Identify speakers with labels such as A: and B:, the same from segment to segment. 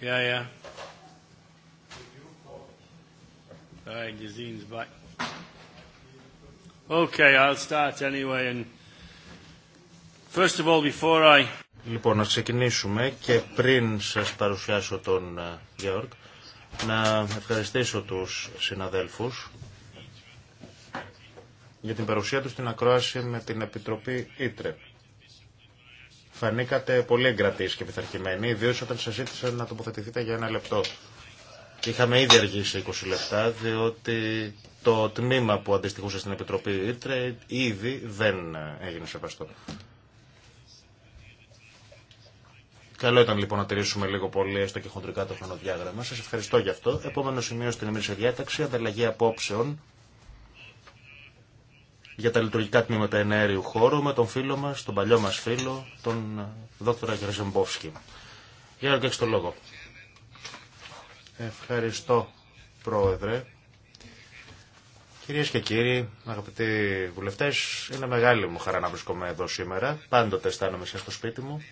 A: yeah. Right, Gazine's back. Okay, I'll start anyway and
B: Λοιπόν, να ξεκινήσουμε και πριν σας παρουσιάσω τον ε, Γεώργ, να ευχαριστήσω τους συναδέλφους για την παρουσία τους στην ακρόαση με την Επιτροπή Ήτρε. Φανήκατε πολύ εγκρατή και πειθαρχημένοι, ιδίω όταν σα ζήτησαν να τοποθετηθείτε για ένα λεπτό. Και είχαμε ήδη αργήσει 20 λεπτά, διότι το τμήμα που αντιστοιχούσε στην Επιτροπή Ήτρε ήδη δεν έγινε σεβαστό. Καλό ήταν λοιπόν να τηρήσουμε λίγο πολύ έστω και χοντρικά το χρονοδιάγραμμα. Σα ευχαριστώ για αυτό. Επόμενο σημείο στην ημερήσια διάταξη, ανταλλαγή απόψεων για τα λειτουργικά τμήματα ενέργειου χώρου με τον φίλο μα τον παλιό μα φίλο, τον ε, δόκτωρα Γερζεμπόφσκι. Για να το λόγο. Ευχαριστώ, Πρόεδρε. Κυρίε και κύριοι, αγαπητοί βουλευτέ, είναι μεγάλη μου χαρά να βρίσκομαι εδώ σήμερα. Πάντοτε αισθάνομαι σε στο σπίτι μου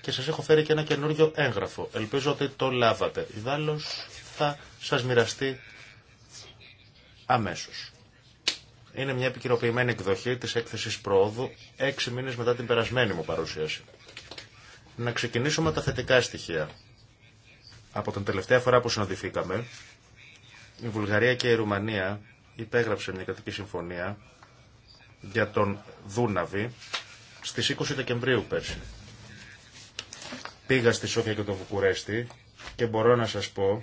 B: και σα έχω φέρει και ένα καινούριο έγγραφο. Ελπίζω ότι το λάβατε. Ιδάλω θα σα μοιραστεί αμέσω. Είναι μια επικυροποιημένη εκδοχή της έκθεσης πρόοδου έξι μήνες μετά την περασμένη μου παρουσίαση. Να ξεκινήσω με τα θετικά στοιχεία. Από την τελευταία φορά που συναντηθήκαμε, η Βουλγαρία και η Ρουμανία υπέγραψε μια κρατική συμφωνία για τον Δούναβη στις 20 Δεκεμβρίου πέρσι. Πήγα στη Σόφια και τον Βουκουρέστι και μπορώ να σας πω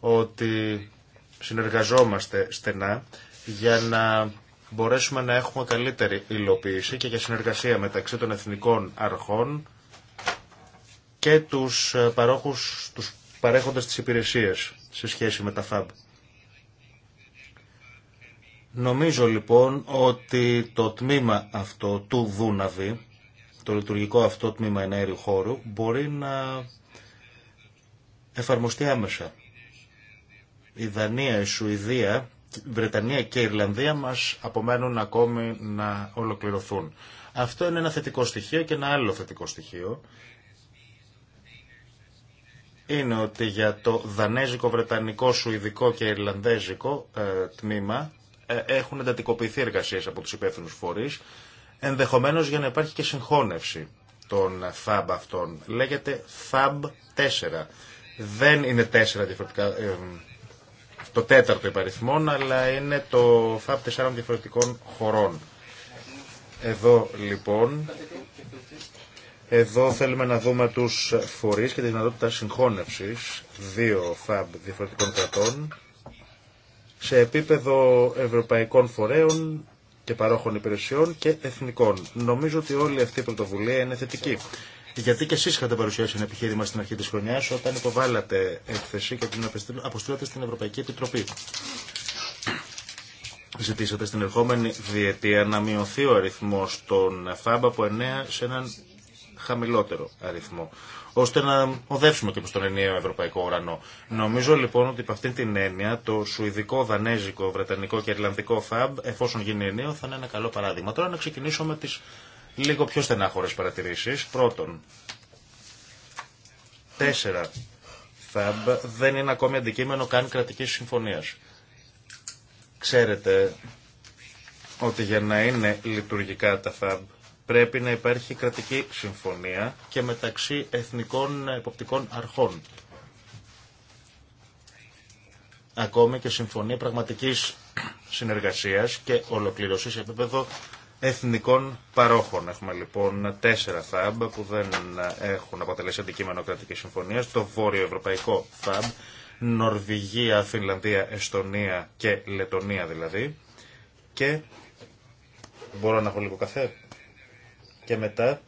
B: ότι συνεργαζόμαστε στενά για να μπορέσουμε να έχουμε καλύτερη υλοποίηση και για συνεργασία μεταξύ των εθνικών αρχών και τους ε, παρόχους, τους παρέχοντας τις υπηρεσίες σε σχέση με τα FAB. Νομίζω λοιπόν ότι το τμήμα αυτό του Δούναβη, το λειτουργικό αυτό τμήμα ενέργειου χώρου, μπορεί να εφαρμοστεί άμεσα. Η Δανία, η Σουηδία Βρετανία και Ιρλανδία μας απομένουν ακόμη να ολοκληρωθούν. Αυτό είναι ένα θετικό στοιχείο και ένα άλλο θετικό στοιχείο είναι ότι για το δανέζικο, βρετανικό, σουηδικό και ιρλανδέζικο ε, τμήμα ε, έχουν εντατικοποιηθεί εργασίες από τους υπεύθυνους φορείς, ενδεχομένως για να υπάρχει και συγχώνευση των FAB αυτών. Λέγεται FAB 4. Δεν είναι τέσσερα διαφορετικά ε, το τέταρτο υπαριθμόν, αλλά είναι το FAB 4 διαφορετικών χωρών. Εδώ λοιπόν, εδώ θέλουμε να δούμε τους φορείς και τη δυνατότητα συγχώνευσης δύο FAB διαφορετικών κρατών σε επίπεδο ευρωπαϊκών φορέων και παρόχων υπηρεσιών και εθνικών. Νομίζω ότι όλη αυτή η πρωτοβουλία είναι θετική. Γιατί και εσεί είχατε παρουσιάσει ένα επιχείρημα στην αρχή τη χρονιά όταν υποβάλλατε έκθεση και την αποστήλατε στην Ευρωπαϊκή Επιτροπή. Ζητήσατε στην ερχόμενη διετία να μειωθεί ο αριθμό των ΦΑΜΠ από 9 σε έναν χαμηλότερο αριθμό, ώστε να οδεύσουμε και προ τον ενιαίο ευρωπαϊκό ουρανό. Νομίζω λοιπόν ότι από αυτήν την έννοια το σουηδικό, δανέζικο, βρετανικό και ιρλανδικό Φαμπ, εφόσον γίνει ενιαίο, θα είναι ένα καλό παράδειγμα. Τώρα να ξεκινήσουμε λίγο πιο στενάχωρες παρατηρήσεις. Πρώτον, τέσσερα θαμπ δεν είναι ακόμη αντικείμενο καν κρατική συμφωνίας. Ξέρετε ότι για να είναι λειτουργικά τα θαμπ πρέπει να υπάρχει κρατική συμφωνία και μεταξύ εθνικών εποπτικών αρχών. Ακόμη και συμφωνία πραγματικής συνεργασίας και ολοκληρωσής επίπεδο εθνικών παρόχων. Έχουμε λοιπόν τέσσερα ΦΑΜ που δεν έχουν αποτελέσει αντικείμενο κρατική συμφωνία. Το Βόρειο Ευρωπαϊκό ΦΑΜ, Νορβηγία, Φινλανδία, Εστονία και Λετωνία δηλαδή. Και μπορώ να έχω λίγο καφέ. Και μετά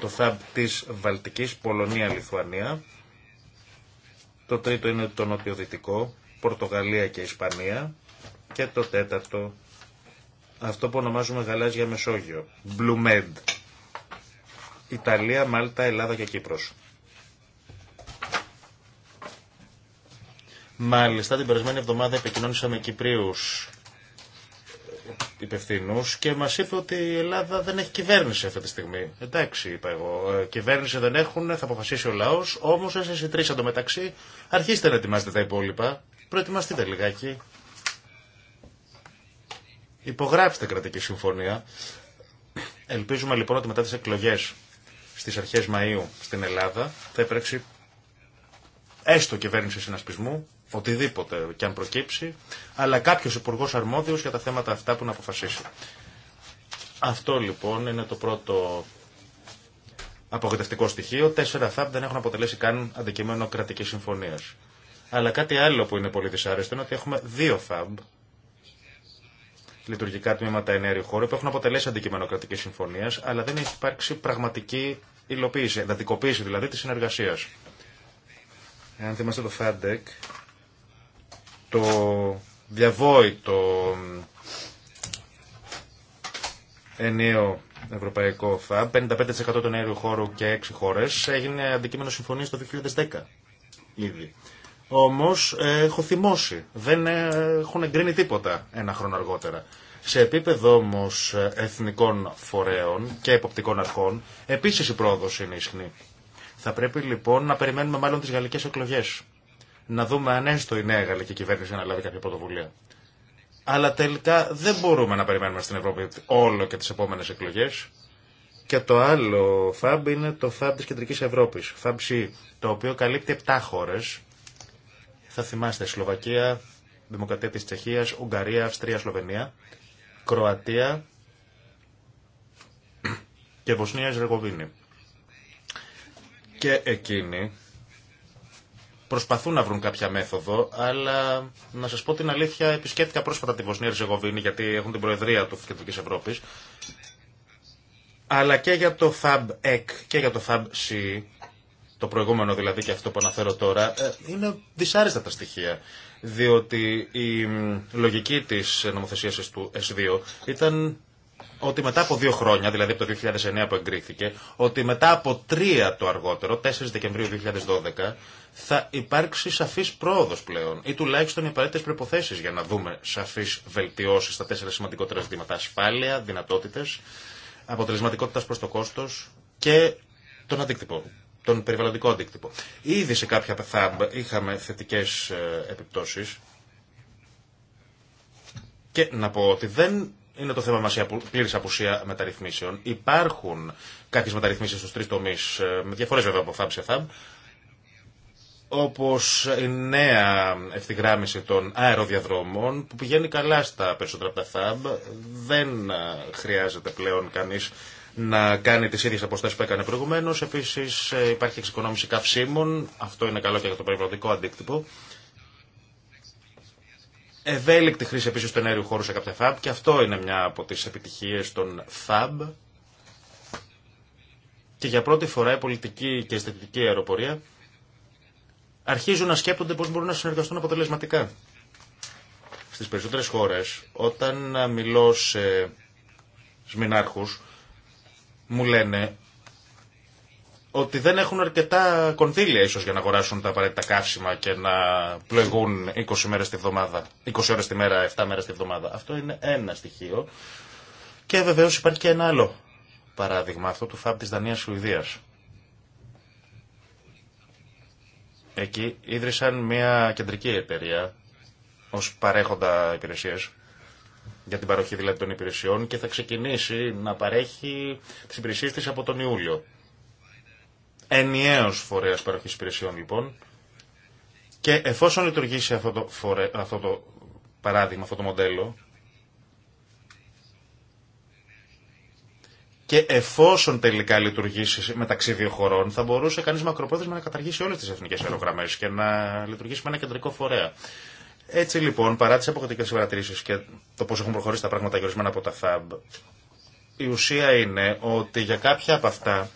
B: το ΦΑΜ της Βαλτικής, Πολωνία, Λιθουανία. Το τρίτο είναι το νοτιοδυτικό, Πορτογαλία και Ισπανία. Και το τέταρτο αυτό που ονομάζουμε γαλάζια Μεσόγειο, Blue Med, Ιταλία, Μάλτα, Ελλάδα και Κύπρος. Μάλιστα την περασμένη εβδομάδα επικοινώνησα με Κυπρίους υπευθύνου και μα είπε ότι η Ελλάδα δεν έχει κυβέρνηση αυτή τη στιγμή. Εντάξει, είπα εγώ. Ε, κυβέρνηση δεν έχουν, θα αποφασίσει ο λαό. Όμω εσεί οι τρει αντωμεταξύ αρχίστε να ετοιμάζετε τα υπόλοιπα. Προετοιμαστείτε λιγάκι. Υπογράψτε κρατική συμφωνία. Ελπίζουμε λοιπόν ότι μετά τις εκλογές στις αρχές Μαΐου στην Ελλάδα θα έπρεξει έστω κυβέρνηση συνασπισμού, οτιδήποτε και αν προκύψει, αλλά κάποιος υπουργό αρμόδιος για τα θέματα αυτά που να αποφασίσει. Αυτό λοιπόν είναι το πρώτο απογοητευτικό στοιχείο. Τέσσερα ΘΑΠ δεν έχουν αποτελέσει καν αντικείμενο κρατική συμφωνία. Αλλά κάτι άλλο που είναι πολύ δυσάρεστο είναι ότι έχουμε δύο Θάμπ λειτουργικά τμήματα ενέργειου χώρου που έχουν αποτελέσει αντικείμενο κρατική συμφωνία, αλλά δεν έχει υπάρξει πραγματική υλοποίηση, εντατικοποίηση δηλαδή τη συνεργασία. Εάν θυμάστε το ΦΑΝΤΕΚ, το διαβόητο ενίο ευρωπαϊκό ΦΑΜ, 55% του ενέργειου χώρου και 6 χώρε, έγινε αντικείμενο συμφωνία το 2010 ήδη. Όμως ε, έχω θυμώσει. Δεν ε, έχουν εγκρίνει τίποτα ένα χρόνο αργότερα. Σε επίπεδο όμω ε, εθνικών φορέων και εποπτικών αρχών, επίση η πρόοδο είναι ισχνή. Θα πρέπει λοιπόν να περιμένουμε μάλλον τι γαλλικέ εκλογέ. Να δούμε αν έστω η νέα γαλλική κυβέρνηση να λάβει κάποια πρωτοβουλία. Αλλά τελικά δεν μπορούμε να περιμένουμε στην Ευρώπη όλο και τι επόμενε εκλογέ. Και το άλλο φάμπ είναι το φάμπ τη Κεντρική Ευρώπη, FAB το οποίο καλύπτει 7 χώρε θα θυμάστε Σλοβακία, Δημοκρατία της Τσεχίας, Ουγγαρία, Αυστρία, Σλοβενία, Κροατία και Βοσνία Ζεργοβίνη. Και εκείνοι προσπαθούν να βρουν κάποια μέθοδο, αλλά να σας πω την αλήθεια, επισκέφτηκα πρόσφατα τη Βοσνία Ριζεγοβίνη, γιατί έχουν την Προεδρία του Κεντρικής Ευρώπης, αλλά και για το FAB-EC και για το FAB-C, το προηγούμενο δηλαδή και αυτό που αναφέρω τώρα, ε, είναι δυσάρεστα τα στοιχεία. Διότι η λογική της νομοθεσίας του S2 ήταν ότι μετά από δύο χρόνια, δηλαδή από το 2009 που εγκρίθηκε, ότι μετά από τρία το αργότερο, 4 Δεκεμβρίου 2012, θα υπάρξει σαφής πρόοδος πλέον ή τουλάχιστον οι απαραίτητες προϋποθέσεις για να δούμε σαφείς βελτιώσεις στα τέσσερα σημαντικότερα ζητήματα. Ασφάλεια, δυνατότητες, αποτελεσματικότητα προ το κόστος και τον αντίκτυπο τον περιβαλλοντικό αντίκτυπο. Ήδη σε κάποια θα είχαμε θετικές ε, επιπτώσεις και να πω ότι δεν είναι το θέμα μας η πλήρης απουσία μεταρρυθμίσεων. Υπάρχουν κάποιες μεταρρυθμίσεις στους τρεις τομείς, ε, με διαφορές βέβαια από FAB σε FAB, όπως η νέα ευθυγράμμιση των αεροδιαδρόμων που πηγαίνει καλά στα περισσότερα από τα Δεν ε, χρειάζεται πλέον κανείς να κάνει τις ίδιες αποστάσεις που έκανε προηγουμένως. Επίσης ε, υπάρχει εξοικονόμηση καυσίμων, αυτό είναι καλό και για το περιβαλλοντικό αντίκτυπο. Ευέλικτη χρήση επίσης του ενέργειου χώρου σε κάποια FAB και αυτό είναι μια από τις επιτυχίες των FAB. Και για πρώτη φορά η πολιτική και η αισθητική αεροπορία αρχίζουν να σκέπτονται πώς μπορούν να συνεργαστούν αποτελεσματικά. Στις περισσότερες χώρες, όταν μιλώ σε σμινάρχους, μου λένε ότι δεν έχουν αρκετά κονδύλια ίσως για να αγοράσουν τα απαραίτητα καύσιμα και να πλοηγούν 20 μέρες τη εβδομάδα 20 ώρες τη μέρα, 7 μέρες τη βδομάδα. Αυτό είναι ένα στοιχείο. Και βεβαίως υπάρχει και ένα άλλο παράδειγμα, αυτό του ΦΑΠ της Δανίας Σουηδίας. Εκεί ίδρυσαν μια κεντρική εταιρεία ως παρέχοντα υπηρεσίες για την παροχή δηλαδή των υπηρεσιών και θα ξεκινήσει να παρέχει τις υπηρεσίες τη από τον Ιούλιο. Ενιαίος φορέας παροχή υπηρεσιών λοιπόν και εφόσον λειτουργήσει αυτό το, αυτό το παράδειγμα, αυτό το μοντέλο και εφόσον τελικά λειτουργήσει μεταξύ δύο χωρών θα μπορούσε κανείς μακροπρόθεσμα να καταργήσει όλες τις εθνικές αερογραμμές και να λειτουργήσει με ένα κεντρικό φορέα. Έτσι λοιπόν, παρά τι αποκριτικέ παρατηρήσει και το πώ έχουν προχωρήσει τα πράγματα και από τα ΘΑΜΠ, η ουσία είναι ότι για κάποια από αυτά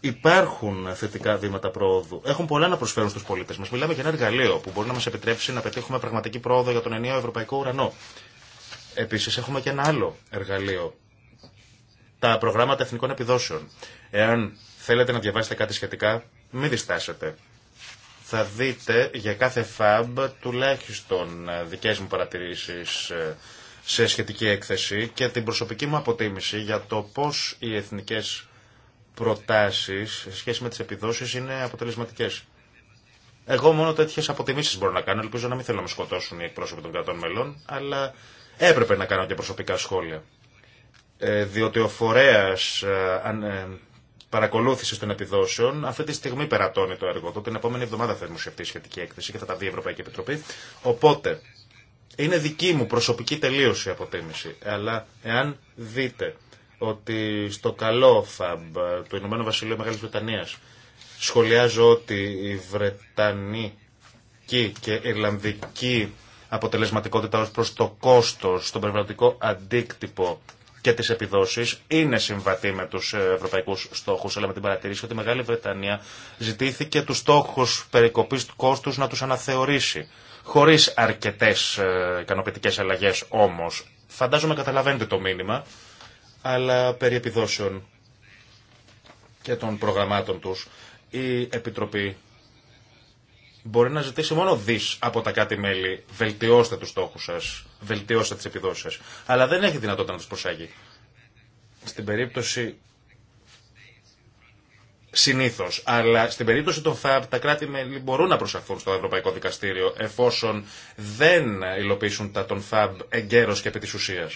B: υπάρχουν θετικά βήματα πρόοδου. Έχουν πολλά να προσφέρουν στου πολίτε μα. Μιλάμε για ένα εργαλείο που μπορεί να μα επιτρέψει να πετύχουμε πραγματική πρόοδο για τον ενιαίο ευρωπαϊκό ουρανό. Επίση, έχουμε και ένα άλλο εργαλείο. Τα προγράμματα εθνικών επιδόσεων. Εάν θέλετε να διαβάσετε κάτι σχετικά, μην διστάσετε θα δείτε για κάθε φαμπ τουλάχιστον ε, δικές μου παρατηρήσεις ε, σε σχετική έκθεση και την προσωπική μου αποτίμηση για το πώς οι εθνικές προτάσεις σε σχέση με τις επιδόσεις είναι αποτελεσματικές. Εγώ μόνο τέτοιε αποτιμήσει μπορώ να κάνω. Ελπίζω να μην θέλω να με σκοτώσουν οι εκπρόσωποι των κρατών μελών, αλλά έπρεπε να κάνω και προσωπικά σχόλια. Ε, διότι ο φορέα ε, παρακολούθηση των επιδόσεων. Αυτή τη στιγμή περατώνει το έργο τότε Την επόμενη εβδομάδα θα δημοσιευτεί η σχετική έκθεση και θα τα δει η Ευρωπαϊκή Επιτροπή. Οπότε, είναι δική μου προσωπική τελείωση αποτίμηση. Αλλά εάν δείτε ότι στο καλό ΦΑΜΠ του Ηνωμένου Βασιλείου Μεγάλης Βρετανία σχολιάζω ότι η Βρετανική και Ιρλανδική αποτελεσματικότητα ως προς το κόστος, στον περιβαλλοντικό αντίκτυπο και τι επιδόσει είναι συμβατή με του ευρωπαϊκού στόχου, αλλά με την παρατηρήση ότι η Μεγάλη Βρετανία ζητήθηκε του στόχου περικοπή του κόστου να του αναθεωρήσει. Χωρί αρκετέ ε, ικανοποιητικέ αλλαγέ όμω. Φαντάζομαι καταλαβαίνετε το μήνυμα, αλλά περί επιδόσεων και των προγραμμάτων τους η Επιτροπή μπορεί να ζητήσει μόνο δις από τα κάτι μέλη. Βελτιώστε τους στόχους σας βελτιώσετε τι επιδόσει Αλλά δεν έχει δυνατότητα να του προσάγει. Στην περίπτωση. Συνήθω. Αλλά στην περίπτωση των ΦΑΠ, τα κράτη-μέλη μπορούν να προσαχθούν στο Ευρωπαϊκό Δικαστήριο εφόσον δεν υλοποιήσουν τα των ΦΑΠ εγκαίρω και επί τη ουσία.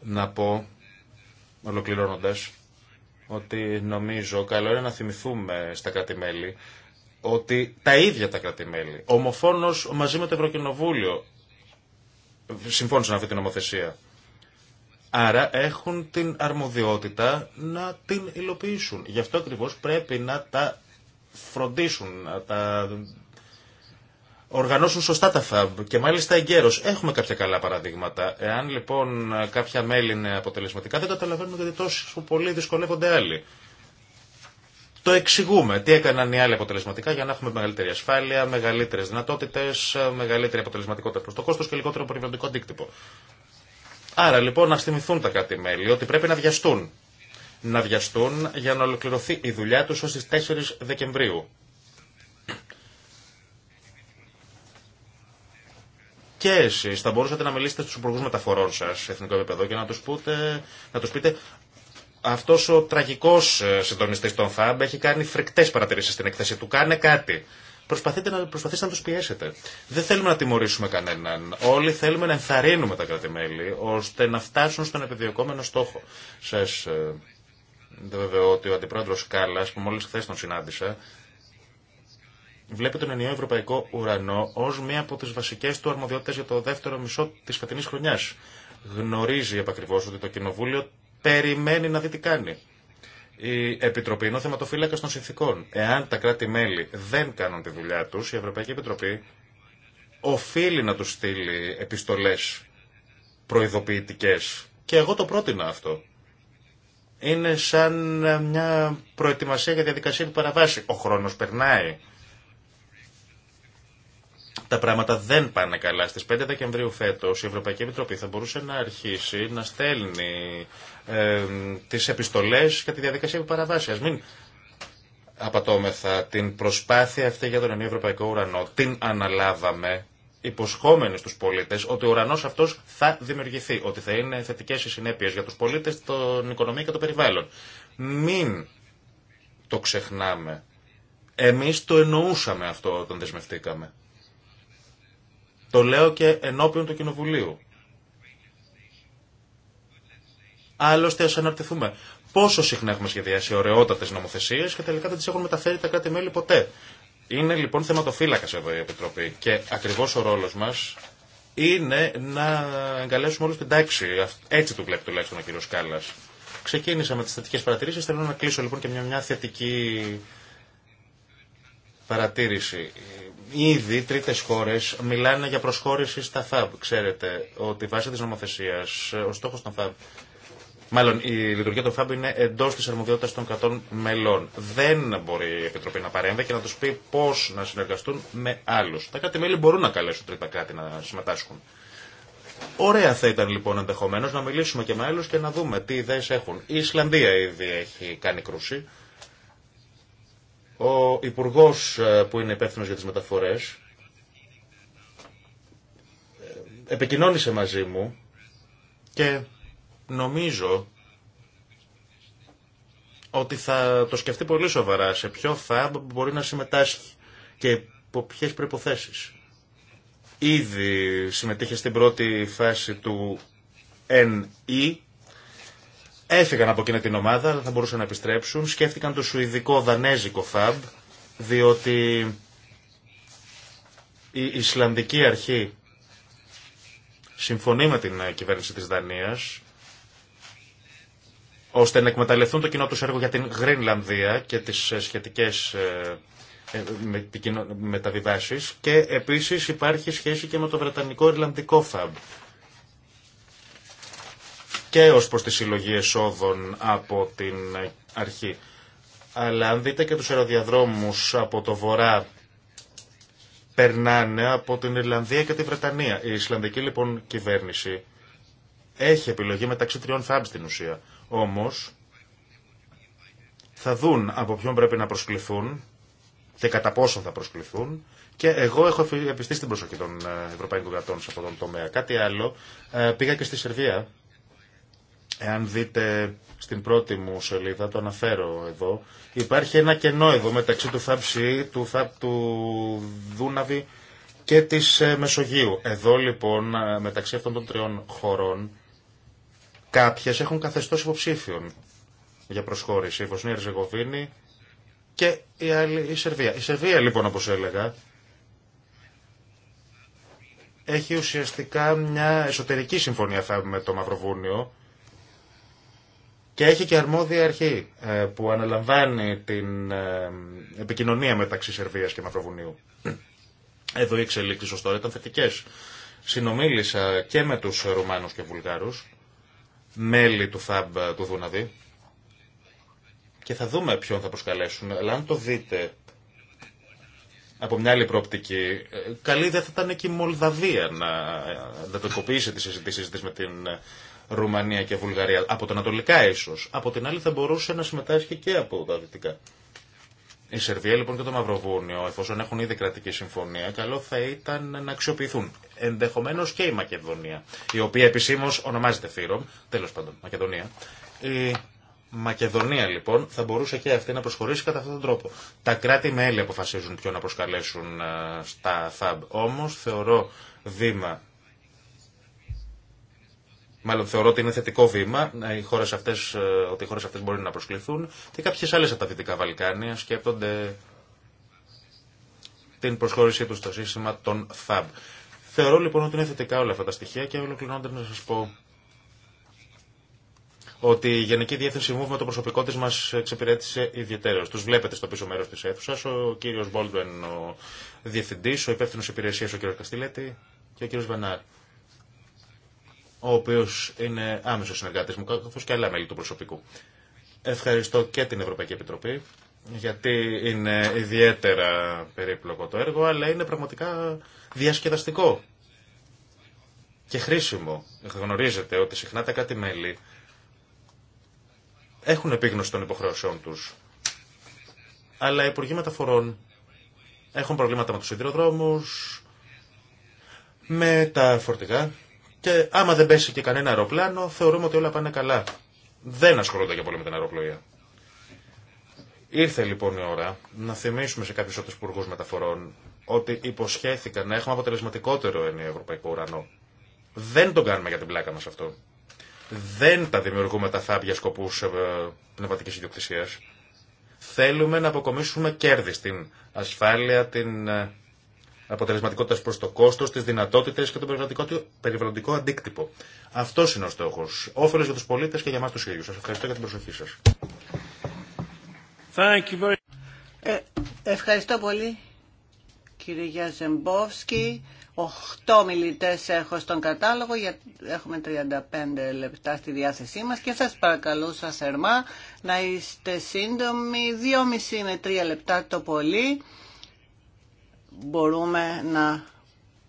B: Να πω, ολοκληρώνοντα, ότι νομίζω καλό είναι να θυμηθούμε στα κράτη-μέλη ότι τα ίδια τα κράτη-μέλη, ομοφόνος μαζί με το Ευρωκοινοβούλιο, συμφώνησαν αυτή την νομοθεσία. Άρα έχουν την αρμοδιότητα να την υλοποιήσουν. Γι' αυτό ακριβώ πρέπει να τα φροντίσουν, να τα οργανώσουν σωστά τα φάμπ και μάλιστα εγκαίρως. Έχουμε κάποια καλά παραδείγματα. Εάν λοιπόν κάποια μέλη είναι αποτελεσματικά δεν καταλαβαίνουμε γιατί τόσο πολύ δυσκολεύονται άλλοι το εξηγούμε. Τι έκαναν οι άλλοι αποτελεσματικά για να έχουμε μεγαλύτερη ασφάλεια, μεγαλύτερε δυνατότητε, μεγαλύτερη αποτελεσματικότητα προ το κόστο και λιγότερο περιβαλλοντικό αντίκτυπο. Άρα λοιπόν να θυμηθούν τα κάτι μελη ότι πρέπει να βιαστούν. Να βιαστούν για να ολοκληρωθεί η δουλειά του ω τι 4 Δεκεμβρίου. Και εσεί θα μπορούσατε να μιλήσετε στου υπουργού μεταφορών σα σε εθνικό επίπεδο και να του πείτε, να τους πείτε αυτό ο τραγικό ε, συντονιστή των ΦΑΜΠ έχει κάνει φρικτέ παρατηρήσει στην εκθέση του. Κάνε κάτι. Προσπαθείτε να, προσπαθήστε να τους πιέσετε. Δεν θέλουμε να τιμωρήσουμε κανέναν. Όλοι θέλουμε να ενθαρρύνουμε τα κράτη-μέλη ώστε να φτάσουν στον επιδιωκόμενο στόχο. Σας ε, βεβαιώ ότι ο αντιπρόεδρος Κάλλας που μόλις χθε τον συνάντησα βλέπει τον ενιαίο ευρωπαϊκό ουρανό ως μία από τις βασικές του αρμοδιότητες για το δεύτερο μισό της φετινής χρονιάς. Γνωρίζει επακριβώς ότι το Κοινοβούλιο περιμένει να δει τι κάνει. Η Επιτροπή είναι ο θεματοφύλακα των συνθήκων. Εάν τα κράτη-μέλη δεν κάνουν τη δουλειά του, η Ευρωπαϊκή Επιτροπή οφείλει να του στείλει επιστολέ προειδοποιητικέ. Και εγώ το πρότεινα αυτό. Είναι σαν μια προετοιμασία για διαδικασία του παραβάση. Ο χρόνο περνάει τα πράγματα δεν πάνε καλά. Στις 5 Δεκεμβρίου φέτος η Ευρωπαϊκή Επιτροπή θα μπορούσε να αρχίσει να στέλνει ε, τις επιστολές και τη διαδικασία επιπαραβάσεως. Μην απατώμεθα την προσπάθεια αυτή για τον ευρωπαϊκό ουρανό. Την αναλάβαμε υποσχόμενοι στους πολίτες ότι ο ουρανός αυτός θα δημιουργηθεί, ότι θα είναι θετικές οι συνέπειες για τους πολίτες, τον οικονομία και το περιβάλλον. Μην το ξεχνάμε. Εμείς το εννοούσαμε αυτό όταν δεσμευτήκαμε. Το λέω και ενώπιον του Κοινοβουλίου. Άλλωστε, α αναρτηθούμε. Πόσο συχνά έχουμε σχεδιάσει ωραιότατε νομοθεσίε και τελικά δεν τι έχουν μεταφέρει τα κράτη-μέλη ποτέ. Είναι λοιπόν θεματοφύλακα εδώ η Επιτροπή και ακριβώ ο ρόλο μα είναι να εγκαλέσουμε όλου την τάξη. Έτσι του βλέπει τουλάχιστον ο κύριο Κάλλα. Ξεκίνησα με τι θετικέ παρατηρήσει. Θέλω να κλείσω λοιπόν και μια, μια θετική παρατήρηση. Ήδη τρίτε χώρε μιλάνε για προσχώρηση στα ΦΑΜ. Ξέρετε ότι βάσει τη νομοθεσία ε, ο στόχο των ΦΑΜ. Μάλλον η λειτουργία των ΦΑΜ είναι εντό τη αρμοδιότητα των 100 μελών. Δεν μπορεί η Επιτροπή να παρέμβει και να του πει πώ να συνεργαστούν με άλλου. Τα κράτη-μέλη μπορούν να καλέσουν τρίτα κράτη να συμμετάσχουν. Ωραία θα ήταν λοιπόν ενδεχομένω να μιλήσουμε και με άλλου και να δούμε τι ιδέε έχουν. Η Ισλανδία ήδη έχει κάνει κρούση. Ο υπουργό ε, που είναι υπεύθυνο για τι μεταφορέ ε, επικοινώνησε μαζί μου και νομίζω ότι θα το σκεφτεί πολύ σοβαρά σε ποιο θα μπορεί να συμμετάσχει και υπό ποιε προποθέσει. Ήδη συμμετείχε στην πρώτη φάση του NE Έφυγαν από εκείνη την ομάδα, αλλά θα μπορούσαν να επιστρέψουν. Σκέφτηκαν το σουηδικό-δανέζικο φαμπ, διότι η Ισλανδική αρχή συμφωνεί με την ε, κυβέρνηση της Δανίας ώστε να εκμεταλλευτούν το κοινό τους έργο για την Γρινλανδία και τις ε, σχετικές ε, μεταβιβάσεις και επίσης υπάρχει σχέση και με το Βρετανικό Ιρλανδικό Φαμπ και ως προς τις συλλογή εσόδων από την αρχή. Αλλά αν δείτε και τους αεροδιαδρόμους από το βορρά περνάνε από την Ιρλανδία και τη Βρετανία. Η Ισλανδική λοιπόν κυβέρνηση έχει επιλογή μεταξύ τριών φαμπ στην ουσία. Όμως θα δουν από ποιον πρέπει να προσκληθούν και κατά πόσον θα προσκληθούν. Και εγώ έχω επιστήσει την προσοχή των ε, ευρωπαϊκών κρατών σε αυτόν τον τομέα. Κάτι άλλο, ε, πήγα και στη Σερβία Εάν δείτε στην πρώτη μου σελίδα, το αναφέρω εδώ, υπάρχει ένα κενό εδώ μεταξύ του ΘΑΠ του ΘΑΠ του Δούναβη και της ε, Μεσογείου. Εδώ λοιπόν, ε, μεταξύ αυτών των τριών χωρών, κάποιες έχουν καθεστώς υποψήφιων για προσχώρηση. Η Βοσνία, Ριζεγοβίνη και η, η Σερβία. Η Σερβία λοιπόν, όπως έλεγα, έχει ουσιαστικά μια εσωτερική συμφωνία θα, με το Μαυροβούνιο, και έχει και αρμόδια αρχή ε, που αναλαμβάνει την ε, επικοινωνία μεταξύ Σερβία και Μαυροβουνίου. Εδώ οι εξελίξει ω τώρα ήταν θετικέ Συνομίλησα και με τους Ρουμάνου και Βουλγάρους, μέλη του ΦΑΜΠ του Δούναβη, και θα δούμε ποιον θα προσκαλέσουν. Αλλά αν το δείτε από μια άλλη πρόπτικη, ε, καλή δεν θα ήταν και η Μολδαβία να τοποποιήσει τις συζητήσει τη με την Ρουμανία και Βουλγαρία. Από τα ανατολικά ίσω. Από την άλλη θα μπορούσε να συμμετάσχει και από τα δυτικά. Η Σερβία λοιπόν και το Μαυροβούνιο, εφόσον έχουν ήδη κρατική συμφωνία, καλό θα ήταν να αξιοποιηθούν. Ενδεχομένω και η Μακεδονία, η οποία επισήμω ονομάζεται Φύρομ, τέλο πάντων Μακεδονία. Η Μακεδονία λοιπόν θα μπορούσε και αυτή να προσχωρήσει κατά αυτόν τον τρόπο. Τα κράτη-μέλη αποφασίζουν ποιο να προσκαλέσουν ε, στα ΘΑΜ. Όμω θεωρώ, βήμα. Μάλλον θεωρώ ότι είναι θετικό βήμα οι χώρες αυτές, ε, ότι οι χώρε αυτέ μπορεί να προσκληθούν και κάποιε άλλε από τα Δυτικά Βαλκάνια σκέπτονται την προσχώρησή του στο σύστημα των ΘΑΜ. Θεωρώ λοιπόν ότι είναι θετικά όλα αυτά τα στοιχεία και ολοκληρώνοντα να σα πω ότι η Γενική Διεύθυνση Μούβ με το προσωπικό τη μα εξυπηρέτησε ιδιαίτερω. Του βλέπετε στο πίσω μέρο τη αίθουσα, ο κύριο Μπόλτουεν, ο διευθυντή, ο υπεύθυνο υπηρεσία, ο κύριο Καστιλέτη και ο κύριο ο οποίο είναι άμεσος συνεργάτης μου, καθώς και άλλα μέλη του προσωπικού. Ευχαριστώ και την Ευρωπαϊκή Επιτροπή, γιατί είναι ιδιαίτερα περίπλοκο το έργο, αλλά είναι πραγματικά διασκεδαστικό και χρήσιμο. Γνωρίζετε ότι συχνά τα κάτι μέλη έχουν επίγνωση των υποχρεώσεών τους, αλλά οι Υπουργοί Μεταφορών έχουν προβλήματα με του σιδηροδρόμους, με τα φορτηγά και άμα δεν πέσει και κανένα αεροπλάνο, θεωρούμε ότι όλα πάνε καλά. Δεν ασχολούνται και πολύ με την αεροπλοεία. Ήρθε λοιπόν η ώρα να θυμίσουμε σε κάποιου από του μεταφορών ότι υποσχέθηκαν να έχουμε αποτελεσματικότερο ενιαίο ευρωπαϊκό ουρανό. Δεν τον κάνουμε για την πλάκα μα αυτό. Δεν τα δημιουργούμε τα θάπια σκοπού ε, πνευματική ιδιοκτησία. Θέλουμε να αποκομίσουμε κέρδη στην ασφάλεια, την ε, αποτελεσματικότητα προ το κόστο, τι δυνατότητε και τον περιβαλλοντικό, αντίκτυπο. Αυτό είναι ο στόχο. Όφελο για του πολίτε και για εμά του ίδιου. Σα ευχαριστώ για την προσοχή σα.
C: Ε, ευχαριστώ πολύ, κύριε Γιαζεμπόφσκι. Οχτώ μιλητέ έχω στον κατάλογο, για... έχουμε 35 λεπτά στη διάθεσή μα και σα παρακαλούσα θερμά να είστε σύντομοι, Δύο μισή με τρία λεπτά το πολύ μπορούμε να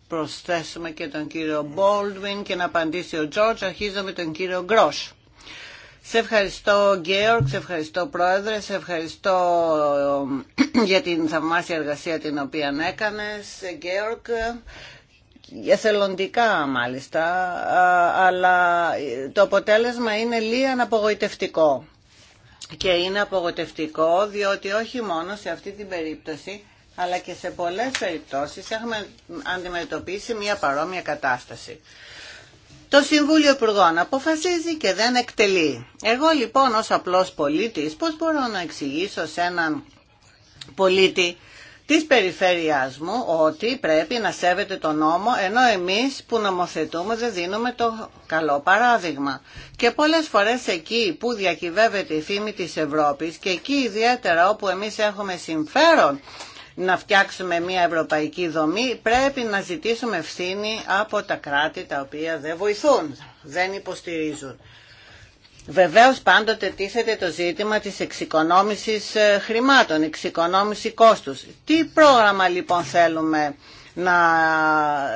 C: προσθέσουμε και τον κύριο Baldwin και να απαντήσει ο George. Αρχίζω με τον κύριο Γκρός. Σε ευχαριστώ Γκέορκ, σε ευχαριστώ Πρόεδρε, σε ευχαριστώ ε, για την θαυμάσια εργασία την οποία έκανες Γκέορκ εθελοντικά μάλιστα, ε, αλλά ε, το αποτέλεσμα είναι λίγαν απογοητευτικό. Και είναι απογοητευτικό διότι όχι μόνο σε αυτή την περίπτωση, αλλά και σε πολλές περιπτώσεις έχουμε αντιμετωπίσει μια παρόμοια κατάσταση. Το Συμβούλιο Υπουργών αποφασίζει και δεν εκτελεί. Εγώ λοιπόν ως απλός πολίτης πώς μπορώ να εξηγήσω σε έναν πολίτη της περιφέρειάς μου ότι πρέπει να σέβεται τον νόμο ενώ εμείς που νομοθετούμε δεν δίνουμε το καλό παράδειγμα. Και πολλές φορές εκεί που διακυβεύεται η φήμη της Ευρώπης και εκεί ιδιαίτερα όπου εμείς έχουμε συμφέρον να φτιάξουμε μια ευρωπαϊκή δομή, πρέπει να ζητήσουμε ευθύνη από τα κράτη τα οποία δεν βοηθούν, δεν υποστηρίζουν. Βεβαίως πάντοτε τίθεται το ζήτημα της εξοικονόμησης ε, χρημάτων, εξοικονόμηση κόστους. Τι πρόγραμμα λοιπόν θέλουμε να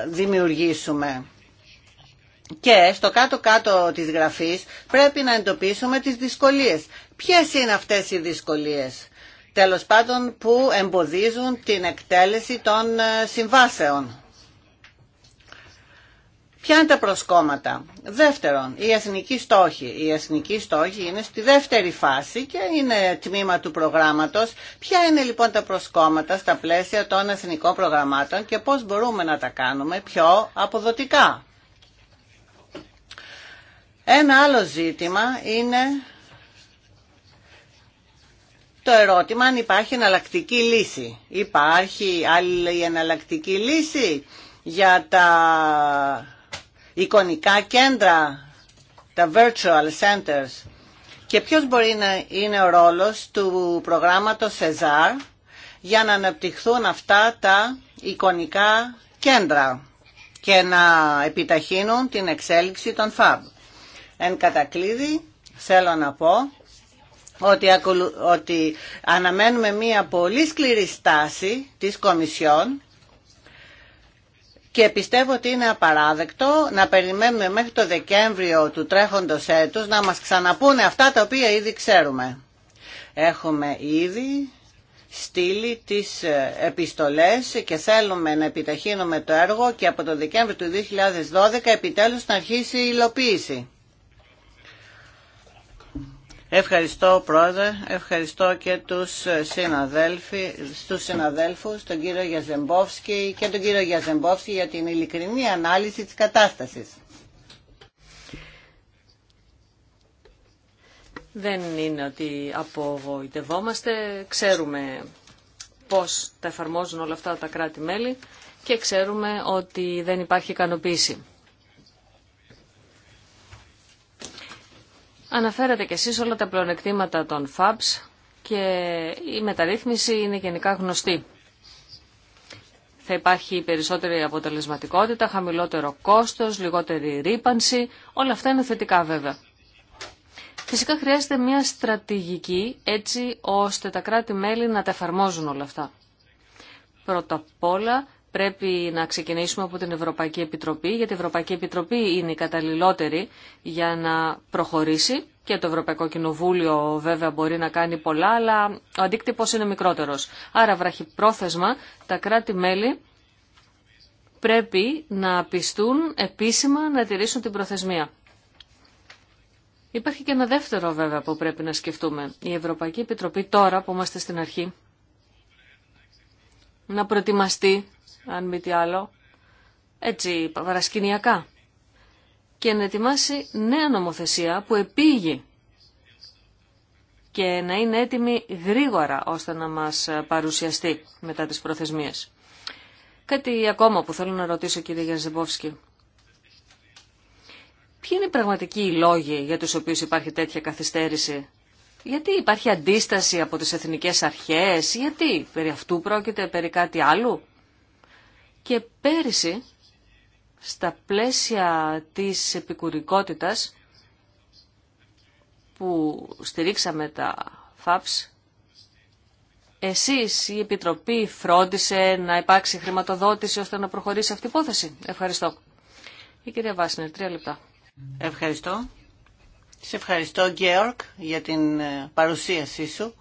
C: δημιουργήσουμε. Και στο κάτω-κάτω της γραφής πρέπει να εντοπίσουμε τις δυσκολίες. Ποιες είναι αυτές οι δυσκολίες τέλος πάντων που εμποδίζουν την εκτέλεση των ε, συμβάσεων. Ποια είναι τα προσκόμματα. Δεύτερον, η εθνική στόχοι. η εθνική στόχοι είναι στη δεύτερη φάση και είναι τμήμα του προγράμματος. Ποια είναι λοιπόν τα προσκόμματα στα πλαίσια των εθνικών προγραμμάτων και πώς μπορούμε να τα κάνουμε πιο αποδοτικά. Ένα άλλο ζήτημα είναι το ερώτημα αν υπάρχει εναλλακτική λύση. Υπάρχει άλλη εναλλακτική λύση για τα εικονικά κέντρα, τα virtual centers και ποιος μπορεί να είναι ο ρόλος του προγράμματος CESAR για να αναπτυχθούν αυτά τα εικονικά κέντρα και να επιταχύνουν την εξέλιξη των FAB. Εν κατακλείδη θέλω να πω ότι, ότι αναμένουμε μία πολύ σκληρή στάση της Κομισιόν και πιστεύω ότι είναι απαράδεκτο να περιμένουμε μέχρι το Δεκέμβριο του τρέχοντος έτους να μας ξαναπούνε αυτά τα οποία ήδη ξέρουμε. Έχουμε ήδη στείλει τις ε, επιστολές και θέλουμε να επιταχύνουμε το έργο και από το Δεκέμβριο του 2012 επιτέλους να αρχίσει η υλοποίηση. Ευχαριστώ πρόεδρε, ευχαριστώ και τους, συναδέλφους, τους συναδέλφους, τον κύριο Γιαζεμπόφσκι και τον κύριο Γιαζεμπόφσκι για την ειλικρινή ανάλυση της κατάστασης. Δεν είναι ότι απογοητευόμαστε,
D: ξέρουμε πώς τα εφαρμόζουν όλα αυτά τα κράτη-μέλη και ξέρουμε ότι δεν υπάρχει ικανοποίηση. Αναφέρατε κι εσείς όλα τα πλεονεκτήματα των FABs και η μεταρρύθμιση είναι γενικά γνωστή. Θα υπάρχει περισσότερη αποτελεσματικότητα, χαμηλότερο κόστος, λιγότερη ρήπανση. Όλα αυτά είναι θετικά βέβαια. Φυσικά χρειάζεται μια στρατηγική έτσι ώστε τα κράτη-μέλη να τα εφαρμόζουν όλα αυτά. Πρώτα απ' όλα πρέπει να ξεκινήσουμε από την Ευρωπαϊκή Επιτροπή, γιατί η Ευρωπαϊκή Επιτροπή είναι η καταλληλότερη για να προχωρήσει και το Ευρωπαϊκό Κοινοβούλιο βέβαια μπορεί να κάνει πολλά, αλλά ο αντίκτυπος είναι μικρότερος. Άρα βραχυπρόθεσμα τα κράτη-μέλη πρέπει να πιστούν επίσημα να τηρήσουν την προθεσμία. Υπάρχει και ένα δεύτερο βέβαια που πρέπει να σκεφτούμε. Η Ευρωπαϊκή Επιτροπή τώρα που είμαστε στην αρχή να προετοιμαστεί αν μη τι άλλο, έτσι παρασκηνιακά και να ετοιμάσει νέα νομοθεσία που επίγει και να είναι έτοιμη γρήγορα ώστε να μας παρουσιαστεί μετά τις προθεσμίες. Κάτι ακόμα που θέλω να ρωτήσω κύριε Γερζεμπόφσκι, Ποιοι είναι οι πραγματικοί λόγοι για τους οποίους υπάρχει τέτοια καθυστέρηση. Γιατί υπάρχει αντίσταση από τις εθνικές αρχές, γιατί περί αυτού πρόκειται, περί κάτι άλλου. Και πέρυσι, στα πλαίσια της επικουρικότητας που στηρίξαμε τα FAPS, εσείς η Επιτροπή φρόντισε να υπάρξει χρηματοδότηση ώστε να προχωρήσει
C: αυτή η υπόθεση. Ευχαριστώ. Η κυρία Βάσινερ, τρία λεπτά. Ευχαριστώ. Σε ευχαριστώ Γκέορκ για την ε, παρουσίασή σου.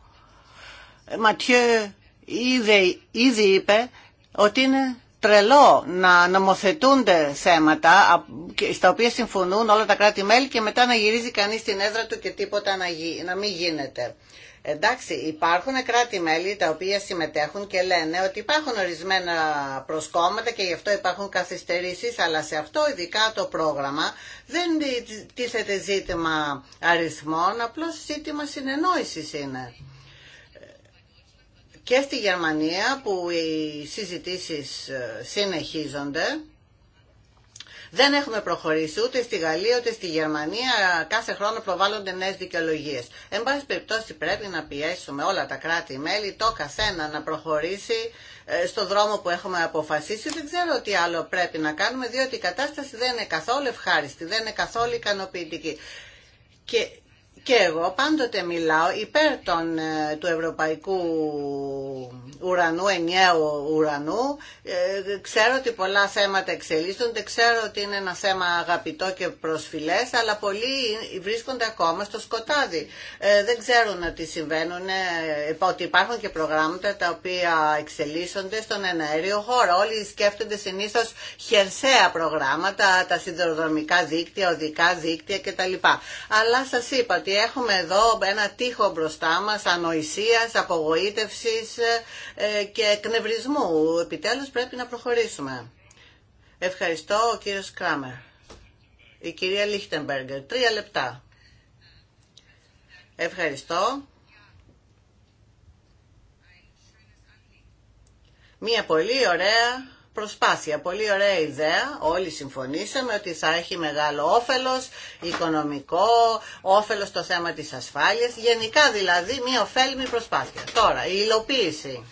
C: Ε, Ματιέ ήδη, ήδη είπε ότι είναι τρελό να νομοθετούνται θέματα στα οποία συμφωνούν όλα τα κράτη-μέλη και μετά να γυρίζει κανείς στην έδρα του και τίποτα να, να μην γίνεται. Εντάξει, υπάρχουν κράτη-μέλη τα οποία συμμετέχουν και λένε ότι υπάρχουν ορισμένα προσκόμματα και γι' αυτό υπάρχουν καθυστερήσεις, αλλά σε αυτό ειδικά το πρόγραμμα δεν τίθεται ζήτημα αριθμών, απλώς ζήτημα συνεννόησης είναι και στη Γερμανία που οι συζητήσεις ε, συνεχίζονται. Δεν έχουμε προχωρήσει ούτε στη Γαλλία ούτε στη Γερμανία. Κάθε χρόνο προβάλλονται νέες δικαιολογίες. Εν πάση περιπτώσει, πρέπει να πιέσουμε όλα τα κράτη-μέλη, το καθένα να προχωρήσει ε, στο δρόμο που έχουμε αποφασίσει. Δεν ξέρω τι άλλο πρέπει να κάνουμε, διότι η κατάσταση δεν είναι καθόλου ευχάριστη, δεν είναι καθόλου ικανοποιητική. Και και εγώ πάντοτε μιλάω υπέρ των, ε, του ευρωπαϊκού ουρανού, ενιαίου ουρανού. Ε, ξέρω ότι πολλά θέματα εξελίσσονται, ξέρω ότι είναι ένα θέμα αγαπητό και προσφυλές, αλλά πολλοί βρίσκονται ακόμα στο σκοτάδι. Ε, δεν ξέρουν ότι συμβαίνουν, ότι υπάρχουν και προγράμματα τα οποία εξελίσσονται στον εναέριο χώρο. Όλοι σκέφτονται συνήθως χερσαία προγράμματα, τα σιδηροδρομικά δίκτυα, οδικά δίκτυα κτλ. Αλλά σας είπα ότι έχουμε εδώ ένα τείχο μπροστά μας ανοησίας, απογοήτευσης ε, και εκνευρισμού. Επιτέλους πρέπει να προχωρήσουμε. Ευχαριστώ ο κύριος Κράμερ. Η κυρία Λίχτεμπεργκερ. Τρία λεπτά. Ευχαριστώ. Μία πολύ ωραία προσπάθεια. Πολύ ωραία ιδέα, όλοι συμφωνήσαμε ότι θα έχει μεγάλο όφελος, οικονομικό, όφελος στο θέμα της ασφάλειας, γενικά δηλαδή μια ωφέλιμη προσπάθεια. Τώρα, η υλοποίηση.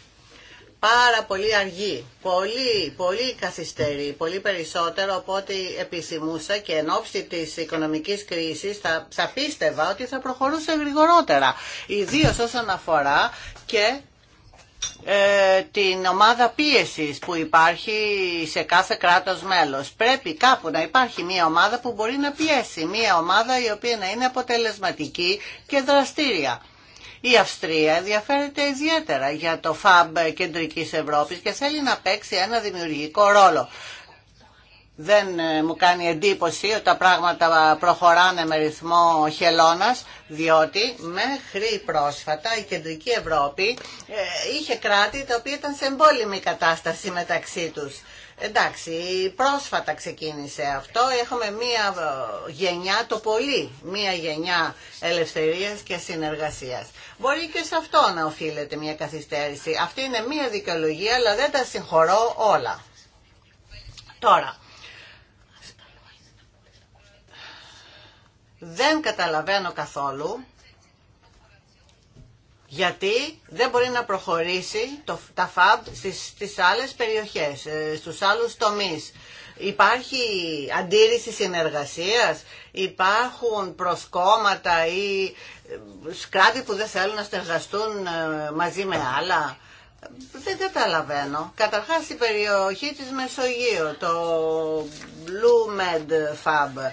C: Πάρα πολύ αργή, πολύ, πολύ καθυστερή, πολύ περισσότερο από ό,τι επισημούσα και εν ώψη της οικονομικής κρίσης θα, θα πίστευα ότι θα προχωρούσε γρηγορότερα, ιδίως όσον αφορά και ε, την ομάδα πίεσης που υπάρχει σε κάθε κράτος μέλος. Πρέπει κάπου να υπάρχει μια ομάδα που μπορεί να πιέσει, μια ομάδα η οποία να είναι αποτελεσματική και δραστήρια. Η Αυστρία ενδιαφέρεται ιδιαίτερα για το FAB Κεντρικής Ευρώπης και θέλει να παίξει ένα δημιουργικό ρόλο δεν ε, μου κάνει εντύπωση ότι τα πράγματα προχωράνε με ρυθμό χελώνας, διότι μέχρι πρόσφατα η Κεντρική Ευρώπη ε, είχε κράτη τα οποία ήταν σε εμπόλυμη κατάσταση μεταξύ τους. Εντάξει, πρόσφατα ξεκίνησε αυτό. Έχουμε μία ε, γενιά το πολύ, μία γενιά ελευθερίας και συνεργασίας. Μπορεί και σε αυτό να οφείλεται μια καθυστέρηση. Αυτή είναι μία δικαιολογία, αλλά δεν τα συγχωρώ όλα. Τώρα, δεν καταλαβαίνω καθόλου γιατί δεν μπορεί να προχωρήσει το, τα FAB στις, στις άλλες περιοχές, ε, στους άλλους τομείς. Υπάρχει αντίρρηση συνεργασίας, υπάρχουν προσκόμματα ή ε, σκράτη που δεν θέλουν να συνεργαστούν ε, μαζί με άλλα. Δεν καταλαβαίνω. Καταρχάς η περιοχή της Μεσογείου, το Blue Med Fab.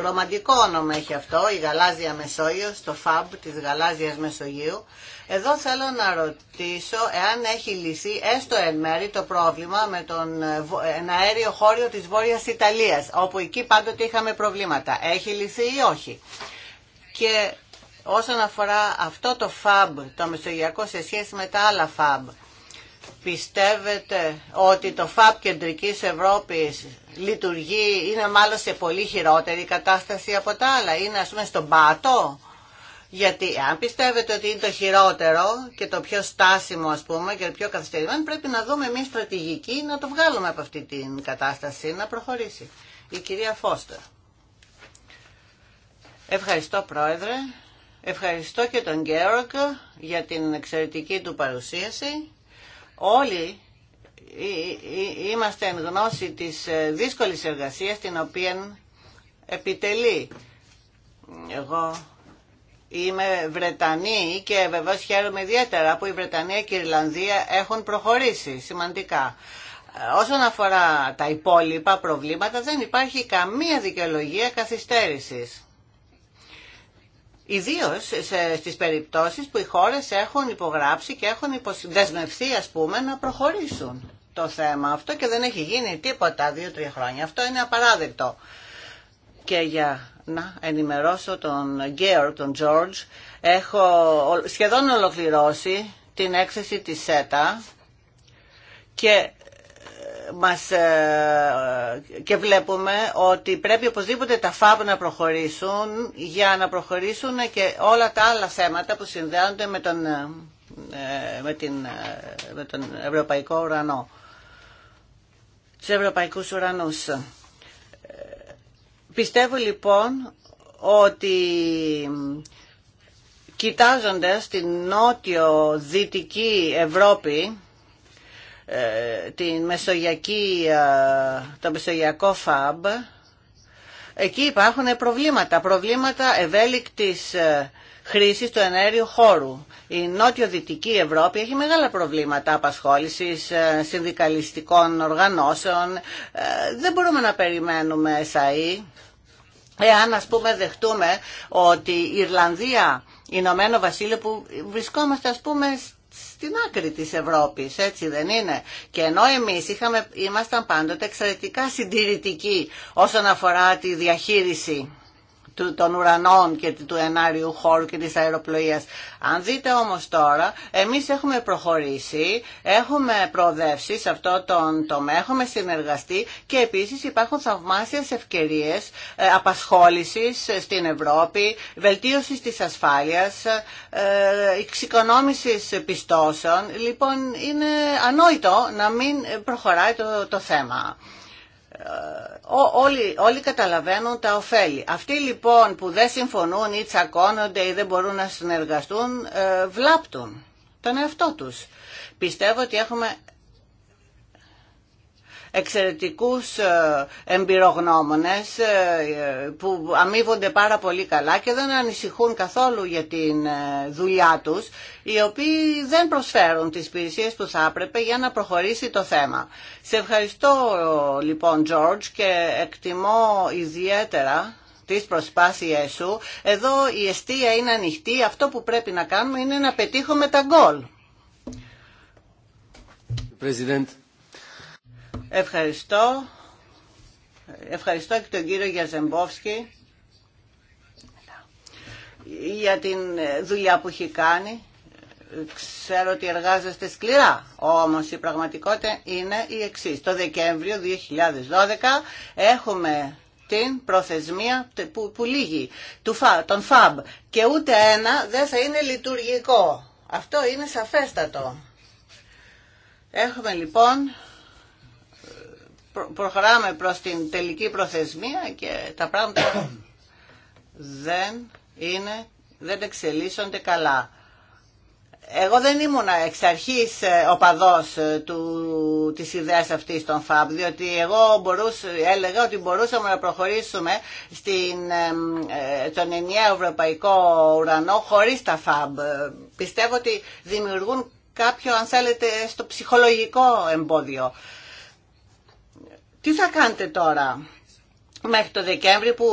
C: Ρομαντικό όνομα έχει αυτό, η Γαλάζια Μεσόγειος, το ΦΑμπ της Γαλάζιας Μεσογείου. Εδώ θέλω να ρωτήσω εάν έχει λυθεί έστω εν μέρη το πρόβλημα με τον ε, ε, αέριο χώριο της Βόρειας Ιταλίας, όπου εκεί πάντοτε είχαμε προβλήματα. Έχει λυθεί ή όχι. Και όσον αφορά αυτό το ΦΑΜ, το Μεσογειακό σε σχέση με τα άλλα ΦΑμπ πιστεύετε ότι το ΦΑΠ Κεντρικής Ευρώπης λειτουργεί, είναι μάλλον σε πολύ χειρότερη κατάσταση από τα άλλα, είναι ας πούμε στον πάτο. Γιατί αν πιστεύετε ότι είναι το χειρότερο και το πιο στάσιμο ας πούμε και το πιο καθυστερημένο πρέπει να δούμε μια στρατηγική να το βγάλουμε από αυτή την κατάσταση, να προχωρήσει. Η κυρία Φώστερ. Ευχαριστώ πρόεδρε. Ευχαριστώ και τον Γκέροκ για την εξαιρετική του παρουσίαση όλοι είμαστε εν γνώση της ε, δύσκολης εργασίας την οποία επιτελεί. Εγώ είμαι Βρετανή και βεβαίως χαίρομαι ιδιαίτερα που η Βρετανία και η Ιρλανδία έχουν προχωρήσει σημαντικά. Ε, όσον αφορά τα υπόλοιπα προβλήματα δεν υπάρχει καμία δικαιολογία καθυστέρησης. Ιδίω στις περιπτώσεις που οι χώρες έχουν υπογράψει και έχουν δεσμευθεί ας πούμε να προχωρήσουν το θέμα αυτό και δεν έχει γίνει τίποτα δύο-τρία χρόνια. Αυτό είναι απαράδεκτο. Και για να ενημερώσω τον Γκέορ, τον Τζόρτζ, έχω σχεδόν ολοκληρώσει την έκθεση της ΣΕΤΑ και μας, ε, και βλέπουμε ότι πρέπει οπωσδήποτε τα ΦΑΠ να προχωρήσουν για να προχωρήσουν και όλα τα άλλα θέματα που συνδέονται με τον, ε, με την, ε, με τον Ευρωπαϊκό Ουρανό. Τους Ευρωπαϊκούς Ουρανούς. Πιστεύω λοιπόν ότι κοιτάζοντας την νότιο-δυτική Ευρώπη ε, την μεσογειακή, ε, το μεσογειακό ΦΑΜΠ, εκεί υπάρχουν προβλήματα, προβλήματα ευέλικτης ε, χρήσης του ενέργειου χώρου. Η νότιο-δυτική Ευρώπη έχει μεγάλα προβλήματα απασχόλησης συνδικαλιστικών οργανώσεων. Δεν μπορούμε να περιμένουμε ΣΑΗ. Εάν ας πούμε δεχτούμε ότι η Ιρλανδία, Ηνωμένο Βασίλειο που βρισκόμαστε ας πούμε στην άκρη της Ευρώπης, έτσι δεν είναι. Και ενώ εμείς είχαμε, ήμασταν πάντοτε εξαιρετικά συντηρητικοί όσον αφορά τη διαχείριση των ουρανών και του ενάριου χώρου και της αεροπλοείας. Αν δείτε όμως τώρα, εμείς έχουμε προχωρήσει, έχουμε προοδεύσει σε αυτό τον τομέα, έχουμε συνεργαστεί και επίσης υπάρχουν θαυμάσιες ευκαιρίες ε, απασχόλησης ε, στην Ευρώπη, βελτίωσης της ασφάλειας, ε, εξοικονόμησης πιστώσεων. Λοιπόν, είναι ανόητο να μην προχωράει το θέμα όλοι, όλοι καταλαβαίνουν τα ωφέλη. Αυτοί λοιπόν που δεν συμφωνούν ή τσακώνονται ή δεν μπορούν να συνεργαστούν, ε, βλάπτουν τον εαυτό τους. Πιστεύω ότι έχουμε εξαιρετικούς ε, εμπειρογνώμονες ε, που αμείβονται πάρα πολύ καλά και δεν ανησυχούν καθόλου για την ε, δουλειά τους, οι οποίοι δεν προσφέρουν τις υπηρεσίε που θα έπρεπε για να προχωρήσει το θέμα. Σε ευχαριστώ λοιπόν George και εκτιμώ ιδιαίτερα τις προσπάθειές σου. Εδώ η αιστεία είναι ανοιχτή. Αυτό που πρέπει να κάνουμε είναι να πετύχουμε τα γκολ. President. Ευχαριστώ. Ευχαριστώ και τον κύριο Γιαζεμπόφσκι για την δουλειά που έχει κάνει. Ξέρω ότι εργάζεστε σκληρά, όμως η πραγματικότητα είναι η εξής. Το Δεκέμβριο 2012 έχουμε την προθεσμία που, που λύγει του, τον ΦΑΜ και ούτε ένα δεν θα είναι λειτουργικό. Αυτό είναι σαφέστατο. Έχουμε λοιπόν προχωράμε προς την τελική προθεσμία και τα πράγματα δεν είναι, δεν εξελίσσονται καλά. Εγώ δεν ήμουν εξ αρχής ε, οπαδός ε, του, της ιδέας αυτής των ΦΑΠ, διότι εγώ έλεγα ότι μπορούσαμε να προχωρήσουμε στην, ε, τον ενιαίο ευρωπαϊκό ουρανό χωρίς τα ΦΑΠ. Πιστεύω ότι δημιουργούν κάποιο, αν θέλετε, στο ψυχολογικό εμπόδιο. Τι θα κάνετε τώρα μέχρι το Δεκέμβρη που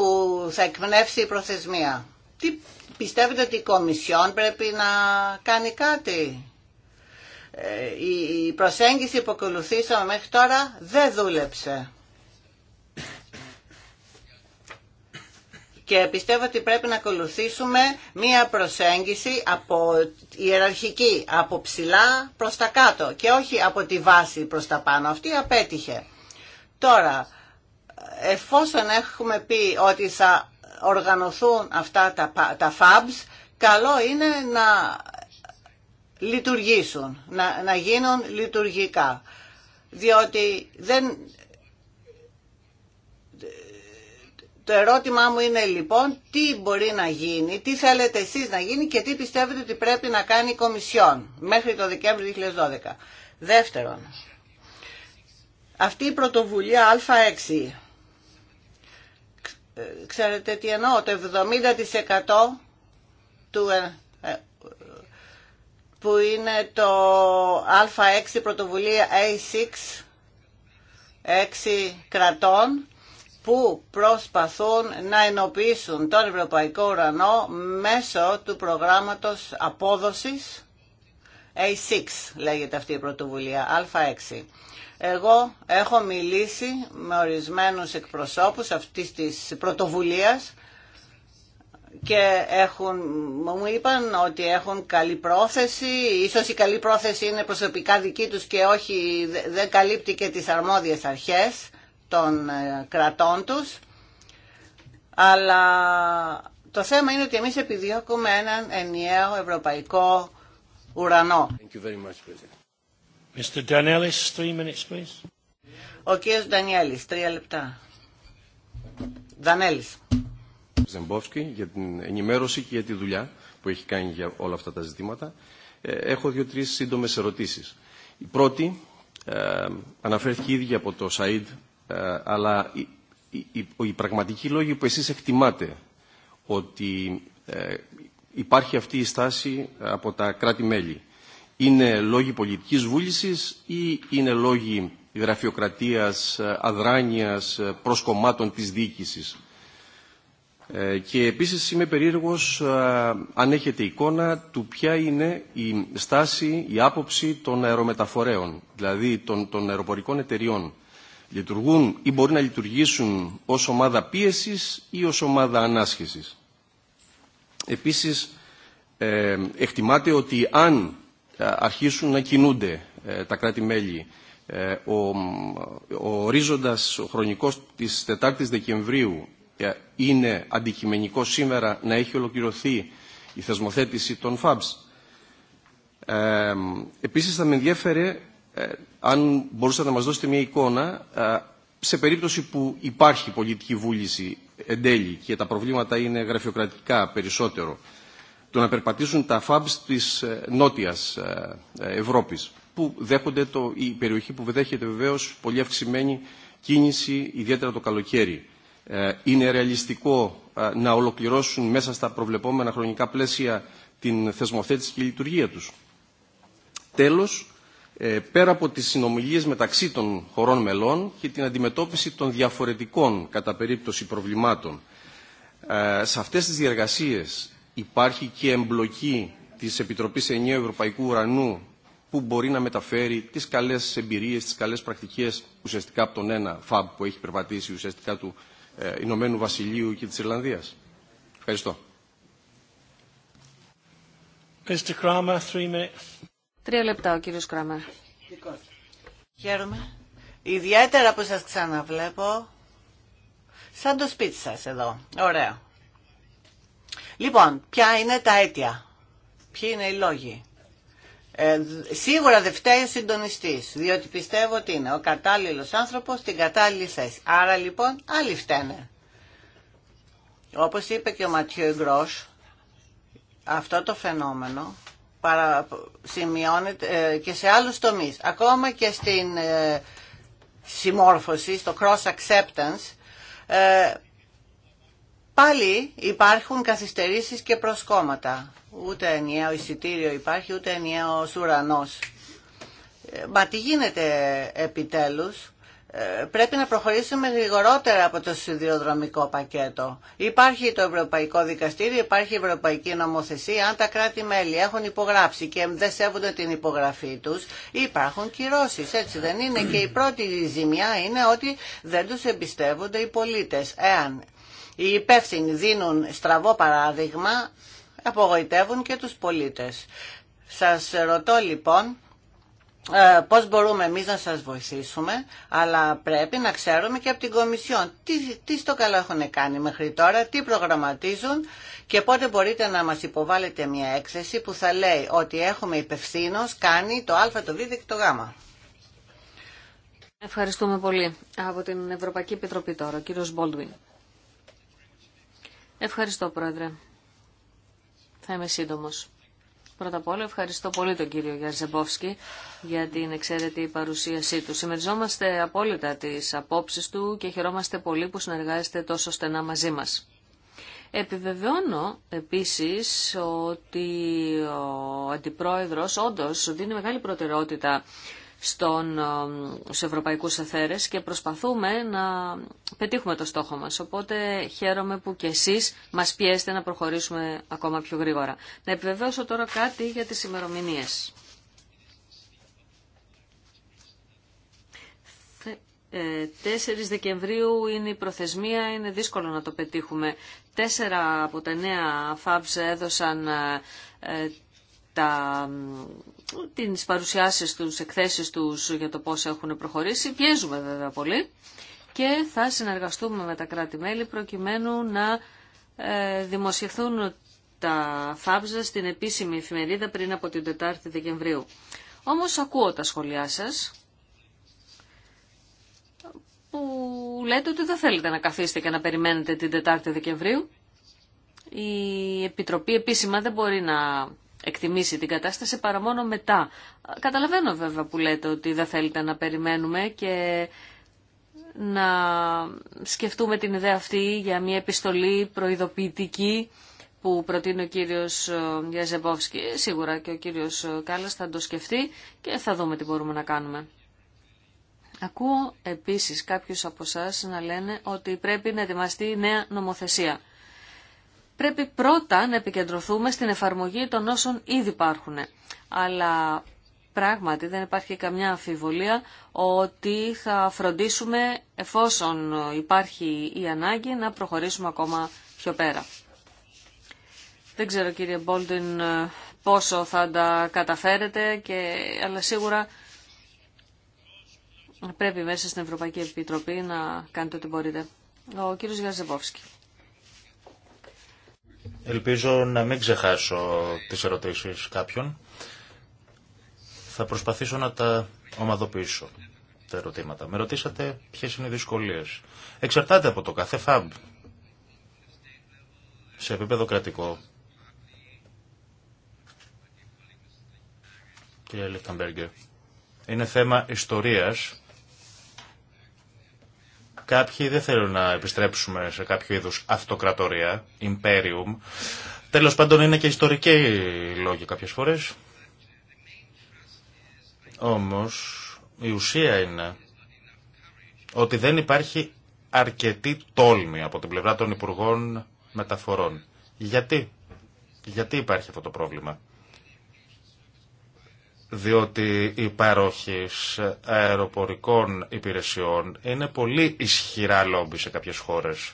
C: θα εκπνεύσει η προθεσμία. Τι πιστεύετε ότι η Κομισιόν πρέπει να κάνει κάτι. Ε, η προσέγγιση που ακολουθήσαμε μέχρι τώρα δεν δούλεψε. Και πιστεύω ότι πρέπει να ακολουθήσουμε μία προσέγγιση από ιεραρχική, από ψηλά προς τα κάτω και όχι από τη βάση προς τα πάνω. Αυτή απέτυχε. Τώρα, εφόσον έχουμε πει ότι θα οργανωθούν αυτά τα, τα FABs, καλό είναι να λειτουργήσουν, να, να γίνουν λειτουργικά. Διότι δεν... Το ερώτημά μου είναι λοιπόν τι μπορεί να γίνει, τι θέλετε εσείς να γίνει και τι πιστεύετε ότι πρέπει να κάνει η Κομισιόν μέχρι το Δεκέμβριο 2012. Δεύτερον, αυτή η πρωτοβουλία Α6 ξέρετε τι εννοώ το 70% του ε, ε, που είναι το Α6 πρωτοβουλία A6 6 κρατών που προσπαθούν να ενοποιήσουν τον Ευρωπαϊκό Ουρανό μέσω του προγράμματος απόδοσης A6 λέγεται αυτή η πρωτοβουλία, Α6. Εγώ έχω μιλήσει με ορισμένους εκπροσώπους αυτής της πρωτοβουλίας και έχουν, μου είπαν ότι έχουν καλή πρόθεση, ίσως η καλή πρόθεση είναι προσωπικά δική τους και όχι δεν καλύπτει και τις αρμόδιες αρχές των ε, κρατών τους. Αλλά το θέμα είναι ότι εμείς επιδιώκουμε έναν ενιαίο ευρωπαϊκό ουρανό. Ο κύριος Ντανιέλης, τρία λεπτά. Δανέλης.
A: Ζεμπόφσκι για την ενημέρωση και για τη δουλειά που έχει κάνει για όλα αυτά τα ζητήματα. Ε, έχω δύο-τρεις σύντομες ερωτήσεις. Η πρώτη ε, αναφέρθηκε ήδη από το ΣΑΙΔ, ε, αλλά οι πραγματικοί λόγοι που εσείς εκτιμάτε ότι ε, υπάρχει αυτή η στάση από τα κράτη-μέλη είναι λόγοι πολιτικής βούλησης ή είναι λόγοι γραφειοκρατίας, αδράνειας, προσκομμάτων της διοίκησης. Ε, και επίσης είμαι περίεργος ε, αν έχετε εικόνα του ποια είναι η στάση, η άποψη των αερομεταφορέων, δηλαδή των, αεροπορικών εταιριών. Λειτουργούν ή μπορεί να λειτουργήσουν ως ομάδα πίεσης ή ως ομάδα ανάσχεσης. Επίσης, ε, εκτιμάται ότι αν ε, αρχίσουν να κινούνται ε, τα κράτη-μέλη. Ε, ο, ο ορίζοντας χρονικός της 4ης Δεκεμβρίου είναι αντικειμενικό σήμερα να έχει ολοκληρωθεί η θεσμοθέτηση των ΦΑΜΣ. Ε, επίσης θα με ενδιέφερε αν μπορούσατε να μας δώσετε μια εικόνα σε περίπτωση που υπάρχει πολιτική βούληση εν τέλει και τα προβλήματα είναι γραφειοκρατικά περισσότερο το να περπατήσουν τα FABs της ε, νότιας ε, ε, Ευρώπης, που δέχονται το, η περιοχή που δέχεται βεβαίως πολύ αυξημένη κίνηση, ιδιαίτερα το καλοκαίρι. Είναι ρεαλιστικό να ολοκληρώσουν μέσα στα προβλεπόμενα χρονικά πλαίσια την θεσμοθέτηση και λειτουργία τους. Τέλος, πέρα από τις συνομιλίες μεταξύ των χωρών μελών και την αντιμετώπιση των διαφορετικών κατά περίπτωση προβλημάτων, σε αυτές τις διεργασίες υπάρχει και εμπλοκή της Επιτροπής Ενίου Ευρωπαϊκού Ουρανού που μπορεί να μεταφέρει τις καλές εμπειρίες, τις καλές πρακτικές ουσιαστικά από τον ένα ΦΑΜ που έχει περπατήσει ουσιαστικά του ε, Ηνωμένου Βασιλείου και της Ιρλανδίας. Ευχαριστώ.
D: Mr. Kramer,
C: Τρία λεπτά ο κύριος Κράμερ. Χαίρομαι. Ιδιαίτερα που σας ξαναβλέπω. Σαν το σπίτι σας εδώ. Ωραία. Λοιπόν, ποια είναι τα αίτια, ποιοι είναι οι λόγοι. Ε, σίγουρα δεν φταίει ο συντονιστή, διότι πιστεύω ότι είναι ο κατάλληλο άνθρωπο στην κατάλληλη θέση. Άρα λοιπόν άλλοι φταίνε. Όπω είπε και ο Ματιό Γκρό, αυτό το φαινόμενο παρα, σημειώνεται ε, και σε άλλου τομεί, Ακόμα και στην ε, συμμόρφωση, στο cross acceptance, ε, πάλι υπάρχουν καθυστερήσεις και προσκόμματα. Ούτε ενιαίο εισιτήριο υπάρχει, ούτε ενιαίο ουρανός. Ε, μα τι γίνεται επιτέλους. Ε, πρέπει να προχωρήσουμε γρηγορότερα από το σιδηροδρομικό πακέτο. Υπάρχει το Ευρωπαϊκό Δικαστήριο, υπάρχει η Ευρωπαϊκή Νομοθεσία. Αν τα κράτη-μέλη έχουν υπογράψει και δεν σέβονται την υπογραφή του, υπάρχουν κυρώσει. Έτσι δεν είναι. Και η πρώτη ζημιά είναι ότι δεν του εμπιστεύονται οι πολίτε. Εάν οι υπεύθυνοι δίνουν στραβό παράδειγμα, απογοητεύουν και τους πολίτες. Σας ρωτώ λοιπόν ε, πώς μπορούμε εμείς να σας βοηθήσουμε, αλλά πρέπει να ξέρουμε και από την Κομισιόν τι, στο καλό έχουν κάνει μέχρι τώρα, τι προγραμματίζουν και πότε μπορείτε να μας υποβάλλετε μια έκθεση που θα λέει ότι έχουμε υπευθύνω κάνει το α, το β και το γ.
D: Ευχαριστούμε πολύ. Από την Ευρωπαϊκή Επιτροπή τώρα, κύριος Μπόλτουιν. Ευχαριστώ, Πρόεδρε. Θα είμαι σύντομο. Πρώτα απ' όλα ευχαριστώ πολύ τον κύριο Γιαρζεμπόφσκι για την εξαίρετη παρουσίασή του. Συμμεριζόμαστε απόλυτα τι απόψεις του και χαιρόμαστε πολύ που συνεργάζεστε τόσο στενά μαζί μας. Επιβεβαιώνω επίσης ότι ο Αντιπρόεδρος όντως δίνει μεγάλη προτεραιότητα στον, ε, στους ευρωπαϊκούς εθέρες και προσπαθούμε να πετύχουμε το στόχο μας. Οπότε χαίρομαι που και εσείς μας πιέστε να προχωρήσουμε ακόμα πιο γρήγορα. Να επιβεβαίωσω τώρα κάτι για τις ημερομηνίε. 4 ε, Δεκεμβρίου είναι η προθεσμία, είναι δύσκολο να το πετύχουμε. Τέσσερα από τα νέα ΦΑΒΣ έδωσαν ε, τα, τις παρουσιάσεις τους, εκθέσεις τους για το πώς έχουν προχωρήσει. Πιέζουμε βέβαια πολύ και θα συνεργαστούμε με τα κράτη-μέλη προκειμένου να ε, δημοσιευθούν τα φάβζα στην επίσημη εφημερίδα πριν από την 4η Δεκεμβρίου. Όμως ακούω τα σχόλιά σας που λέτε ότι δεν θέλετε να καθίσετε και να περιμένετε την 4η Δεκεμβρίου. Η Επιτροπή επίσημα δεν μπορεί να εκτιμήσει την κατάσταση παρά μόνο μετά. Καταλαβαίνω βέβαια που λέτε ότι δεν θέλετε να περιμένουμε και να σκεφτούμε την ιδέα αυτή για μια επιστολή προειδοποιητική που προτείνει ο κύριος ε, Γιαζεμπόφσκι. Σίγουρα και ο κύριος ε, Κάλλας θα το σκεφτεί και θα δούμε τι μπορούμε να κάνουμε. Ακούω επίσης κάποιους από εσά να λένε ότι πρέπει να ετοιμαστεί νέα νομοθεσία πρέπει πρώτα να επικεντρωθούμε στην εφαρμογή των όσων ήδη υπάρχουν. Αλλά πράγματι δεν υπάρχει καμιά αμφιβολία ότι θα φροντίσουμε εφόσον υπάρχει η ανάγκη να προχωρήσουμε ακόμα πιο πέρα. Δεν ξέρω κύριε Μπόλτιν πόσο θα τα καταφέρετε, και, αλλά σίγουρα πρέπει μέσα στην Ευρωπαϊκή Επιτροπή να κάνετε ό,τι μπορείτε. Ο κύριος Γιαζεμπόφσκι.
B: Ελπίζω να μην ξεχάσω τις ερωτήσεις κάποιων. Θα προσπαθήσω να τα ομαδοποιήσω τα ερωτήματα. Με ρωτήσατε ποιες είναι οι δυσκολίες. Εξαρτάται από το κάθε FAB. Σε επίπεδο κρατικό. Κύριε Λιχταμπέργκερ. Είναι θέμα ιστορίας Κάποιοι δεν θέλουν να επιστρέψουμε σε κάποιο είδους αυτοκρατορία, imperium. Τέλος πάντων είναι και ιστορικοί λόγοι κάποιες φορές. Όμως η ουσία είναι ότι δεν υπάρχει αρκετή τόλμη από την πλευρά των Υπουργών Μεταφορών. Γιατί, γιατί υπάρχει αυτό το πρόβλημα διότι οι παρόχες αεροπορικών υπηρεσιών είναι πολύ ισχυρά λόμπι σε κάποιες χώρες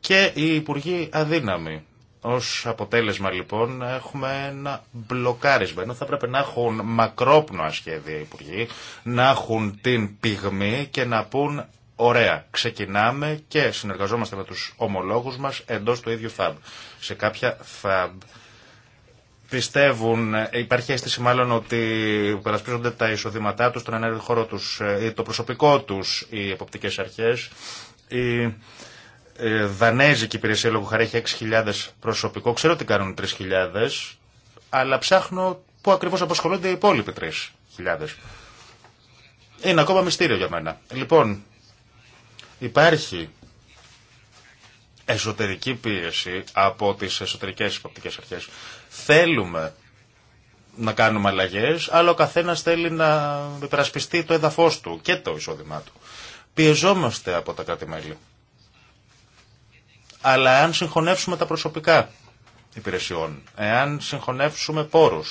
B: και οι υπουργοί αδύναμοι. Ως αποτέλεσμα λοιπόν έχουμε ένα μπλοκάρισμα, ενώ θα πρέπει να έχουν μακρόπνοα σχέδια οι υπουργοί, να έχουν την πυγμή και να πούν Ωραία, ξεκινάμε και συνεργαζόμαστε με τους ομολόγους μας εντός του ίδιου ΦΑΜ. Σε κάποια Φαμ πιστεύουν ε, υπάρχει αίσθηση, μάλλον ότι παρασπίζονται τα εισοδήματά τους, τον ενέργειο χώρο τους, ε, το προσωπικό τους, οι εποπτικές αρχές. Η ε, Δανέζικη υπηρεσία λόγου έχει 6.000 προσωπικό. Ξέρω ότι κάνουν 3.000, αλλά ψάχνω πού ακριβώς απασχολούνται οι υπόλοιποι 3.000. Είναι ακόμα μυστήριο για μένα. Λοιπόν, υπάρχει εσωτερική πίεση από τις εσωτερικές υποπτικές αρχές Θέλουμε να κάνουμε αλλαγέ, αλλά ο καθένα θέλει να υπερασπιστεί το έδαφο του και το εισόδημά του. Πιεζόμαστε από τα κράτη-μέλη. Αλλά αν συγχωνεύσουμε τα προσωπικά υπηρεσιών, εάν συγχωνεύσουμε πόρου,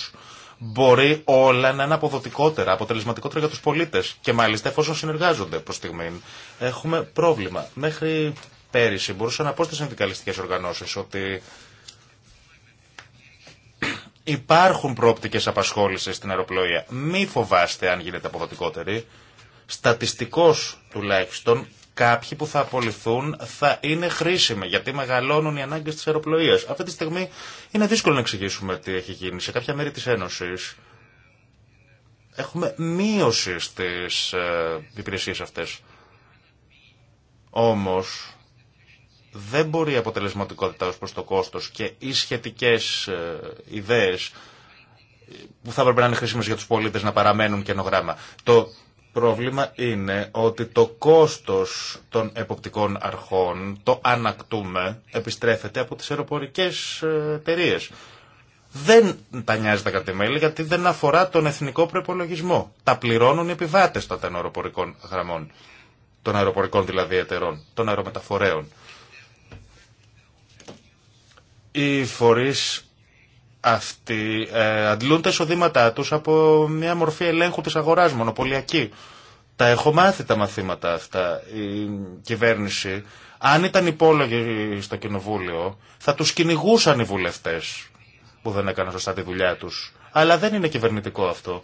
B: μπορεί όλα να είναι αποδοτικότερα, αποτελεσματικότερα για του πολίτε. Και μάλιστα εφόσον συνεργάζονται προ στιγμή, έχουμε πρόβλημα. Μέχρι πέρυσι μπορούσα να πω στι συνδικαλιστικέ οργανώσει ότι Υπάρχουν πρόπτικε απασχόλησης στην αεροπλοεία. Μη φοβάστε αν γίνεται αποδοτικότεροι. Στατιστικώς τουλάχιστον κάποιοι που θα απολυθούν θα είναι χρήσιμοι γιατί μεγαλώνουν οι ανάγκες της αεροπλοείας. Αυτή τη στιγμή είναι δύσκολο να εξηγήσουμε τι έχει γίνει. Σε κάποια μέρη της Ένωσης έχουμε μείωση στις ε, υπηρεσίες αυτές. Όμως δεν μπορεί η αποτελεσματικότητα ως προς το κόστος και οι σχετικές ε, ιδέες που θα έπρεπε να είναι χρήσιμες για τους πολίτες να παραμένουν καινογράμμα. Το πρόβλημα είναι ότι το κόστος των εποπτικών αρχών, το ανακτούμε, επιστρέφεται από τις αεροπορικές ε, εταιρείε. Δεν τα νοιάζει τα κατεμέλη γιατί δεν αφορά τον εθνικό προπολογισμό. Τα πληρώνουν οι επιβάτες των αεροπορικών γραμμών. Των αεροπορικών δηλαδή εταιρών, των αερομεταφορέων οι φορείς αυτοί ε, αντλούν τα εισοδήματά τους από μια μορφή ελέγχου της αγοράς μονοπωλιακή. Τα έχω μάθει τα μαθήματα αυτά. Η κυβέρνηση, αν ήταν υπόλογοι στο κοινοβούλιο, θα τους κυνηγούσαν οι βουλευτές που δεν έκαναν σωστά τη δουλειά τους. Αλλά δεν είναι κυβερνητικό αυτό.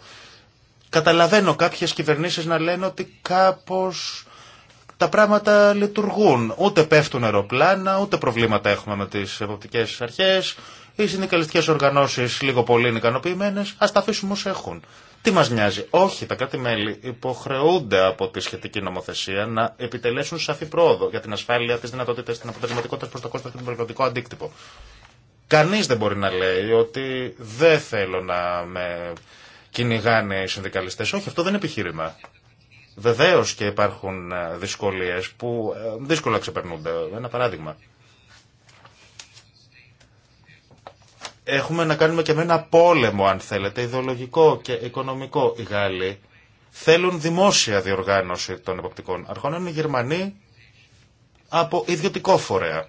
B: Καταλαβαίνω κάποιες κυβερνήσεις να λένε ότι κάπως τα πράγματα λειτουργούν. Ούτε πέφτουν αεροπλάνα, ούτε προβλήματα έχουμε με τι εποπτικέ αρχέ, Οι συνδικαλιστικέ οργανώσει λίγο πολύ είναι ικανοποιημένε. α τα αφήσουμε όσο έχουν. Τι μα νοιάζει. Όχι, τα κράτη-μέλη υποχρεούνται από τη σχετική νομοθεσία να επιτελέσουν σαφή πρόοδο για την ασφάλεια, τι δυνατότητες, την αποτελεσματικότητα προ το κόστο και τον περιβαλλοντικό αντίκτυπο. Κανεί δεν μπορεί να λέει ότι δεν θέλω να με κυνηγάνε οι συνδικαλιστέ. Όχι, αυτό δεν επιχείρημα. Βεβαίω και υπάρχουν ε, δυσκολίε που ε, δύσκολα ξεπερνούνται. Ένα παράδειγμα. Έχουμε να κάνουμε και με ένα πόλεμο, αν θέλετε, ιδεολογικό και οικονομικό. Οι Γάλλοι θέλουν δημόσια διοργάνωση των εποπτικών αρχών, Είναι οι Γερμανοί από ιδιωτικό φορέα.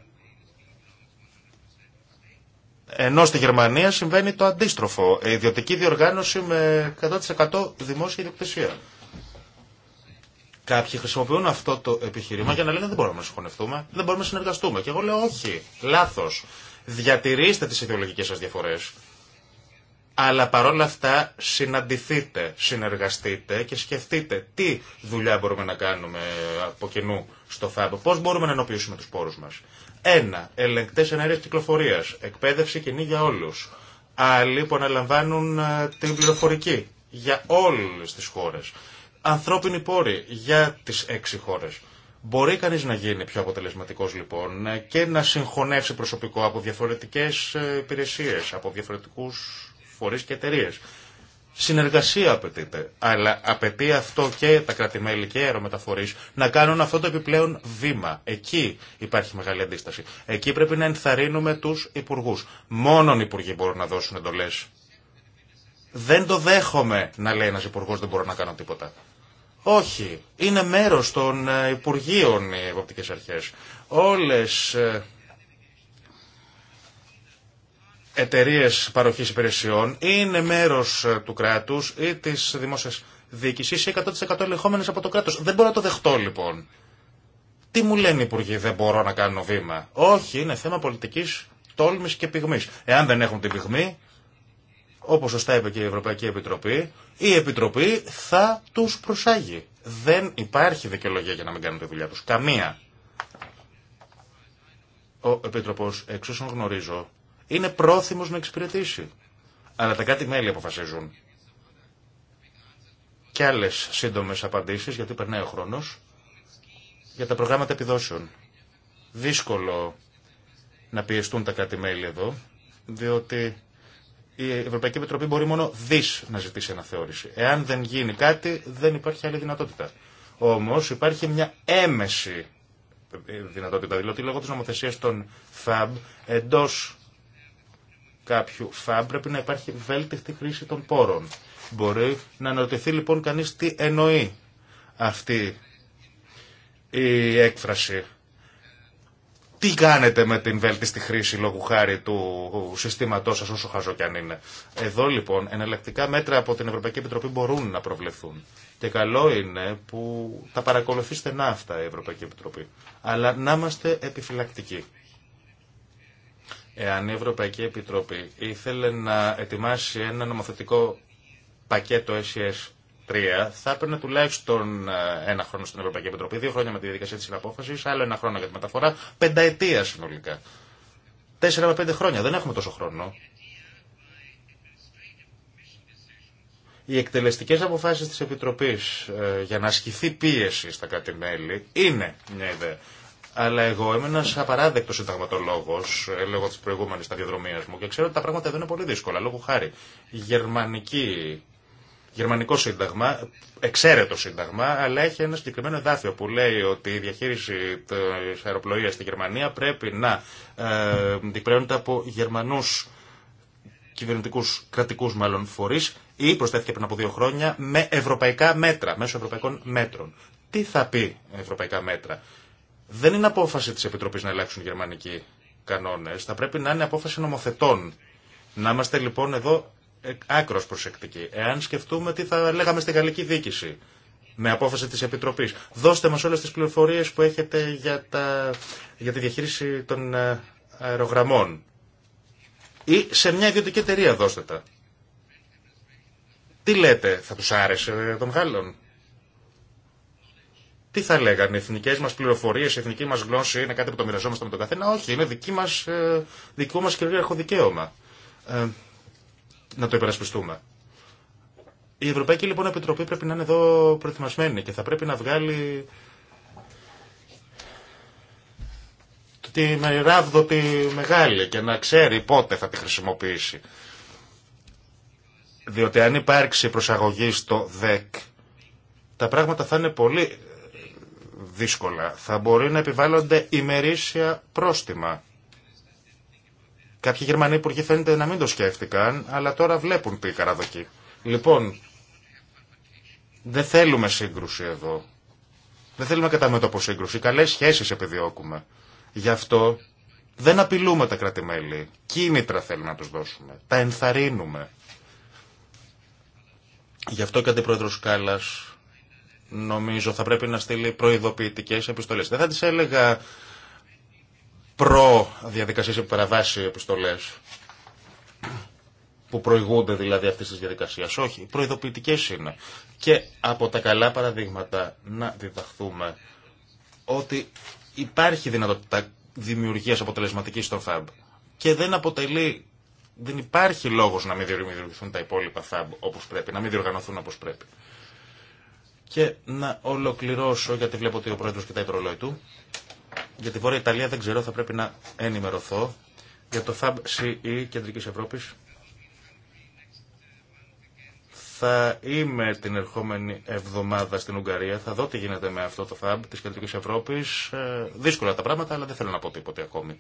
B: Ενώ στη Γερμανία συμβαίνει το αντίστροφο. ιδιωτική διοργάνωση με 100% δημόσια ιδιοκτησία. Κάποιοι χρησιμοποιούν αυτό το επιχείρημα για να λένε δεν μπορούμε να συγχωνευτούμε, δεν μπορούμε να συνεργαστούμε. Και εγώ λέω όχι, λάθο. Διατηρήστε τι ιδεολογικέ σα διαφορέ, Αλλά παρόλα αυτά συναντηθείτε, συνεργαστείτε και σκεφτείτε τι δουλειά μπορούμε να κάνουμε από κοινού στο ΦΑΠ, Πώ μπορούμε να ενοποιήσουμε του πόρου μα. Ένα, ελεγκτέ ενέργεια κυκλοφορία, εκπαίδευση κοινή για όλου. Άλλοι που αναλαμβάνουν ε, την πληροφορική για όλε τι χώρε ανθρώπινοι πόροι για τι έξι χώρε. Μπορεί κανεί να γίνει πιο αποτελεσματικό λοιπόν και να συγχωνεύσει προσωπικό από διαφορετικέ ε, υπηρεσίε, από διαφορετικού φορεί και εταιρείε. Συνεργασία απαιτείται, αλλά απαιτεί αυτό και τα κρατημέλη και οι αερομεταφορεί να κάνουν αυτό το επιπλέον βήμα. Εκεί υπάρχει μεγάλη αντίσταση. Εκεί πρέπει να ενθαρρύνουμε του υπουργού. Μόνον οι υπουργοί μπορούν να δώσουν εντολέ. Δεν το δέχομαι να λέει ένα υπουργό δεν μπορώ να κάνω τίποτα. Όχι. Είναι μέρος των ε, Υπουργείων οι εποπτικές αρχές. Όλες ε, εταιρείε παροχής υπηρεσιών είναι μέρος ε, του κράτους ή της δημόσιας διοίκησης ή 100% ελεγχόμενες από το κράτος. Δεν μπορώ να το δεχτώ λοιπόν. Τι μου λένε οι υπουργοί, δεν μπορώ να κάνω βήμα. Όχι, είναι θέμα πολιτικής τόλμης και πυγμής. Εάν δεν έχουν την πυγμή, Όπω σωστά είπε και η Ευρωπαϊκή Επιτροπή, η Επιτροπή θα του προσάγει. Δεν υπάρχει δικαιολογία για να μην κάνουν τη δουλειά του. Καμία. Ο Επίτροπος, εξ γνωρίζω, είναι πρόθυμο να εξυπηρετήσει. Αλλά τα κάτι μέλη αποφασίζουν. Και άλλε σύντομε απαντήσει γιατί περνάει ο χρόνο για τα προγράμματα επιδόσεων. Δύσκολο να πιεστούν τα κάτι μέλη εδώ, διότι η Ευρωπαϊκή Επιτροπή μπορεί μόνο δει να ζητήσει αναθεώρηση. Εάν δεν γίνει κάτι, δεν υπάρχει άλλη δυνατότητα. Όμω υπάρχει μια έμεση δυνατότητα, δηλαδή λόγω τη νομοθεσία των ΦΑΜ εντό κάποιου FAB πρέπει να υπάρχει βέλτιστη χρήση των πόρων. Μπορεί να αναρωτηθεί λοιπόν κανεί τι εννοεί αυτή η έκφραση τι κάνετε με την βέλτιστη χρήση λόγου χάρη του συστήματός σας όσο χαζό κι αν είναι. Εδώ λοιπόν εναλλακτικά μέτρα από την Ευρωπαϊκή Επιτροπή μπορούν να προβλεφθούν. Και καλό είναι που τα παρακολουθεί στενά αυτά η Ευρωπαϊκή Επιτροπή. Αλλά να είμαστε επιφυλακτικοί. Εάν η Ευρωπαϊκή Επιτροπή ήθελε να ετοιμάσει ένα νομοθετικό πακέτο SES e θα έπαιρνε τουλάχιστον ε, ένα χρόνο στην Ευρωπαϊκή Επιτροπή, δύο χρόνια με τη διαδικασία τη συναπόφαση, άλλο ένα χρόνο για τη μεταφορά, πενταετία συνολικά. Τέσσερα με πέντε χρόνια, δεν έχουμε τόσο χρόνο. Οι εκτελεστικέ αποφάσει τη Επιτροπή ε, για να ασκηθεί πίεση στα κάτι μελη είναι μια ιδέα. Αλλά εγώ είμαι ένα απαράδεκτο συνταγματολόγο ε, λόγω τη προηγούμενη σταδιοδρομία μου και ξέρω ότι τα πράγματα εδώ είναι πολύ δύσκολα. Λόγω χάρη, γερμανική γερμανικό σύνταγμα, εξαίρετο σύνταγμα, αλλά έχει ένα συγκεκριμένο εδάφιο που λέει ότι η διαχείριση τη αεροπλοεία στη Γερμανία πρέπει να ε, από Γερμανού κυβερνητικού, κρατικού μάλλον φορεί ή προσθέθηκε πριν από δύο χρόνια με ευρωπαϊκά μέτρα, μέσω ευρωπαϊκών μέτρων. Τι θα πει ευρωπαϊκά μέτρα. Δεν είναι απόφαση τη Επιτροπή να αλλάξουν γερμανικοί κανόνε. Θα πρέπει να είναι απόφαση νομοθετών. Να είμαστε λοιπόν εδώ άκρος προσεκτική. Εάν σκεφτούμε τι θα λέγαμε στη γαλλική δίκηση με απόφαση της Επιτροπής. Δώστε μας όλες τις πληροφορίες που έχετε για, τα, για τη διαχείριση των ε, αερογραμμών. Ή σε μια ιδιωτική εταιρεία δώστε τα. Τι λέτε, θα τους άρεσε των Γάλλων. Τι θα λέγανε, οι εθνικέ μα πληροφορίε, η εθνική μα γλώσσα είναι κάτι που το μοιραζόμαστε με τον καθένα. Όχι, είναι δική μας, ε, δικό μα κυρίαρχο δικαίωμα. Ε, να το υπερασπιστούμε. Η Ευρωπαϊκή λοιπόν Επιτροπή πρέπει να είναι εδώ προετοιμασμένη και θα πρέπει να βγάλει τη μεράβδο τη μεγάλη και να ξέρει πότε θα τη χρησιμοποιήσει. Διότι αν υπάρξει προσαγωγή στο ΔΕΚ, τα πράγματα θα είναι πολύ δύσκολα. Θα μπορεί να επιβάλλονται ημερήσια πρόστιμα. Κάποιοι Γερμανοί υπουργοί φαίνεται να μην το σκέφτηκαν, αλλά τώρα βλέπουν τι καραδοκεί. Λοιπόν, δεν θέλουμε σύγκρουση εδώ. Δεν θέλουμε κατά μέτωπο σύγκρουση. Καλέ σχέσει επιδιώκουμε. Γι' αυτό δεν απειλούμε τα κράτη-μέλη. Κίνητρα θέλουμε να του δώσουμε. Τα ενθαρρύνουμε. Γι' αυτό και ο αντιπρόεδρο Κάλλα νομίζω θα πρέπει να στείλει προειδοποιητικέ επιστολέ. Δεν θα τι έλεγα προ-διαδικασίες παραβάσει επιστολέ που προηγούνται δηλαδή αυτή τη διαδικασία. Όχι, προειδοποιητικέ είναι. Και από τα καλά παραδείγματα να διδαχθούμε ότι υπάρχει δυνατότητα δημιουργία αποτελεσματική στο Φαμπ και δεν αποτελεί, δεν υπάρχει λόγο να μην δημιουργηθούν τα υπόλοιπα FAB όπω πρέπει, να μην διοργανωθούν όπω πρέπει. Και να ολοκληρώσω, γιατί βλέπω ότι ο πρόεδρο κοιτάει το ρολόι του, για τη Βόρεια Ιταλία δεν ξέρω, θα πρέπει να ενημερωθώ. Για το FAB CE Κεντρικής Ευρώπης θα είμαι την ερχόμενη εβδομάδα στην Ουγγαρία, θα δω τι γίνεται με αυτό το FAB της Κεντρικής Ευρώπης. Ε, δύσκολα τα πράγματα, αλλά δεν θέλω να πω τίποτε ακόμη.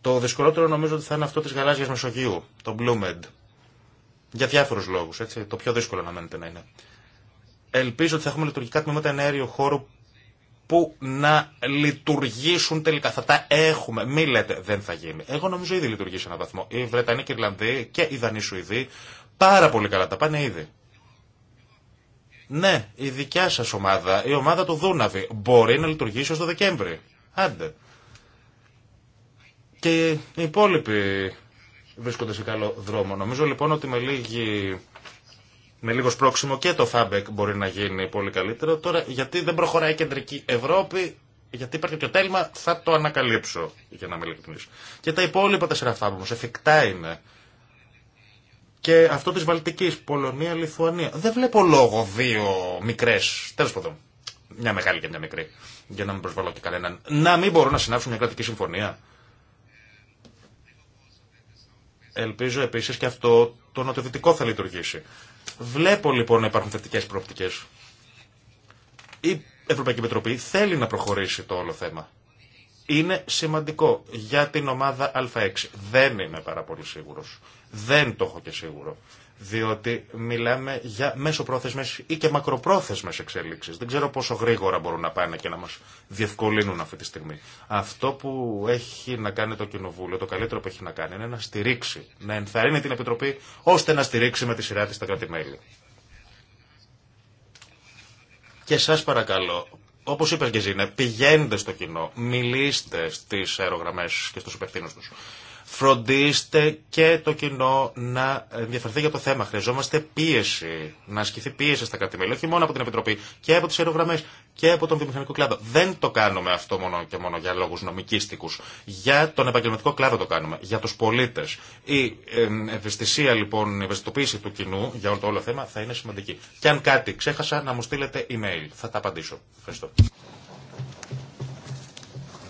B: Το δυσκολότερο νομίζω ότι θα είναι αυτό της γαλάζιας Μεσογείου, το Med. Για διάφορους λόγους, έτσι, το πιο δύσκολο να μένετε να είναι. Ελπίζω ότι θα έχουμε λειτουργικά τμήματα ενέργειο χώρου που να λειτουργήσουν τελικά. Θα τα έχουμε. Μη λέτε δεν θα γίνει. Εγώ νομίζω ήδη λειτουργεί σε έναν βαθμό. Οι Βρετανοί και οι Ιρλανδοί και οι Δανείοι Σουηδοί πάρα πολύ καλά τα πάνε ήδη. Ναι, η δικιά σα ομάδα, η ομάδα του Δούναβη, μπορεί να λειτουργήσει ω το Δεκέμβρη. Άντε. Και οι υπόλοιποι βρίσκονται σε καλό δρόμο. Νομίζω λοιπόν ότι με λίγη με λίγο σπρόξιμο και το ΦΑΜΠΕΚ μπορεί να γίνει πολύ καλύτερο. Τώρα, γιατί δεν προχωράει η κεντρική Ευρώπη, γιατί υπάρχει και τέλμα, θα το ανακαλύψω, για να είμαι ειλικρινής. Και τα υπόλοιπα τέσσερα Φάμπεκ, όμως, εφικτά είναι. Και αυτό τη βαλτική Πολωνία, Λιθουανία. Δεν βλέπω λόγο δύο μικρέ. Τέλο, πάντων, μια μεγάλη και μια μικρή, για να μην προσβαλώ και κανέναν. Να μην μπορούν να συνάψουν μια κρατική συμφωνία. Ελπίζω επίση και αυτό το νοτιοδυτικό θα λειτουργήσει. Βλέπω λοιπόν να υπάρχουν θετικέ προοπτικέ. Η Ευρωπαϊκή Επιτροπή θέλει να προχωρήσει το όλο θέμα. Είναι σημαντικό για την ομάδα Α6. Δεν είμαι πάρα πολύ σίγουρο. Δεν το έχω και σίγουρο διότι μιλάμε για μέσοπρόθεσμες ή και μακροπρόθεσμες εξέλιξεις. Δεν ξέρω πόσο γρήγορα μπορούν να πάνε και να μας διευκολύνουν αυτή τη στιγμή. Αυτό που έχει να κάνει το Κοινοβούλιο, το καλύτερο που έχει να κάνει είναι να στηρίξει, να ενθαρρύνει την Επιτροπή ώστε να στηρίξει με τη σειρά της τα κράτη-μέλη. Και σας παρακαλώ, όπως είπε και Ζήνε, πηγαίνετε στο κοινό, μιλήστε στις αερογραμμές και στους υπευθύνου τους. Φροντίστε και το κοινό να ενδιαφερθεί για το θέμα. Χρειαζόμαστε πίεση, να ασκηθεί πίεση στα κράτη-μέλη, όχι μόνο από την Επιτροπή και από τι αερογραμμέ και από τον βιομηχανικό κλάδο. Δεν το κάνουμε αυτό μόνο και μόνο για λόγου νομικήστικου. Για τον επαγγελματικό κλάδο το κάνουμε, για του πολίτε. Η ευαισθησία λοιπόν, η ευαισθητοποίηση του κοινού για όλο το όλο θέμα θα είναι σημαντική. Και αν κάτι ξέχασα, να μου στείλετε email. Θα τα απαντήσω. Ευχαριστώ.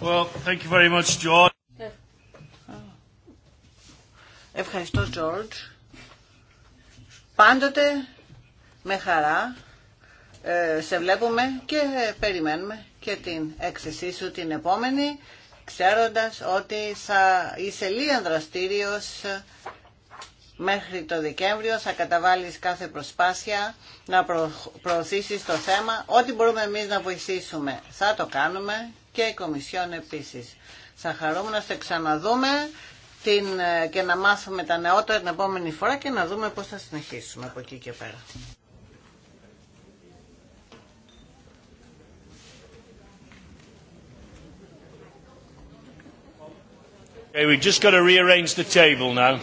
C: Well, thank you very much, George. Ευχαριστώ, Τζόρτζ. Πάντοτε με χαρά ε, σε βλέπουμε και περιμένουμε και την έκθεσή σου την επόμενη, ξέροντας ότι θα είσαι λίγα δραστήριος μέχρι το Δεκέμβριο, θα καταβάλεις κάθε προσπάθεια να προωθήσεις το θέμα. Ό,τι μπορούμε εμείς να βοηθήσουμε θα το κάνουμε και η Κομισιόν επίσης. Θα χαρούμε να σε ξαναδούμε την, και να μάθουμε τα νεότερα την επόμενη φορά και να δούμε πώς θα συνεχίσουμε από εκεί και πέρα.
D: we just got to rearrange the table now.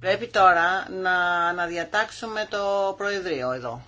C: Πρέπει τώρα να αναδιατάξουμε το Προεδρείο εδώ.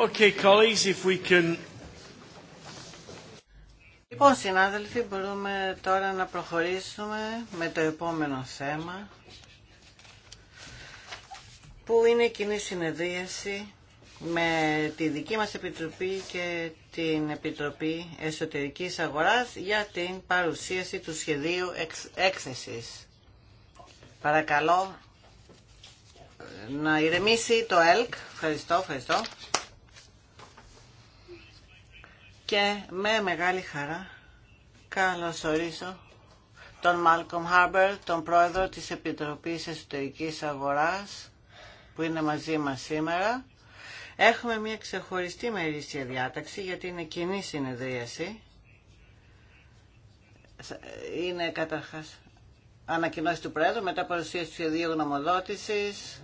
D: Okay, colleagues, if
C: Λοιπόν, συνάδελφοι, μπορούμε τώρα να προχωρήσουμε με το επόμενο θέμα, που είναι η κοινή συνεδρίαση με τη δική μας Επιτροπή και την Επιτροπή Εσωτερικής Αγοράς για την παρουσίαση του σχεδίου έκθεσης. Παρακαλώ να ηρεμήσει το ΕΛΚ. Ευχαριστώ, ευχαριστώ και με μεγάλη χαρά καλωσορίζω τον Μάλκομ Χάρμπερ, τον πρόεδρο της Επιτροπής Εσωτερικής Αγοράς που είναι μαζί μας σήμερα. Έχουμε μια ξεχωριστή μερίσια διάταξη γιατί είναι κοινή συνεδρίαση. Είναι καταρχάς ανακοινώσει του Πρόεδρου, μετά παρουσίαση του σχεδίου γνωμοδότησης,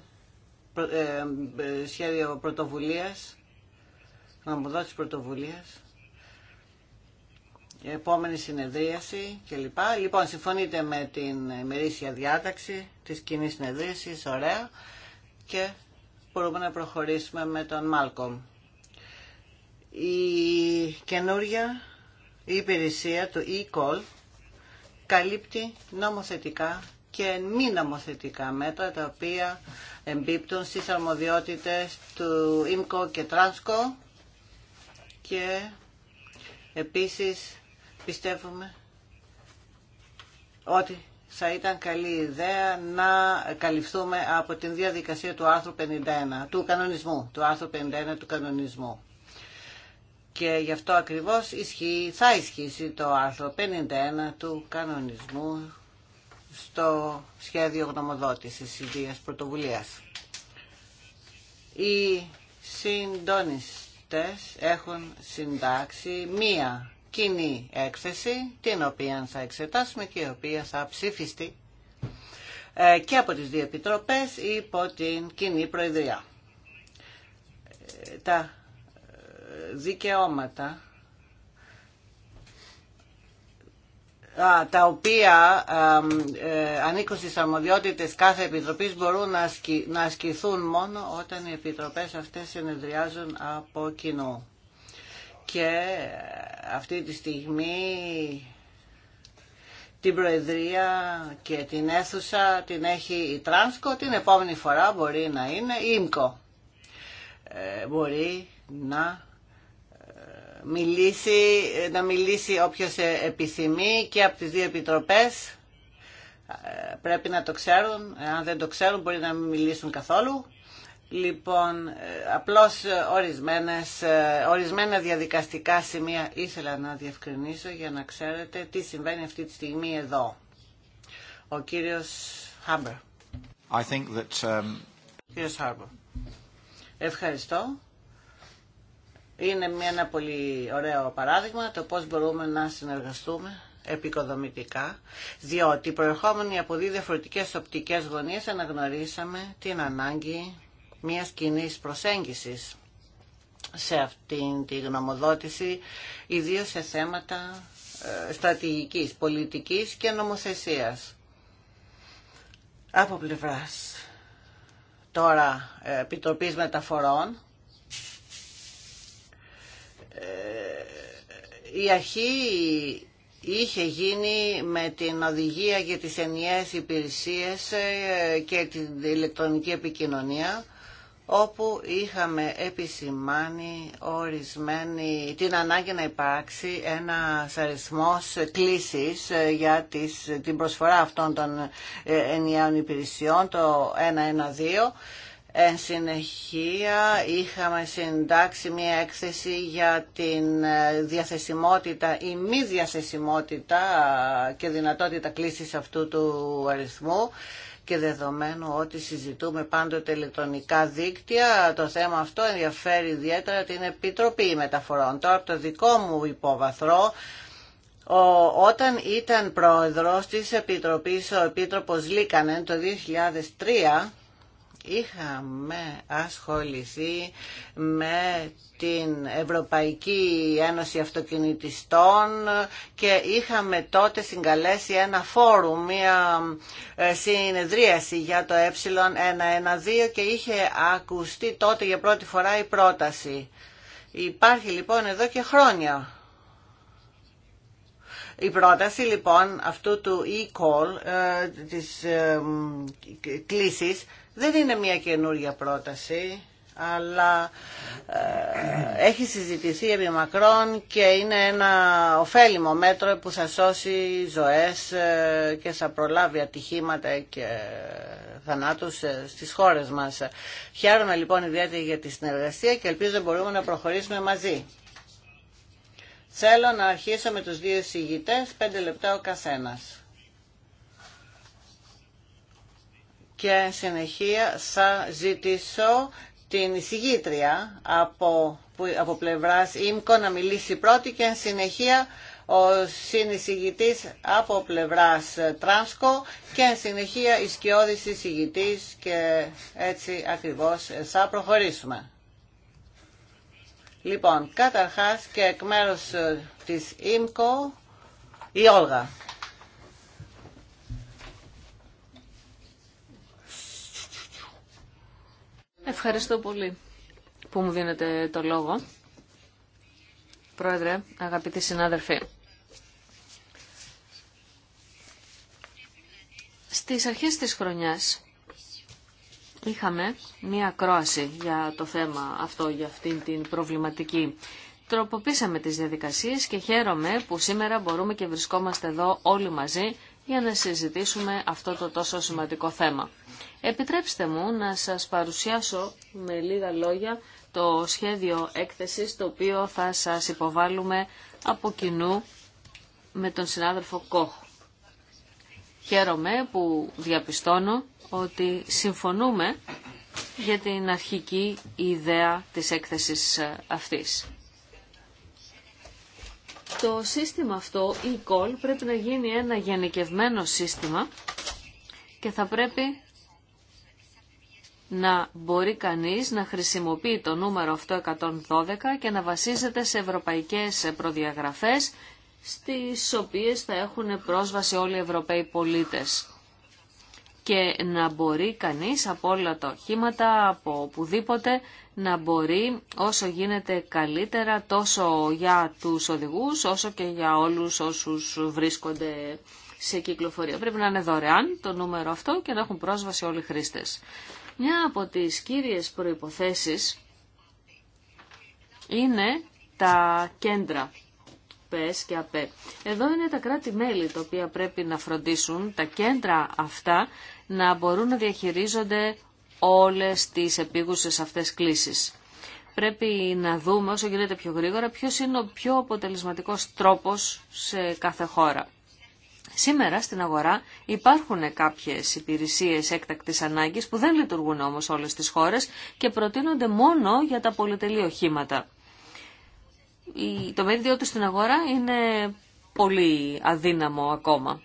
C: ε, ε, σχέδιο πρωτοβουλίας, γνωμοδότηση πρωτοβουλίας επόμενη συνεδρίαση κλπ. Λοιπόν, συμφωνείτε με την μερίσια διάταξη της κοινή συνεδρίασης, ωραία, και μπορούμε να προχωρήσουμε με τον Μάλκομ. Η καινούρια η υπηρεσία του e-call καλύπτει νομοθετικά και μη νομοθετικά μέτρα τα οποία εμπίπτουν στις αρμοδιότητες του IMCO και Τρανσκο και επίσης Πιστεύουμε ότι θα ήταν καλή ιδέα να καλυφθούμε από την διαδικασία του άρθρου 51, του κανονισμού, του άρθρου 51 του κανονισμού. Και γι' αυτό ακριβώς ισχύει, θα ισχύσει το άρθρο 51 του κανονισμού στο σχέδιο γνωμοδότησης ιδίας πρωτοβουλίας. Οι συντονιστές έχουν συντάξει μία κοινή έκθεση την οποία θα εξετάσουμε και η οποία θα ψηφιστεί ε, και από τις δύο επιτροπές υπό την κοινή προεδρία. Ε, τα ε, δικαιώματα τα οποία ανήκουν στις αρμοδιότητες κάθε επιτροπής μπορούν να ασκηθούν μόνο όταν οι επιτροπές αυτές συνεδριάζουν από κοινού και αυτή τη στιγμή την Προεδρία και την αίθουσα την έχει η Τράνσκο, την επόμενη φορά μπορεί να είναι η ΙΜΚΟ. Ε, μπορεί να ε, μιλήσει, να μιλήσει όποιος ε, επιθυμεί και από τις δύο επιτροπές. πρέπει να το ξέρουν, αν δεν το ξέρουν μπορεί να μην μιλήσουν καθόλου. Λοιπόν, ε, απλώς ε, ορισμένες, ε, ορισμένα διαδικαστικά σημεία ήθελα να διευκρινίσω για να ξέρετε τι συμβαίνει αυτή τη στιγμή εδώ. Ο κύριος Χάμπερ. Um, Ευχαριστώ. Είναι μια, ένα πολύ ωραίο παράδειγμα το πώς μπορούμε να συνεργαστούμε επικοδομητικά, διότι προερχόμενοι από δύο διαφορετικές οπτικές γωνίες αναγνωρίσαμε την ανάγκη μιας κοινή προσέγγισης σε αυτήν τη γνωμοδότηση, ιδίως σε θέματα ε, στρατηγικής, πολιτικής και νομοθεσίας. Από πλευράς τώρα ε, Επιτροπής Μεταφορών, ε, η αρχή είχε γίνει με την οδηγία για τις ενιαίες υπηρεσίες και την ηλεκτρονική επικοινωνία όπου είχαμε επισημάνει ορισμένη την ανάγκη να υπάρξει ένα αριθμό κλήση ε, για τις, την προσφορά αυτών των ε, ενιαίων υπηρεσιών, το 112. Εν συνεχεία είχαμε συντάξει μια έκθεση για την ε, διαθεσιμότητα ή μη διαθεσιμότητα και δυνατότητα κλήσης αυτού του αριθμού και δεδομένου ότι συζητούμε πάντοτε ηλεκτρονικά δίκτυα, το θέμα αυτό ενδιαφέρει ιδιαίτερα την Επιτροπή Μεταφορών. Τώρα από το δικό μου υπόβαθρο, ο, όταν ήταν πρόεδρος της Επιτροπής ο Επίτροπος Λίκανεν το 2003 είχαμε ασχοληθεί με την Ευρωπαϊκή Ένωση Αυτοκινητιστών και είχαμε τότε συγκαλέσει ένα φόρουμ, μια ε, συνεδρίαση για το ε112 και είχε ακουστεί τότε για πρώτη φορά η πρόταση. Υπάρχει λοιπόν εδώ και χρόνια. Η πρόταση λοιπόν αυτού του e-call, ε, της ε, κλήσης, δεν είναι μια καινούργια πρόταση, αλλά ε, έχει συζητηθεί επί μακρόν και είναι ένα ωφέλιμο μέτρο που θα σώσει ζωές ε, και θα προλάβει ατυχήματα και θανάτους ε, στις χώρες μας. Χαίρομαι λοιπόν ιδιαίτερα για τη συνεργασία και ελπίζω μπορούμε να προχωρήσουμε μαζί. Θέλω να αρχίσω με τους δύο συγητές, πέντε λεπτά ο καθένας. και συνεχεία θα ζητήσω την εισηγήτρια από, από πλευράς ΙΜΚΟ να μιλήσει πρώτη και συνεχεία ο συνεισηγητής από πλευράς Τράνσκο και εν συνεχεία η σκιώδης εισηγητής και έτσι ακριβώς θα προχωρήσουμε. Λοιπόν, καταρχάς και εκ μέρους ε, της ΙΜΚΟ η Όλγα.
D: Ευχαριστώ πολύ που μου δίνετε το λόγο. Πρόεδρε, αγαπητοί συνάδελφοι. Στις αρχές της χρονιάς είχαμε μία ακρόαση για το θέμα αυτό, για αυτήν την προβληματική. Τροποποίησαμε τις διαδικασίες και χαίρομαι που σήμερα μπορούμε και βρισκόμαστε εδώ όλοι μαζί για να συζητήσουμε αυτό το τόσο σημαντικό θέμα. Επιτρέψτε μου να σας παρουσιάσω με λίγα λόγια το σχέδιο έκθεσης το οποίο θα σας υποβάλουμε από κοινού με τον συνάδελφο Κόχ. Χαίρομαι που διαπιστώνω ότι συμφωνούμε για την αρχική ιδέα της έκθεσης αυτής. Το σύστημα αυτό, e-call, πρέπει να γίνει ένα γενικευμένο σύστημα και θα πρέπει να μπορεί κανείς να χρησιμοποιεί το νούμερο αυτό 112 και να βασίζεται σε ευρωπαϊκές προδιαγραφές στις οποίες θα έχουν πρόσβαση όλοι οι Ευρωπαίοι πολίτες. Και να μπορεί κανείς από όλα τα οχήματα, από οπουδήποτε, να μπορεί όσο γίνεται καλύτερα τόσο για τους οδηγούς όσο και για όλους όσους βρίσκονται σε κυκλοφορία. Πρέπει να είναι δωρεάν το νούμερο αυτό και να έχουν πρόσβαση όλοι οι χρήστες. Μια από τις κύριες προϋποθέσεις είναι τα κέντρα ΠΕΣ και ΑΠΕ. Εδώ είναι τα κράτη-μέλη τα οποία πρέπει να φροντίσουν τα κέντρα αυτά να μπορούν να διαχειρίζονται όλες τις επίγουσες αυτές κλήσεις. Πρέπει να δούμε όσο γίνεται πιο γρήγορα ποιος είναι ο πιο αποτελεσματικός τρόπος σε κάθε χώρα. Σήμερα στην αγορά υπάρχουν κάποιες υπηρεσίες έκτακτης ανάγκης που δεν λειτουργούν όμως όλες τις χώρες και προτείνονται μόνο για τα πολυτελή οχήματα. Το μερίδιό του στην αγορά είναι πολύ αδύναμο ακόμα.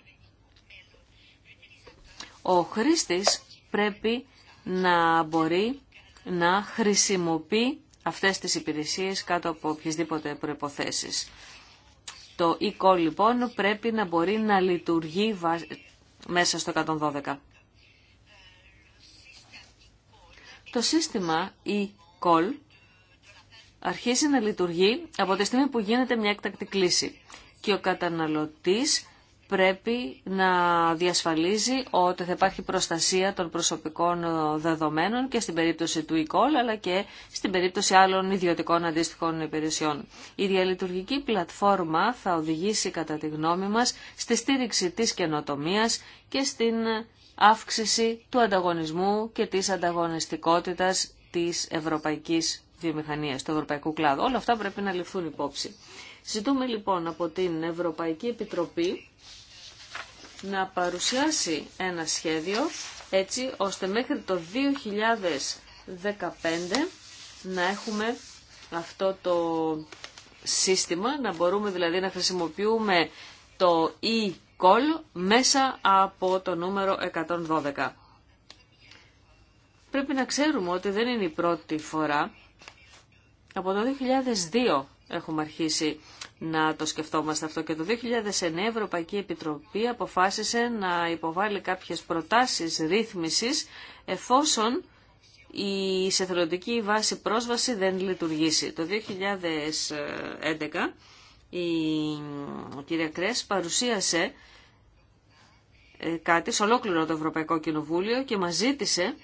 D: Ο χρήστης πρέπει να μπορεί να χρησιμοποιεί αυτές τις υπηρεσίες κάτω από οποιασδήποτε προϋποθέσεις. Το e-call λοιπόν πρέπει να μπορεί να λειτουργεί μέσα στο 112. Το σύστημα e-call αρχίζει να λειτουργεί από τη στιγμή που γίνεται μια έκτακτη κλίση και ο καταναλωτής πρέπει να διασφαλίζει ότι θα υπάρχει προστασία των προσωπικών ε, δεδομένων και στην περίπτωση του e-call αλλά και στην περίπτωση άλλων ιδιωτικών αντίστοιχων υπηρεσιών. Η διαλειτουργική πλατφόρμα θα οδηγήσει κατά τη γνώμη μας στη στήριξη της καινοτομίας και στην αύξηση του ανταγωνισμού και της ανταγωνιστικότητας της ευρωπαϊκής βιομηχανίας, του ευρωπαϊκού κλάδου. Όλα αυτά πρέπει να ληφθούν υπόψη. Ζητούμε λοιπόν από την Ευρωπαϊκή Επιτροπή να παρουσιάσει ένα σχέδιο έτσι ώστε μέχρι το 2015 να έχουμε αυτό το σύστημα, να μπορούμε δηλαδή να χρησιμοποιούμε το e-call μέσα από το νούμερο 112. Πρέπει να ξέρουμε ότι δεν είναι η πρώτη φορά. Από το 2002 έχουμε αρχίσει να το σκεφτόμαστε αυτό. Και το 2009 η Ευρωπαϊκή Επιτροπή αποφάσισε να υποβάλει κάποιες προτάσεις ρύθμισης εφόσον η σεθελοντική βάση πρόσβαση δεν λειτουργήσει. Το 2011 η κυρία Κρέσ παρουσίασε ε, κάτι σε ολόκληρο το Ευρωπαϊκό Κοινοβούλιο και μας ζήτησε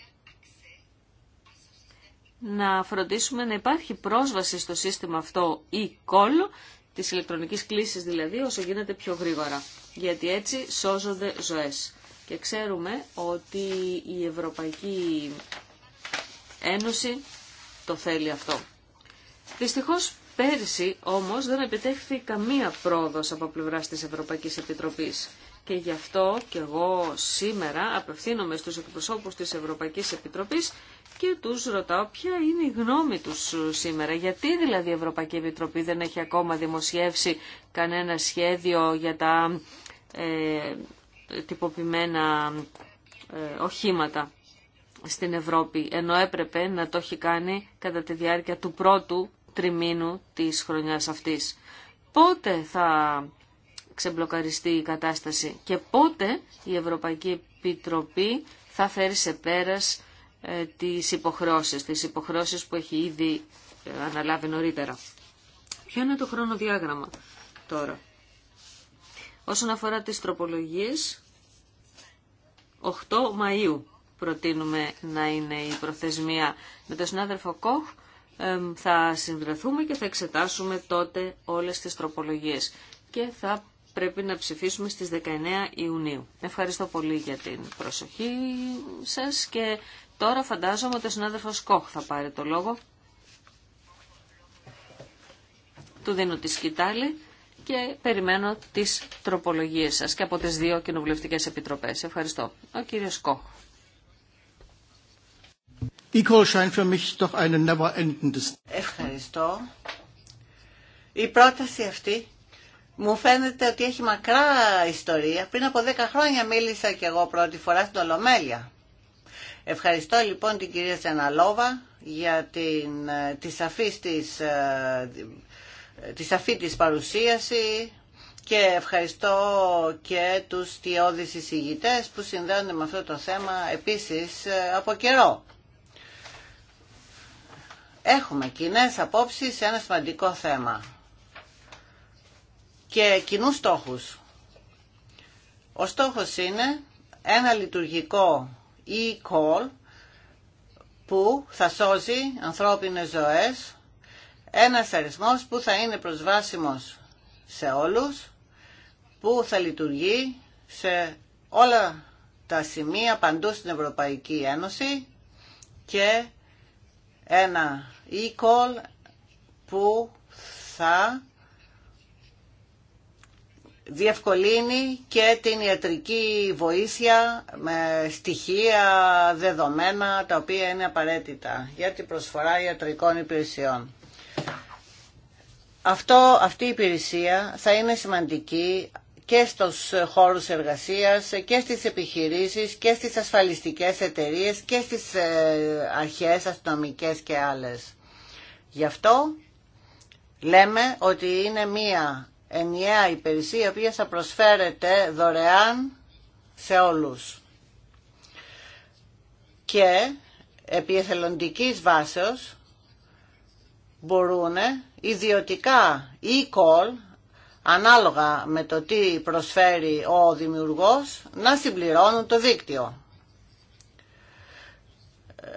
D: να φροντίσουμε να υπάρχει πρόσβαση στο σύστημα αυτό e-call της ηλεκτρονικής κλίση δηλαδή, όσο γίνεται πιο γρήγορα. Γιατί έτσι σώζονται ζωές. Και ξέρουμε ότι η Ευρωπαϊκή Ένωση το θέλει αυτό. Δυστυχώς πέρσι όμως δεν επιτέχθη καμία πρόοδος από πλευράς της Ευρωπαϊκής Επιτροπής. Και γι' αυτό και εγώ σήμερα απευθύνομαι στους εκπροσώπους της Ευρωπαϊκής Επιτροπής και τους ρωτάω ποια είναι η γνώμη τους σήμερα. Γιατί δηλαδή η Ευρωπαϊκή Επιτροπή δεν έχει ακόμα δημοσιεύσει κανένα σχέδιο για τα ε, τυποποιημένα ε, οχήματα στην Ευρώπη, ενώ έπρεπε να το έχει κάνει κατά τη διάρκεια του πρώτου τριμήνου της χρονιάς αυτής. Πότε θα ξεμπλοκαριστεί η κατάσταση και πότε η Ευρωπαϊκή Επιτροπή θα φέρει σε πέρας ε, τις υποχρώσεις, τις υποχρώσεις που έχει ήδη ε, αναλάβει νωρίτερα. Ποιο είναι το χρονοδιάγραμμα τώρα. Όσον αφορά τις τροπολογίες, 8 Μαΐου προτείνουμε να είναι η προθεσμία με τον συνάδελφο Κοχ. Θα συνδρεθούμε και θα εξετάσουμε τότε όλες τις τροπολογίες και θα πρέπει να ψηφίσουμε στις 19 Ιουνίου. Ευχαριστώ πολύ για την προσοχή σας και τώρα φαντάζομαι ότι ο συνάδελφος Κόχ θα πάρει το λόγο. Του δίνω τη σκητάλη και περιμένω τις τροπολογίες σας και από τις δύο κοινοβουλευτικές επιτροπές. Ευχαριστώ. Ο κύριος Κόχ.
C: Ευχαριστώ. Η πρόταση αυτή μου φαίνεται ότι έχει μακρά ιστορία. Πριν από 10 χρόνια μίλησα και εγώ πρώτη φορά στην Ολομέλεια. Ευχαριστώ λοιπόν την κυρία Σεναλόβα για την, ε, τη σαφή της, ε, τη σαφή της παρουσίαση και ευχαριστώ και τους τειώδη εισηγητές που συνδέονται με αυτό το θέμα επίσης ε, από καιρό. Έχουμε κοινέ απόψεις σε ένα σημαντικό θέμα και κοινού στόχου, Ο στόχος είναι ένα λειτουργικό e-call που θα σώζει ανθρώπινες ζωές, ένας αριθμός που θα είναι προσβάσιμος σε όλους, που θα λειτουργεί σε όλα τα σημεία παντού στην Ευρωπαϊκή Ένωση και ένα e-call που θα διευκολύνει και την ιατρική βοήθεια με στοιχεία δεδομένα τα οποία είναι απαραίτητα για την προσφορά ιατρικών υπηρεσιών. Αυτό, αυτή η υπηρεσία θα είναι σημαντική και στους χώρους εργασίας και στις επιχειρήσεις και στις ασφαλιστικές εταιρείες και στις ε, αρχές αστυνομικές και άλλες. Γι' αυτό λέμε ότι είναι μία ενιαία υπηρεσία η οποία θα προσφέρεται δωρεάν σε όλους. Και επί εθελοντικής βάσεως μπορούν ή e-call ανάλογα με το τι προσφέρει ο δημιουργός να συμπληρώνουν το δίκτυο. Ε,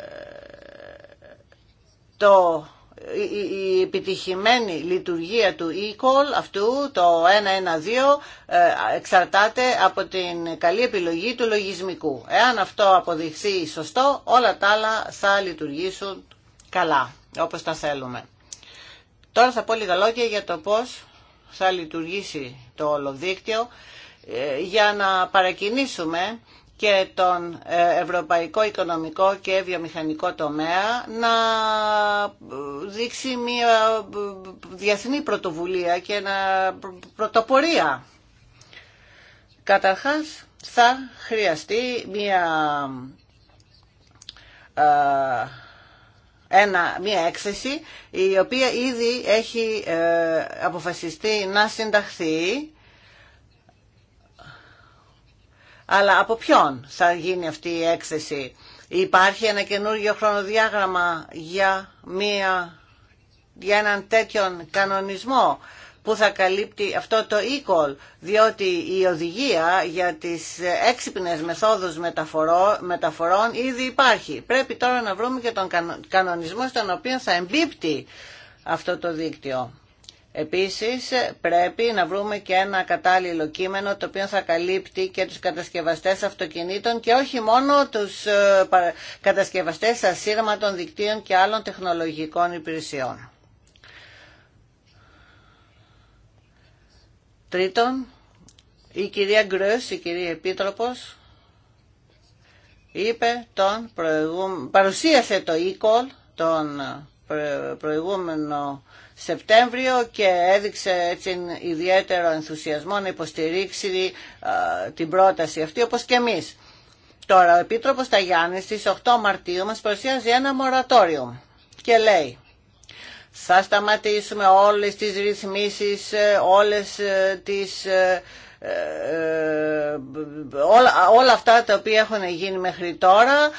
C: το η επιτυχημένη λειτουργία του e-call αυτού το 112 ε, εξαρτάται από την καλή επιλογή του λογισμικού. Εάν αυτό αποδειχθεί σωστό όλα τα άλλα θα λειτουργήσουν καλά όπως τα θέλουμε. Τώρα θα πω λίγα λόγια για το πώς θα λειτουργήσει το όλο ε, για να παρακινήσουμε και τον ε, ευρωπαϊκό οικονομικό και βιομηχανικό τομέα να ε, δείξει μια ε, διεθνή πρωτοβουλία και να πρωτοπορία. Καταρχάς θα χρειαστεί μια, ένα, μια έκθεση η οποία ήδη έχει αποφασιστεί να συνταχθεί Αλλά από ποιον θα γίνει αυτή η έκθεση. Υπάρχει ένα καινούργιο χρονοδιάγραμμα για, μία, για έναν τέτοιον κανονισμό που θα καλύπτει αυτό το equal. διότι η οδηγία για τις έξυπνες μεθόδους μεταφορών ήδη υπάρχει. Πρέπει τώρα να βρούμε και τον κανονισμό στον οποίο θα εμπίπτει αυτό το δίκτυο. Επίσης πρέπει να βρούμε και ένα κατάλληλο κείμενο το οποίο θα καλύπτει και τους κατασκευαστές αυτοκινήτων και όχι μόνο τους ε, κατασκευαστές ασύρματων δικτύων και άλλων τεχνολογικών υπηρεσιών. Τρίτον, η κυρία Γκρές, η κυρία Επίτροπος, είπε τον παρουσίασε το e τον ε, προηγούμενο Σεπτέμβριο και έδειξε έτσι ιδιαίτερο ενθουσιασμό να υποστηρίξει την πρόταση αυτή όπως και εμείς. Τώρα ο Επίτροπος Ταγιάννης στις 8 Μαρτίου μας παρουσιάζει ένα μορατόριο και λέει θα σταματήσουμε όλες τις ρυθμίσεις, ε, όλες ε, τις, ε, όλα, όλα αυτά τα οποία έχουν γίνει μέχρι τώρα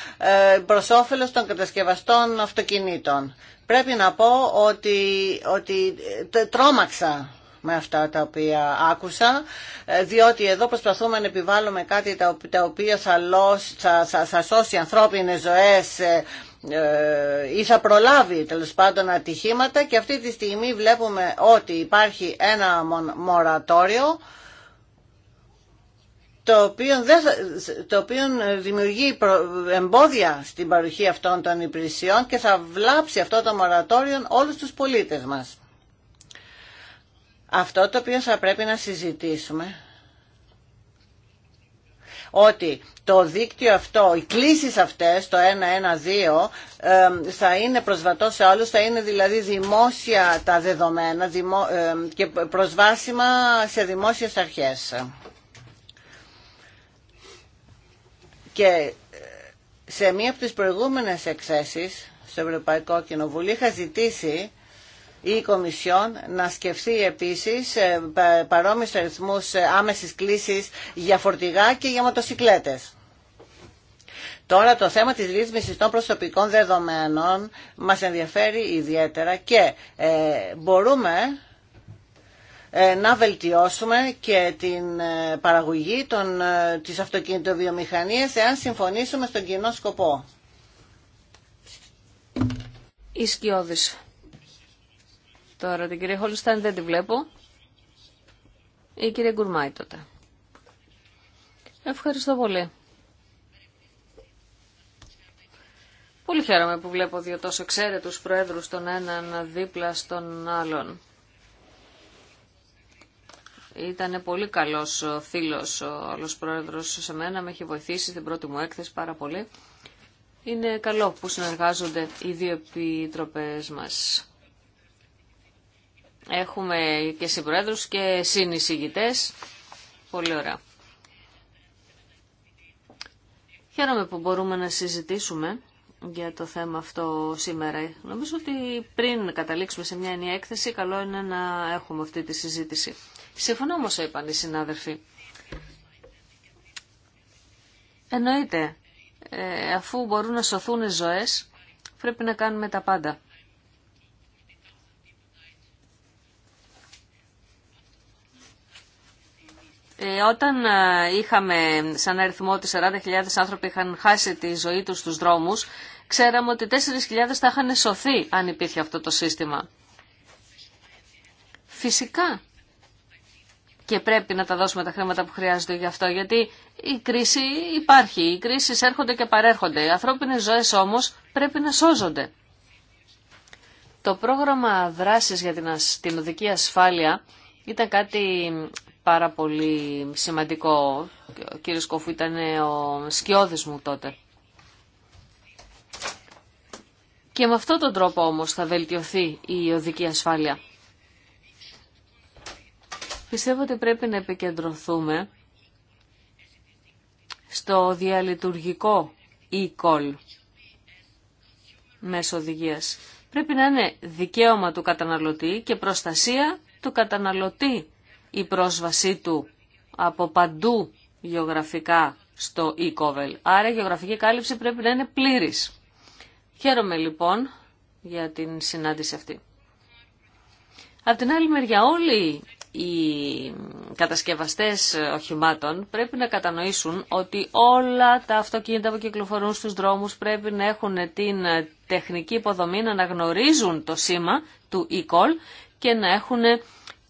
C: προς όφελος των κατασκευαστών αυτοκινήτων. Πρέπει να πω ότι, ότι ε, τρόμαξα με αυτά τα οποία άκουσα, ε, διότι εδώ προσπαθούμε να επιβάλλουμε κάτι τα οποία θα, θα, θα, θα σώσει ανθρώπινες ζωές ε, ή θα προλάβει τέλο πάντων ατυχήματα και αυτή τη στιγμή βλέπουμε ότι υπάρχει ένα μορατόριο το οποίο, δεν, το οποίο δημιουργεί εμπόδια στην παροχή αυτών των υπηρεσιών και θα βλάψει αυτό το μορατόριο όλους τους πολίτες μας. Αυτό το οποίο θα πρέπει να συζητήσουμε ότι το δίκτυο αυτό, οι κλήσεις αυτές, το 112, θα είναι προσβατό σε όλους, θα είναι δηλαδή δημόσια τα δεδομένα και προσβάσιμα σε δημόσιες αρχές. Και ε, σε μία από τις προηγούμενες εκθέσεις στο Ευρωπαϊκό Κοινοβούλιο είχα ζητήσει η Κομισιόν να σκεφτεί επίσης ε, παρόμοιους αριθμούς ε, άμεσης κλήσης για φορτηγά και για μοτοσυκλέτες. Τώρα το θέμα της ρύθμισης των προσωπικών δεδομένων μας ενδιαφέρει ιδιαίτερα και μπορούμε ε, να βελτιώσουμε και την ε, παραγωγή των, ε, της αυτοκινητοβιομηχανίας εάν συμφωνήσουμε στον κοινό σκοπό. Ισκιώδης. Τώρα την κυρία Χολουστάν δεν τη βλέπω.
D: Η κυρία Γκουρμάη τότε. Ευχαριστώ πολύ. Πολύ χαίρομαι που βλέπω δύο τόσο εξαίρετους προέδρους τον έναν δίπλα στον άλλον. Ήταν πολύ καλός φίλος ο άλλος πρόεδρος σε μένα, με έχει βοηθήσει στην πρώτη μου έκθεση πάρα πολύ. Είναι καλό που συνεργάζονται οι δύο επιτροπές μας. Έχουμε και συμπρόεδρους και συνεισηγητές. Πολύ ωραία. Χαίρομαι που μπορούμε να συζητήσουμε για το θέμα αυτό σήμερα. Νομίζω ότι πριν καταλήξουμε σε μια ενιαία έκθεση, καλό είναι να έχουμε αυτή τη συζήτηση. Συμφωνώ όμως είπαν οι συνάδελφοι. Εννοείται, ε, αφού μπορούν να σωθούν οι ζωές, πρέπει να κάνουμε τα πάντα. Ε, όταν ε, είχαμε σαν αριθμό ότι 40.000 άνθρωποι είχαν χάσει τη ζωή τους στους δρόμους, ξέραμε ότι 4.000 θα είχαν σωθεί αν υπήρχε αυτό το σύστημα. Φυσικά και πρέπει να τα δώσουμε τα χρήματα που χρειάζεται γι' αυτό, γιατί η κρίση υπάρχει, οι κρίσει έρχονται και παρέρχονται, οι ανθρώπινε ζωέ όμω πρέπει να σώζονται. Το πρόγραμμα δράση για την, ασ... την οδική ασφάλεια ήταν κάτι πάρα πολύ σημαντικό. Ο κύριος Κοφού ήταν ο σκιώδης μου τότε. Και με αυτόν τον τρόπο όμως θα βελτιωθεί η οδική ασφάλεια. Πιστεύω ότι πρέπει να επικεντρωθούμε στο διαλειτουργικό e-call μέσω οδηγίας. Πρέπει να είναι δικαίωμα του καταναλωτή και προστασία του καταναλωτή η πρόσβασή του από παντού γεωγραφικά στο e-covel. Άρα η γεωγραφική κάλυψη πρέπει να είναι πλήρης. Χαίρομαι λοιπόν για την συνάντηση αυτή. Απ' την άλλη μεριά όλοι οι κατασκευαστές οχημάτων πρέπει να κατανοήσουν ότι όλα τα αυτοκίνητα που κυκλοφορούν στους δρόμους πρέπει να έχουν την τεχνική υποδομή να αναγνωρίζουν το σήμα του e και να έχουν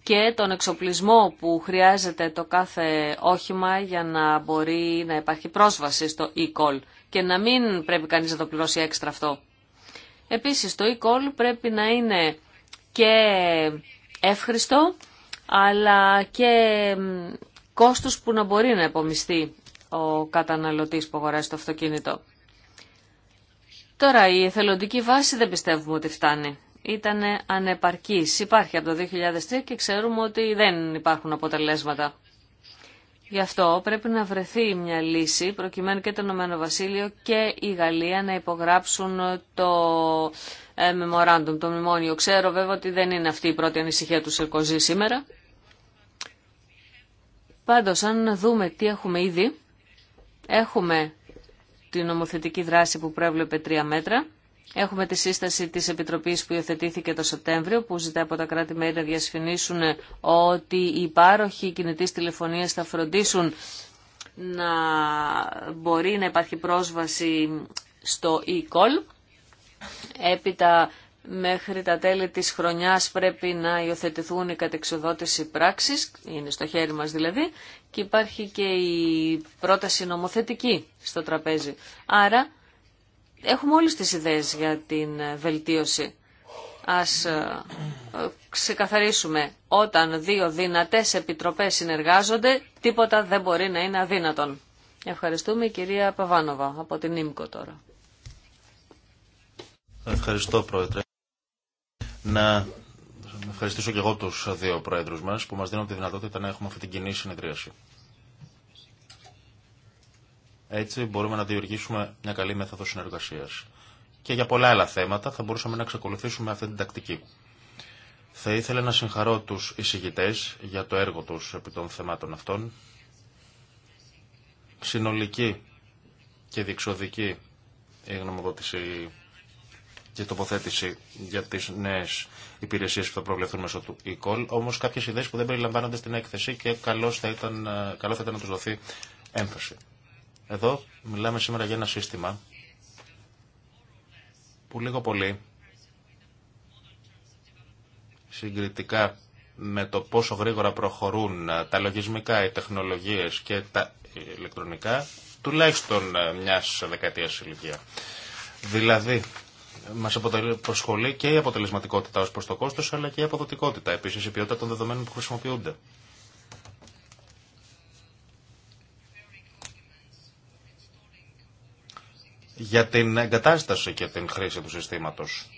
D: και τον εξοπλισμό που χρειάζεται το κάθε όχημα για να μπορεί να υπάρχει πρόσβαση στο e-call και να μην πρέπει κανείς να το πληρώσει έξτρα αυτό. Επίσης το e πρέπει να είναι και εύχριστο αλλά και κόστος που να μπορεί να επομιστεί ο καταναλωτής που αγοράζει το αυτοκίνητο. Τώρα, η εθελοντική βάση δεν πιστεύουμε ότι φτάνει. Ήταν ανεπαρκής. Υπάρχει από το 2003 και ξέρουμε ότι δεν υπάρχουν αποτελέσματα. Γι' αυτό πρέπει να βρεθεί μια λύση προκειμένου και το Ηνωμένο Βασίλειο και η Γαλλία να υπογράψουν το ε, memorandum, το μνημόνιο. Ξέρω βέβαια ότι δεν είναι αυτή η πρώτη ανησυχία του Σερκοζή σήμερα, Πάντως, αν δούμε τι έχουμε ήδη, έχουμε την νομοθετική δράση που προέβλεπε τρία μέτρα, Έχουμε τη σύσταση της Επιτροπής που υιοθετήθηκε το Σεπτέμβριο που ζητά από τα κράτη-μέλη να διασφηνίσουν ότι οι υπάροχοι κινητής τηλεφωνίας θα φροντίσουν να μπορεί να υπάρχει πρόσβαση στο e-call. Έπειτα Μέχρι τα τέλη της χρονιάς πρέπει να υιοθετηθούν οι κατεξοδότηση πράξεις, είναι στο χέρι μας δηλαδή, και υπάρχει και η πρόταση νομοθετική στο τραπέζι. Άρα έχουμε όλες τις ιδέες για την βελτίωση. Ας ε, ξεκαθαρίσουμε, όταν δύο δυνατές επιτροπές συνεργάζονται, τίποτα δεν μπορεί να είναι αδύνατον. Ευχαριστούμε κυρία Παβάνοβα από την ΙΜΚΟ τώρα.
B: Ευχαριστώ πρόεδρε. Να ευχαριστήσω και εγώ του δύο πρόεδρους μας που μας δίνουν τη δυνατότητα να έχουμε αυτή την κοινή συνεδρίαση. Έτσι μπορούμε να διοργήσουμε μια καλή μέθοδο συνεργασία. Και για πολλά άλλα θέματα θα μπορούσαμε να εξακολουθήσουμε αυτή την τακτική. Θα ήθελα να συγχαρώ τους εισηγητές για το έργο τους επί των θεμάτων αυτών. Συνολική και διεξοδική η γνωμοδότηση και τοποθέτηση για τι νέε υπηρεσίε που θα προβλεφθούν μέσω του e-call, όμως κάποιες ιδέες που δεν περιλαμβάνονται στην έκθεση και καλό θα ήταν, καλό θα ήταν να του δοθεί έμφαση. Εδώ μιλάμε σήμερα για ένα σύστημα που λίγο πολύ συγκριτικά με το πόσο γρήγορα προχωρούν τα λογισμικά, οι τεχνολογίες και τα ηλεκτρονικά, τουλάχιστον μιας δεκαετίας ηλικία. Δηλαδή, Μα προσχολεί και η αποτελεσματικότητα ω προ το κόστο, αλλά και η αποδοτικότητα. Επίση, η ποιότητα των δεδομένων που χρησιμοποιούνται. Για την εγκατάσταση και την χρήση του συστήματος.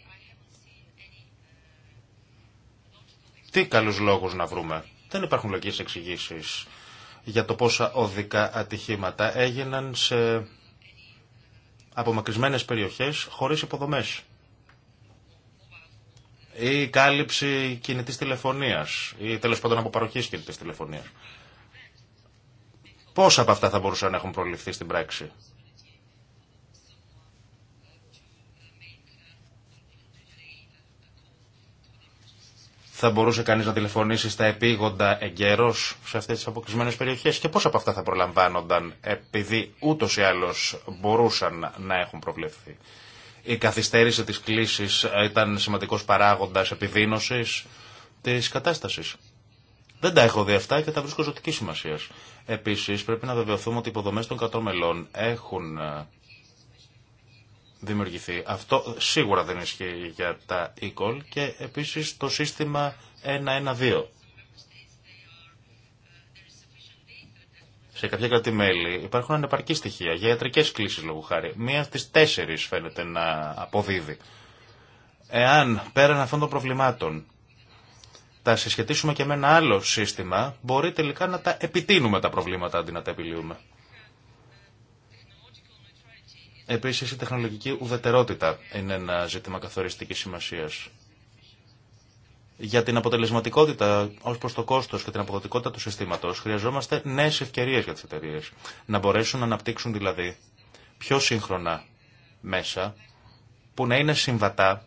B: Τι καλούς λόγους να βρούμε. Δεν υπάρχουν λογικές εξηγήσεις για το πόσα οδικά ατυχήματα έγιναν σε απομακρυσμένες περιοχές χωρίς υποδομέ ή κάλυψη κινητής τηλεφωνίας ή τέλο πάντων από παροχή κινητή τηλεφωνίας. Πόσα από αυτά θα μπορούσαν να έχουν προληφθεί στην πράξη. Θα μπορούσε κανείς να τηλεφωνήσει στα επίγοντα εγκαίρως σε αυτές τις αποκλεισμένες περιοχές και πώς από αυτά θα προλαμβάνονταν επειδή ούτως ή άλλως μπορούσαν να έχουν προβλεφθεί. Η καθυστέρηση της κλίσης ήταν σημαντικός παράγοντας επιδείνωσης της κατάστασης. Δεν τα έχω δει αυτά και τα βρίσκω ζωτική σημασία. Επίση, πρέπει να βεβαιωθούμε ότι οι υποδομέ των κατώμελών έχουν ε, δημιουργηθεί. Αυτό σίγουρα δεν ισχύει για τα e-call και επίσης το σύστημα 112. Σε καποια κρατημέλη υπάρχουν ανεπαρκή στοιχεία για ιατρικές κλήσεις λόγου χάρη. Μία στις τέσσερις φαίνεται να αποδίδει. Εάν πέραν αυτών των προβλημάτων τα συσχετίσουμε και με ένα άλλο σύστημα, μπορεί τελικά να τα επιτείνουμε τα προβλήματα αντί να τα επιλύουμε. Επίσης, η τεχνολογική ουδετερότητα είναι ένα ζήτημα καθοριστικής σημασίας. Για την αποτελεσματικότητα ως προς το κόστος και την αποδοτικότητα του συστήματος χρειαζόμαστε νέες ευκαιρίες για τις εταιρείε. Να μπορέσουν να αναπτύξουν δηλαδή πιο σύγχρονα μέσα που να είναι συμβατά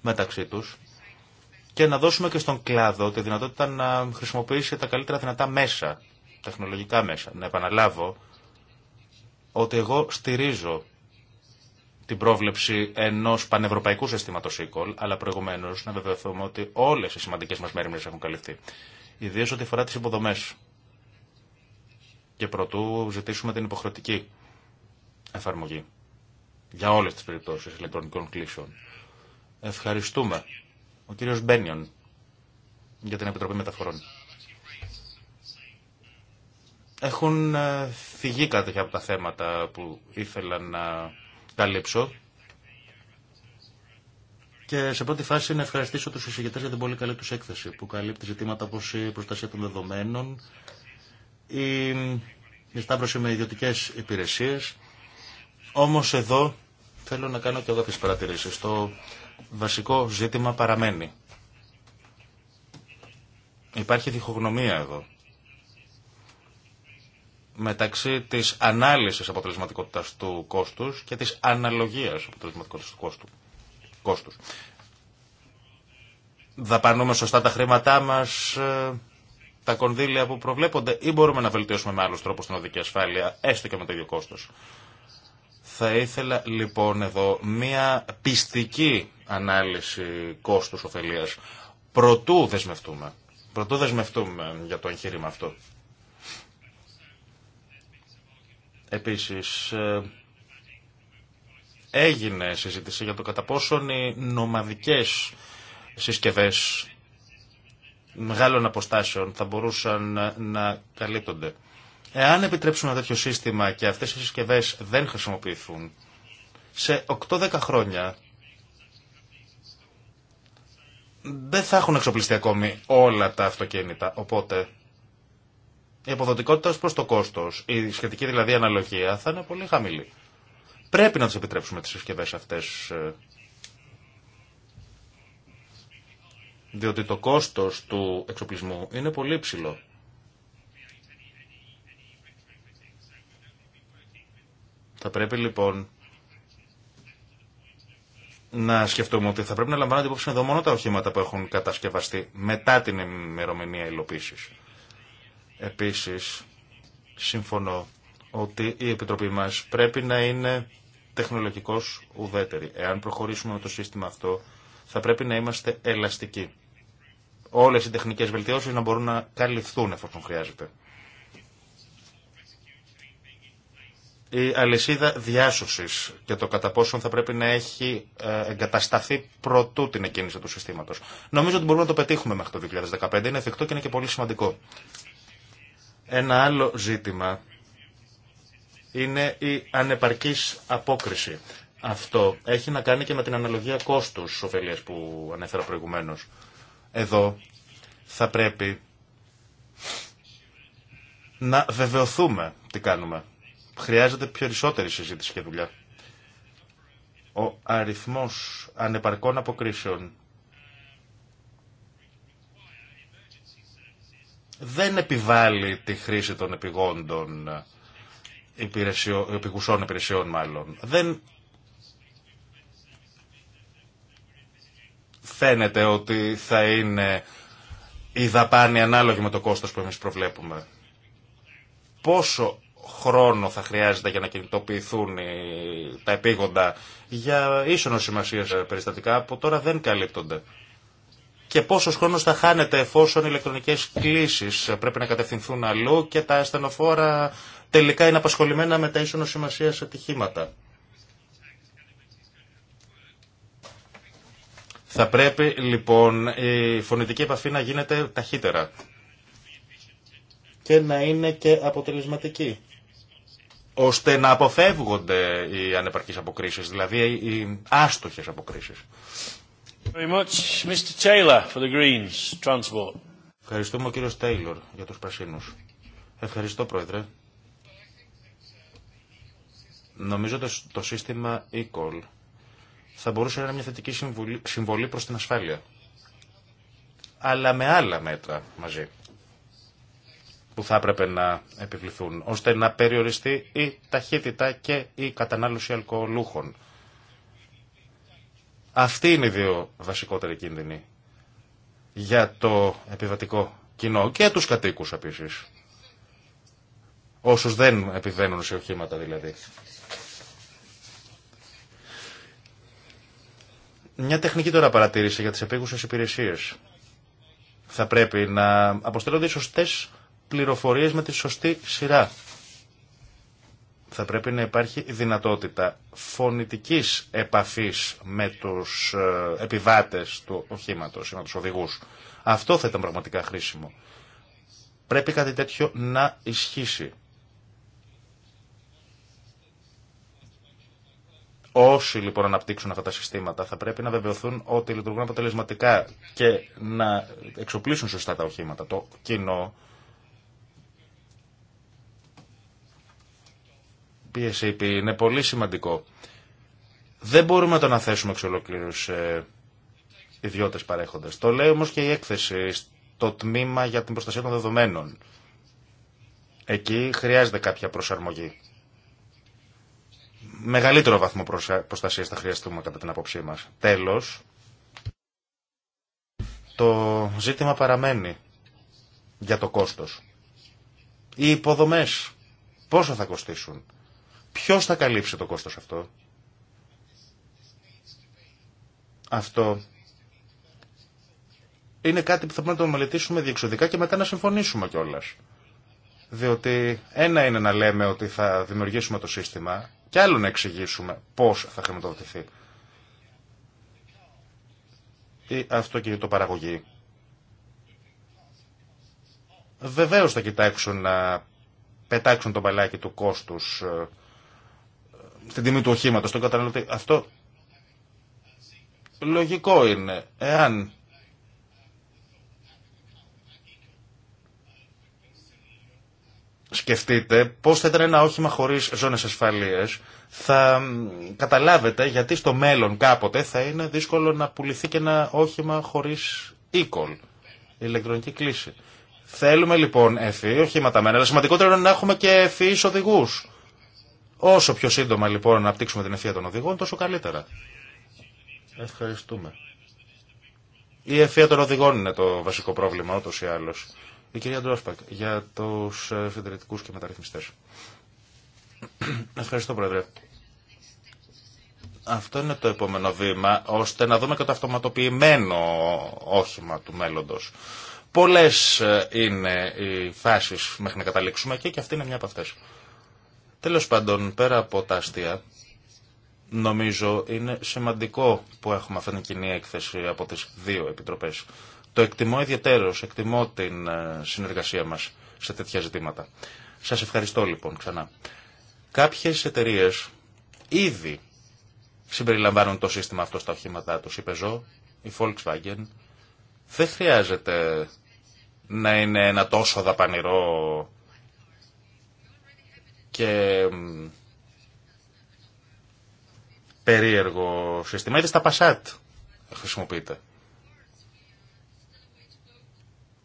B: μεταξύ τους και να δώσουμε και στον κλάδο τη δυνατότητα να χρησιμοποιήσει τα καλύτερα δυνατά μέσα, τεχνολογικά μέσα. Να επαναλάβω ότι εγώ στηρίζω την πρόβλεψη ενό πανευρωπαϊκού συστήματο e αλλά προηγουμένω να βεβαιωθούμε ότι όλε οι σημαντικέ μα μέρημνε έχουν καλυφθεί. Ιδίω ό,τι αφορά τι υποδομέ. Και προτού ζητήσουμε την υποχρεωτική εφαρμογή για όλε τι περιπτώσει ηλεκτρονικών κλήσεων. Ευχαριστούμε. Ο κύριο Μπένιον για την Επιτροπή Μεταφορών. Έχουν ε, φυγεί κάτι από τα θέματα που ήθελα να καλύψω. Και σε πρώτη φάση να ευχαριστήσω τους εισηγητές για την πολύ καλή τους έκθεση που καλύπτει ζητήματα όπως η προστασία των δεδομένων, η στάυρωση με ιδιωτικέ υπηρεσίες. Όμως εδώ θέλω να κάνω και εγώ τις παρατηρήσεις. Το βασικό ζήτημα παραμένει. Υπάρχει διχογνωμία εδώ μεταξύ της ανάλυσης αποτελεσματικότητας του κόστους και της αναλογίας αποτελεσματικότητας του κόστου. κόστους. Δαπανούμε σωστά τα χρήματά μας, ε, τα κονδύλια που προβλέπονται ή μπορούμε να βελτιώσουμε με άλλους τρόπους την οδική ασφάλεια, έστω και με το ίδιο κόστος. Θα ήθελα λοιπόν εδώ μία πιστική ανάλυση κόστους ωφελίας. Προτού δεσμευτούμε. Προτού δεσμευτούμε για το εγχείρημα αυτό. Επίσης, ε, έγινε συζήτηση για το κατά πόσον οι νομαδικές συσκευές μεγάλων αποστάσεων θα μπορούσαν να καλύπτονται. Εάν επιτρέψουμε ένα τέτοιο σύστημα και αυτές οι συσκευές δεν χρησιμοποιηθούν, σε 8-10 χρόνια δεν θα έχουν εξοπλιστεί ακόμη όλα τα αυτοκίνητα. Οπότε η αποδοτικότητα προς το κόστος, η σχετική δηλαδή αναλογία θα είναι πολύ χαμηλή. Πρέπει να τους επιτρέψουμε τις συσκευέ αυτές, ε, διότι το κόστος του εξοπλισμού είναι πολύ ψηλό. Θα πρέπει λοιπόν να σκεφτούμε ότι θα πρέπει να λαμβάνονται υπόψη εδώ μόνο τα οχήματα που έχουν κατασκευαστεί μετά την ημερομηνία υλοποίηση. Επίσης, συμφωνώ ότι η Επιτροπή μας πρέπει να είναι τεχνολογικώς ουδέτερη. Εάν προχωρήσουμε με το σύστημα αυτό, θα πρέπει να είμαστε ελαστικοί. Όλες οι τεχνικές βελτιώσεις να μπορούν να καλυφθούν εφόσον χρειάζεται. η αλυσίδα διάσωσης και το κατά πόσον θα πρέπει να έχει ε, εγκατασταθεί προτού την εκκίνηση του συστήματος. Νομίζω ότι μπορούμε να το πετύχουμε μέχρι το 2015, είναι εφικτό και είναι και πολύ σημαντικό. Ένα άλλο ζήτημα είναι η ανεπαρκής απόκριση. Αυτό έχει να κάνει και με την αναλογία κόστους ωφελίας που ανέφερα προηγουμένως. Εδώ θα πρέπει να βεβαιωθούμε τι κάνουμε. Χρειάζεται περισσότερη συζήτηση και δουλειά. Ο αριθμός ανεπαρκών αποκρίσεων δεν επιβάλλει τη χρήση των επιγόντων επικουσών υπηρεσιών μάλλον. Δεν φαίνεται ότι θα είναι η δαπάνη ανάλογη με το κόστος που εμείς προβλέπουμε. Πόσο χρόνο θα χρειάζεται για να κινητοποιηθούν τα επίγοντα για ίσονο σημασία περιστατικά που τώρα δεν καλύπτονται και πόσο χρόνο θα χάνεται εφόσον οι ηλεκτρονικέ κλήσει πρέπει να κατευθυνθούν αλλού και τα ασθενοφόρα τελικά είναι απασχολημένα με τα ίσονο σημασία ατυχήματα. Θα πρέπει λοιπόν η φωνητική επαφή να γίνεται ταχύτερα και να είναι και αποτελεσματική ώστε να αποφεύγονται οι ανεπαρκείς αποκρίσεις, δηλαδή οι άστοχες αποκρίσεις. Ευχαριστούμε ο κύριο Τέιλορ για τους πρασίνους. Ευχαριστώ πρόεδρε. Νομίζω ότι το σύστημα θα μπορούσε να είναι μια θετική συμβολή, συμβολή προς την ασφάλεια. Αλλά με άλλα μέτρα μαζί που θα έπρεπε να επιβληθούν, ώστε να περιοριστεί η ταχύτητα και η κατανάλωση αλκοολούχων αυτοί είναι οι δύο βασικότεροι κίνδυνοι για το επιβατικό κοινό και τους κατοίκους επίση. Όσους δεν επιβαίνουν σε οχήματα δηλαδή. Μια τεχνική τώρα παρατήρηση για τις επίγουσες υπηρεσίες. Θα πρέπει να αποστέλλονται οι σωστές πληροφορίες με τη σωστή σειρά θα πρέπει να υπάρχει δυνατότητα φωνητικής επαφής με τους ε, επιβάτες του οχήματος ή με τους οδηγούς. Αυτό θα ήταν πραγματικά χρήσιμο. Πρέπει κάτι τέτοιο να ισχύσει. Όσοι λοιπόν αναπτύξουν αυτά τα συστήματα θα πρέπει να βεβαιωθούν ότι λειτουργούν αποτελεσματικά και να εξοπλίσουν σωστά τα οχήματα. Το κοινό PSAP είναι πολύ σημαντικό. Δεν μπορούμε να το αναθέσουμε εξ ολοκλήρου σε ιδιώτε Το λέει όμω και η έκθεση στο τμήμα για την προστασία των δεδομένων. Εκεί χρειάζεται κάποια προσαρμογή. Μεγαλύτερο βαθμό προστασία θα χρειαστούμε κατά την άποψή μα. Τέλο, το ζήτημα παραμένει για το κόστος. Οι υποδομές πόσο θα κοστίσουν. Ποιο θα καλύψει το κόστος αυτό. Αυτό είναι κάτι που θα πρέπει να το μελετήσουμε διεξοδικά και μετά να συμφωνήσουμε κιόλα. Διότι ένα είναι να λέμε ότι θα δημιουργήσουμε το σύστημα και άλλο να εξηγήσουμε πώς θα χρηματοδοτηθεί. Η παραγωγή. βεβαίως θα κοιτάξουν να πετάξουν το μπαλάκι του κόστους ε, στην τιμή του οχήματο στον καταναλωτή. Αυτό λογικό είναι. Εάν σκεφτείτε πώς θα ήταν ένα όχημα χωρίς ζώνες ασφαλείας, θα καταλάβετε γιατί στο μέλλον κάποτε θα είναι δύσκολο να πουληθεί και ένα όχημα χωρίς e-call, ηλεκτρονική κλίση. Θέλουμε λοιπόν εφη οχήματα μένα, αλλά σημαντικότερο είναι να έχουμε και ευφύς οδηγούς. Όσο πιο σύντομα λοιπόν να απτύξουμε την ευθεία των οδηγών, τόσο καλύτερα. Ευχαριστούμε. Η ευθεία των οδηγών είναι το βασικό πρόβλημα, ούτως ή άλλως. Η κυρία Ντρόσπακ, για τους ε, συντηρητικού και μεταρρυθμιστές. Ευχαριστώ, Πρόεδρε. Αυτό είναι το επόμενο βήμα, ώστε να δούμε και το αυτοματοποιημένο όχημα του μέλλοντος. Πολλές ε, είναι οι φάσεις μέχρι να καταλήξουμε και, και αυτή είναι μια από αυτές. Τέλος πάντων, πέρα από τα αστεία, νομίζω είναι σημαντικό που έχουμε αυτήν την κοινή έκθεση από τις δύο επιτροπές. Το εκτιμώ ιδιαίτερος, εκτιμώ την ε, συνεργασία μας σε τέτοια ζητήματα. Σας ευχαριστώ λοιπόν ξανά. Κάποιες εταιρείε ήδη συμπεριλαμβάνουν το σύστημα αυτό στα οχήματά τους. Η Peugeot, η Volkswagen. Δεν χρειάζεται να είναι ένα τόσο δαπανηρό και περίεργο σύστημα. Ήδη στα Πασάτ χρησιμοποιείται.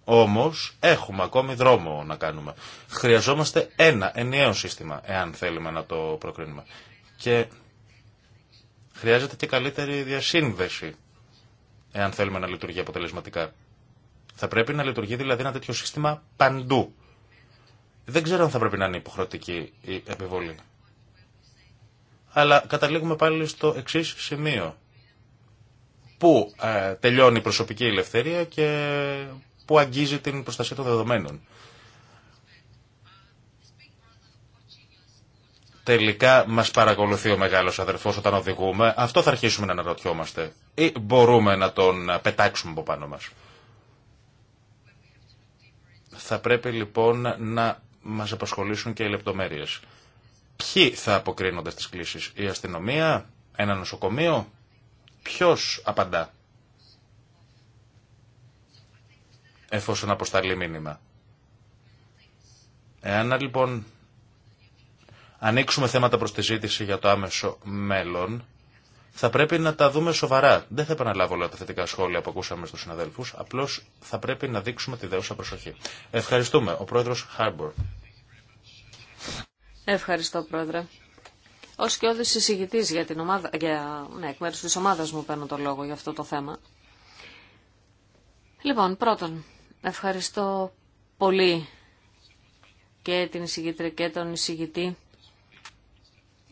B: Όμως έχουμε ακόμη δρόμο να κάνουμε. Χρειαζόμαστε ένα ενιαίο σύστημα, εάν θέλουμε να το προκρίνουμε. Και χρειάζεται και καλύτερη διασύνδεση, εάν θέλουμε να λειτουργεί αποτελεσματικά. Θα πρέπει να λειτουργεί δηλαδή ένα τέτοιο σύστημα παντού. Δεν ξέρω αν θα πρέπει να είναι υποχρεωτική η επιβολή. Αλλά καταλήγουμε πάλι στο εξή σημείο. Πού ε, τελειώνει η προσωπική ελευθερία και πού αγγίζει την προστασία των δεδομένων. Τελικά μας παρακολουθεί ο μεγάλος αδερφός όταν οδηγούμε. Αυτό θα αρχίσουμε να αναρωτιόμαστε. Ή μπορούμε να τον πετάξουμε από πάνω μας. Θα πρέπει λοιπόν να Μα απασχολήσουν και οι λεπτομέρειες. Ποιοι θα αποκρίνονται στις κλήσεις, η αστυνομία, ένα νοσοκομείο, ποιο απαντά εφόσον αποσταλεί μήνυμα. Εάν λοιπόν ανοίξουμε θέματα προς τη ζήτηση για το άμεσο μέλλον, θα πρέπει να τα δούμε σοβαρά. Δεν θα επαναλάβω όλα τα θετικά σχόλια που ακούσαμε στους συναδέλφους, απλώς θα πρέπει να δείξουμε τη δέουσα προσοχή. Ευχαριστούμε. Ο πρόεδρος Χάρμπορ.
D: Ευχαριστώ πρόεδρε. Ως και όδης για την ομάδα, για, ναι, εκ μέρου τη ομάδα μου παίρνω το λόγο για αυτό το θέμα. Λοιπόν, πρώτον, ευχαριστώ πολύ και την εισηγήτρια και τον εισηγητή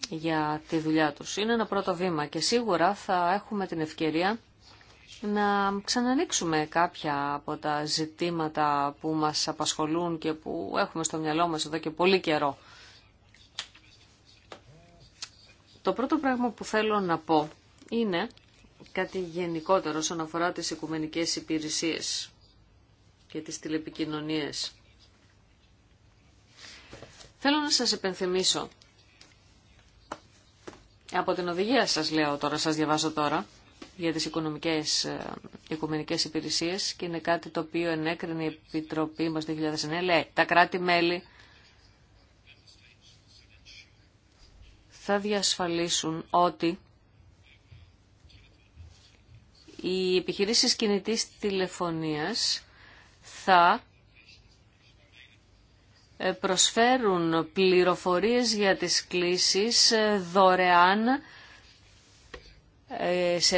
D: για τη δουλειά τους. Είναι ένα πρώτο βήμα και σίγουρα θα έχουμε την ευκαιρία να ξανανοίξουμε κάποια από τα ζητήματα που μας απασχολούν και που έχουμε στο μυαλό μας εδώ και πολύ καιρό. Το πρώτο πράγμα που θέλω να πω είναι κάτι γενικότερο όσον αφορά τις οικουμενικές υπηρεσίες και τις τηλεπικοινωνίες. Θέλω να σας επενθυμίσω από την οδηγία σας λέω τώρα, σας διαβάζω τώρα, για τις οικονομικές ε, οικουμενικές υπηρεσίες και είναι κάτι το οποίο ενέκρινε η Επιτροπή μας το 2009. Λέει, τα κράτη-μέλη θα διασφαλίσουν ότι οι επιχειρήσεις κινητής τηλεφωνίας θα ε, προσφέρουν πληροφορίες για τις κλήσεις ε, δωρεάν ε, σε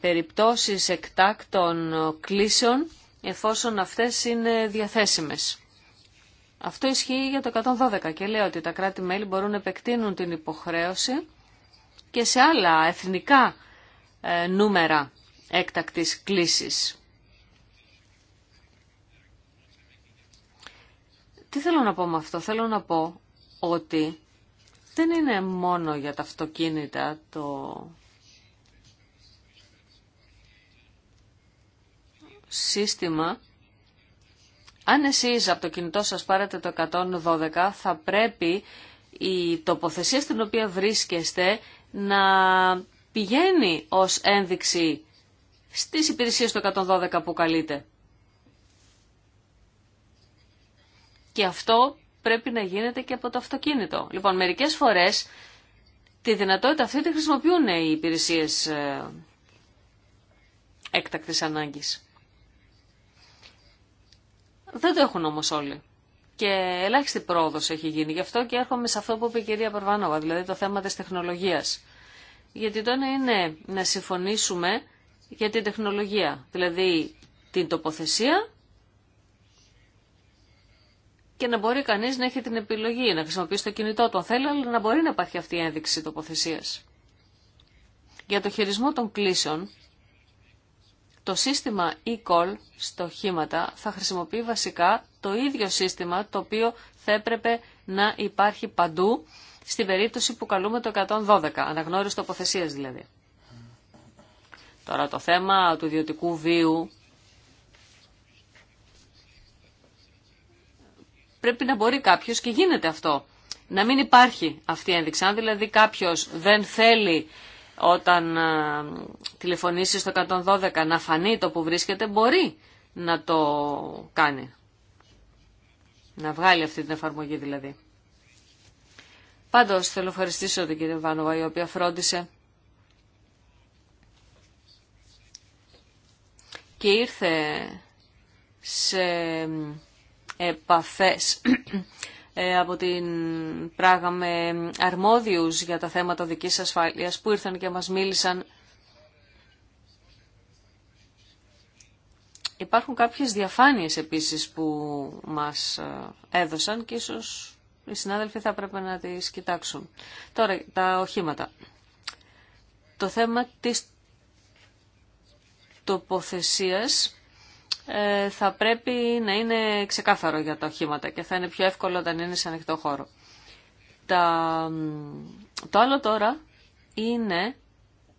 D: περιπτώσεις εκτάκτων κλήσεων εφόσον αυτές είναι διαθέσιμες. Αυτό ισχύει για το 112 και λέει ότι τα κράτη-μέλη μπορούν να επεκτείνουν την υποχρέωση και σε άλλα εθνικά νούμερα έκτακτης κλήσης. Τι θέλω να πω με αυτό. Θέλω να πω ότι δεν είναι μόνο για τα αυτοκίνητα το σύστημα. Αν εσείς από το κινητό σας πάρετε το 112 θα πρέπει η τοποθεσία στην οποία βρίσκεστε να πηγαίνει ως ένδειξη στις υπηρεσίες του 112 που καλείτε. και αυτό πρέπει να γίνεται και από το αυτοκίνητο. Λοιπόν, μερικές φορές τη δυνατότητα αυτή τη χρησιμοποιούν ε, οι υπηρεσίες ε, έκτακτης ανάγκης. Δεν το έχουν όμως όλοι. Και ελάχιστη πρόοδος έχει γίνει. Γι' αυτό και έρχομαι σε αυτό που είπε η κυρία Παρβάνοβα, δηλαδή το θέμα της τεχνολογίας. Γιατί τώρα είναι να συμφωνήσουμε για την τεχνολογία, δηλαδή την τοποθεσία και να μπορεί κανείς να έχει την επιλογή να χρησιμοποιήσει το κινητό του θέλει, αλλά να μπορεί να υπάρχει αυτή η ένδειξη τοποθεσίας. Για το χειρισμό των κλήσεων, το σύστημα e-call στο χήματα θα χρησιμοποιεί βασικά το ίδιο σύστημα το οποίο θα έπρεπε να υπάρχει παντού στην περίπτωση που καλούμε το 112, αναγνώριση τοποθεσία δηλαδή. Τώρα το θέμα του ιδιωτικού βίου πρέπει να μπορεί κάποιο και γίνεται αυτό. Να μην υπάρχει αυτή η ένδειξη. Αν δηλαδή κάποιο δεν θέλει όταν α, ε, τηλεφωνήσει στο 112 να φανεί το που βρίσκεται, μπορεί να το κάνει. Να βγάλει αυτή την εφαρμογή δηλαδή. Πάντως θέλω ευχαριστήσω την κυρία Βάνοβα η οποία φρόντισε και ήρθε σε επαφές ε, από την Πράγα με αρμόδιους για τα θέματα δικής ασφάλειας που ήρθαν και μας μίλησαν. Υπάρχουν κάποιες διαφάνειες επίσης που μας ε, έδωσαν και ίσως οι συνάδελφοι θα πρέπει να τις κοιτάξουν. Τώρα, τα οχήματα. Το θέμα της τοποθεσίας ε, θα πρέπει να είναι ξεκάθαρο για τα οχήματα και θα είναι πιο εύκολο όταν είναι σε ανοιχτό χώρο. Το άλλο τώρα είναι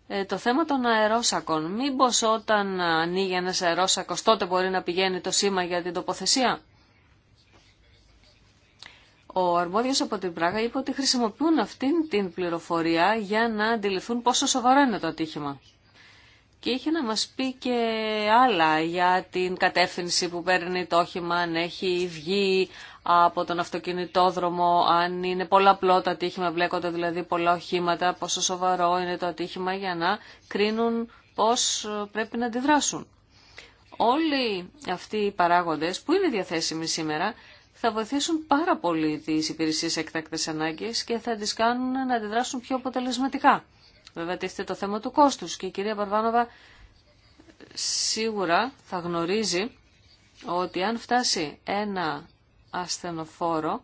D: ε, το θέμα των αερόσακων. Μήπως όταν ανοίγει ένα αερόσακο, τότε μπορεί να πηγαίνει το σήμα για την τοποθεσία. Ο αρμόδιο από την Πράγα είπε ότι χρησιμοποιούν αυτήν την πληροφορία για να αντιληφθούν πόσο σοβαρό είναι το ατύχημα και είχε να μας πει και άλλα για την κατεύθυνση που παίρνει το όχημα, αν έχει βγει από τον αυτοκινητόδρομο, αν είναι πολλαπλό το ατύχημα, βλέκονται δηλαδή πολλά οχήματα, πόσο σοβαρό είναι το ατύχημα για να κρίνουν πώς πρέπει να αντιδράσουν. Όλοι αυτοί οι παράγοντες που είναι διαθέσιμοι σήμερα θα βοηθήσουν πάρα πολύ τις υπηρεσίες έκτακτες ανάγκες και θα τις κάνουν να αντιδράσουν πιο αποτελεσματικά. Βέβαια τίθεται το θέμα του κόστους και η κυρία Παρβάνοβα σίγουρα θα γνωρίζει ότι αν φτάσει ένα ασθενοφόρο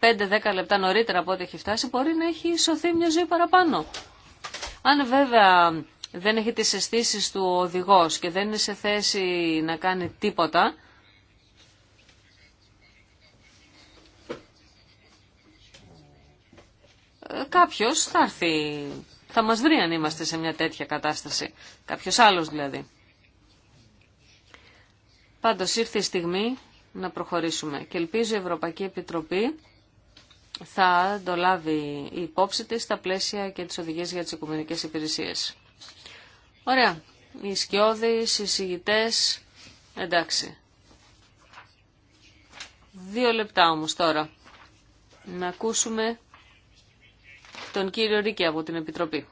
D: 5-10 λεπτά νωρίτερα από ό,τι έχει φτάσει μπορεί να έχει σωθεί μια ζωή παραπάνω. Αν βέβαια δεν έχει τις αισθήσει του οδηγός και δεν είναι σε θέση να κάνει τίποτα, κάποιος θα έρθει, θα μας βρει αν είμαστε σε μια τέτοια κατάσταση. Κάποιος άλλος δηλαδή. Πάντως ήρθε η στιγμή να προχωρήσουμε και ελπίζω η Ευρωπαϊκή Επιτροπή θα το λάβει η υπόψη της στα πλαίσια και τις οδηγίες για τις οικουμενικές υπηρεσίες. Ωραία. Οι σκιώδεις, οι συγητές, εντάξει. Δύο λεπτά όμως τώρα. Να ακούσουμε τον κύριο Ρίκη από την Επιτροπή.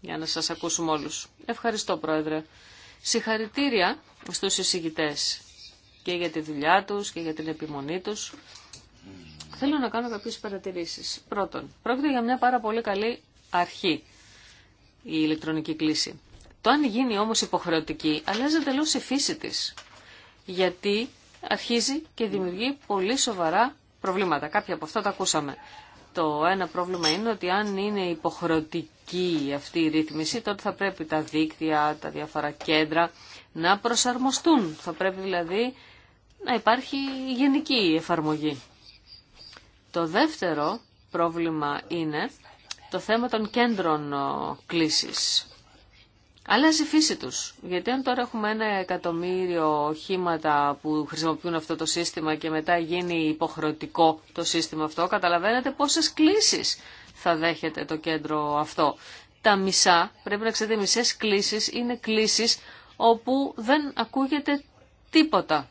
D: Για να σας ακούσουμε όλους. Ευχαριστώ Πρόεδρε. Συγχαρητήρια στους εισηγητές και για τη δουλειά τους και για την επιμονή τους. Θέλω να κάνω κάποιες παρατηρήσεις. Πρώτον, πρόκειται για μια πάρα πολύ καλή αρχή η ηλεκτρονική κλίση. Το αν γίνει όμως υποχρεωτική αλλάζει εντελώ η φύση της. Γιατί αρχίζει και δημιουργεί πολύ σοβαρά προβλήματα. Κάποια από αυτά τα ακούσαμε. Το ένα πρόβλημα είναι ότι αν είναι υποχρεωτική αυτή η ρύθμιση, τότε θα πρέπει τα δίκτυα, τα διάφορα κέντρα να προσαρμοστούν. Θα πρέπει δηλαδή να υπάρχει γενική εφαρμογή. Το δεύτερο πρόβλημα είναι το θέμα των κέντρων ε, κλήσης αλλάζει η φύση τους. Γιατί αν τώρα έχουμε ένα εκατομμύριο οχήματα που χρησιμοποιούν αυτό το σύστημα και μετά γίνει υποχρεωτικό το σύστημα αυτό, καταλαβαίνετε πόσες κλήσεις θα δέχεται το κέντρο αυτό. Τα μισά, πρέπει να ξέρετε, μισές κλήσεις είναι κλήσεις όπου δεν ακούγεται τίποτα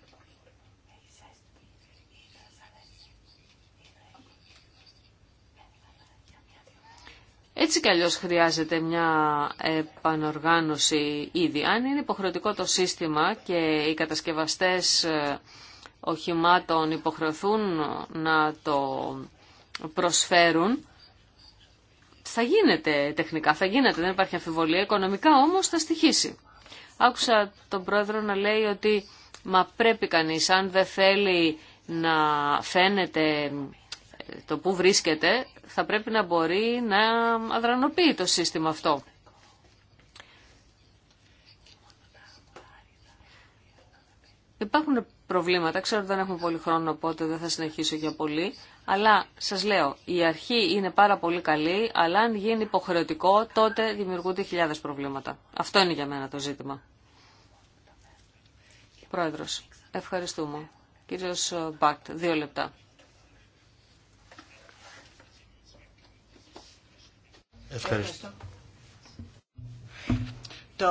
D: Έτσι κι αλλιώς χρειάζεται μια επανοργάνωση ήδη. Αν είναι υποχρεωτικό το σύστημα και οι κατασκευαστές ε, οχημάτων υποχρεωθούν να το προσφέρουν, θα γίνεται τεχνικά, θα γίνεται, δεν υπάρχει αμφιβολία, οικονομικά όμως θα στοιχήσει. Άκουσα τον πρόεδρο να λέει ότι μα πρέπει κανείς αν δεν θέλει να φαίνεται το που βρίσκεται θα πρέπει να μπορεί να αδρανοποιεί το σύστημα αυτό. Υπάρχουν προβλήματα, ξέρω ότι δεν έχουμε πολύ χρόνο οπότε δεν θα συνεχίσω για πολύ, αλλά σας λέω, η αρχή είναι πάρα πολύ καλή, αλλά αν γίνει υποχρεωτικό τότε δημιουργούνται χιλιάδες προβλήματα. Αυτό είναι για μένα το ζήτημα. Πρόεδρος, ευχαριστούμε. Κύριος Μπακτ, δύο λεπτά.
B: Ευχαριστώ.
C: Το...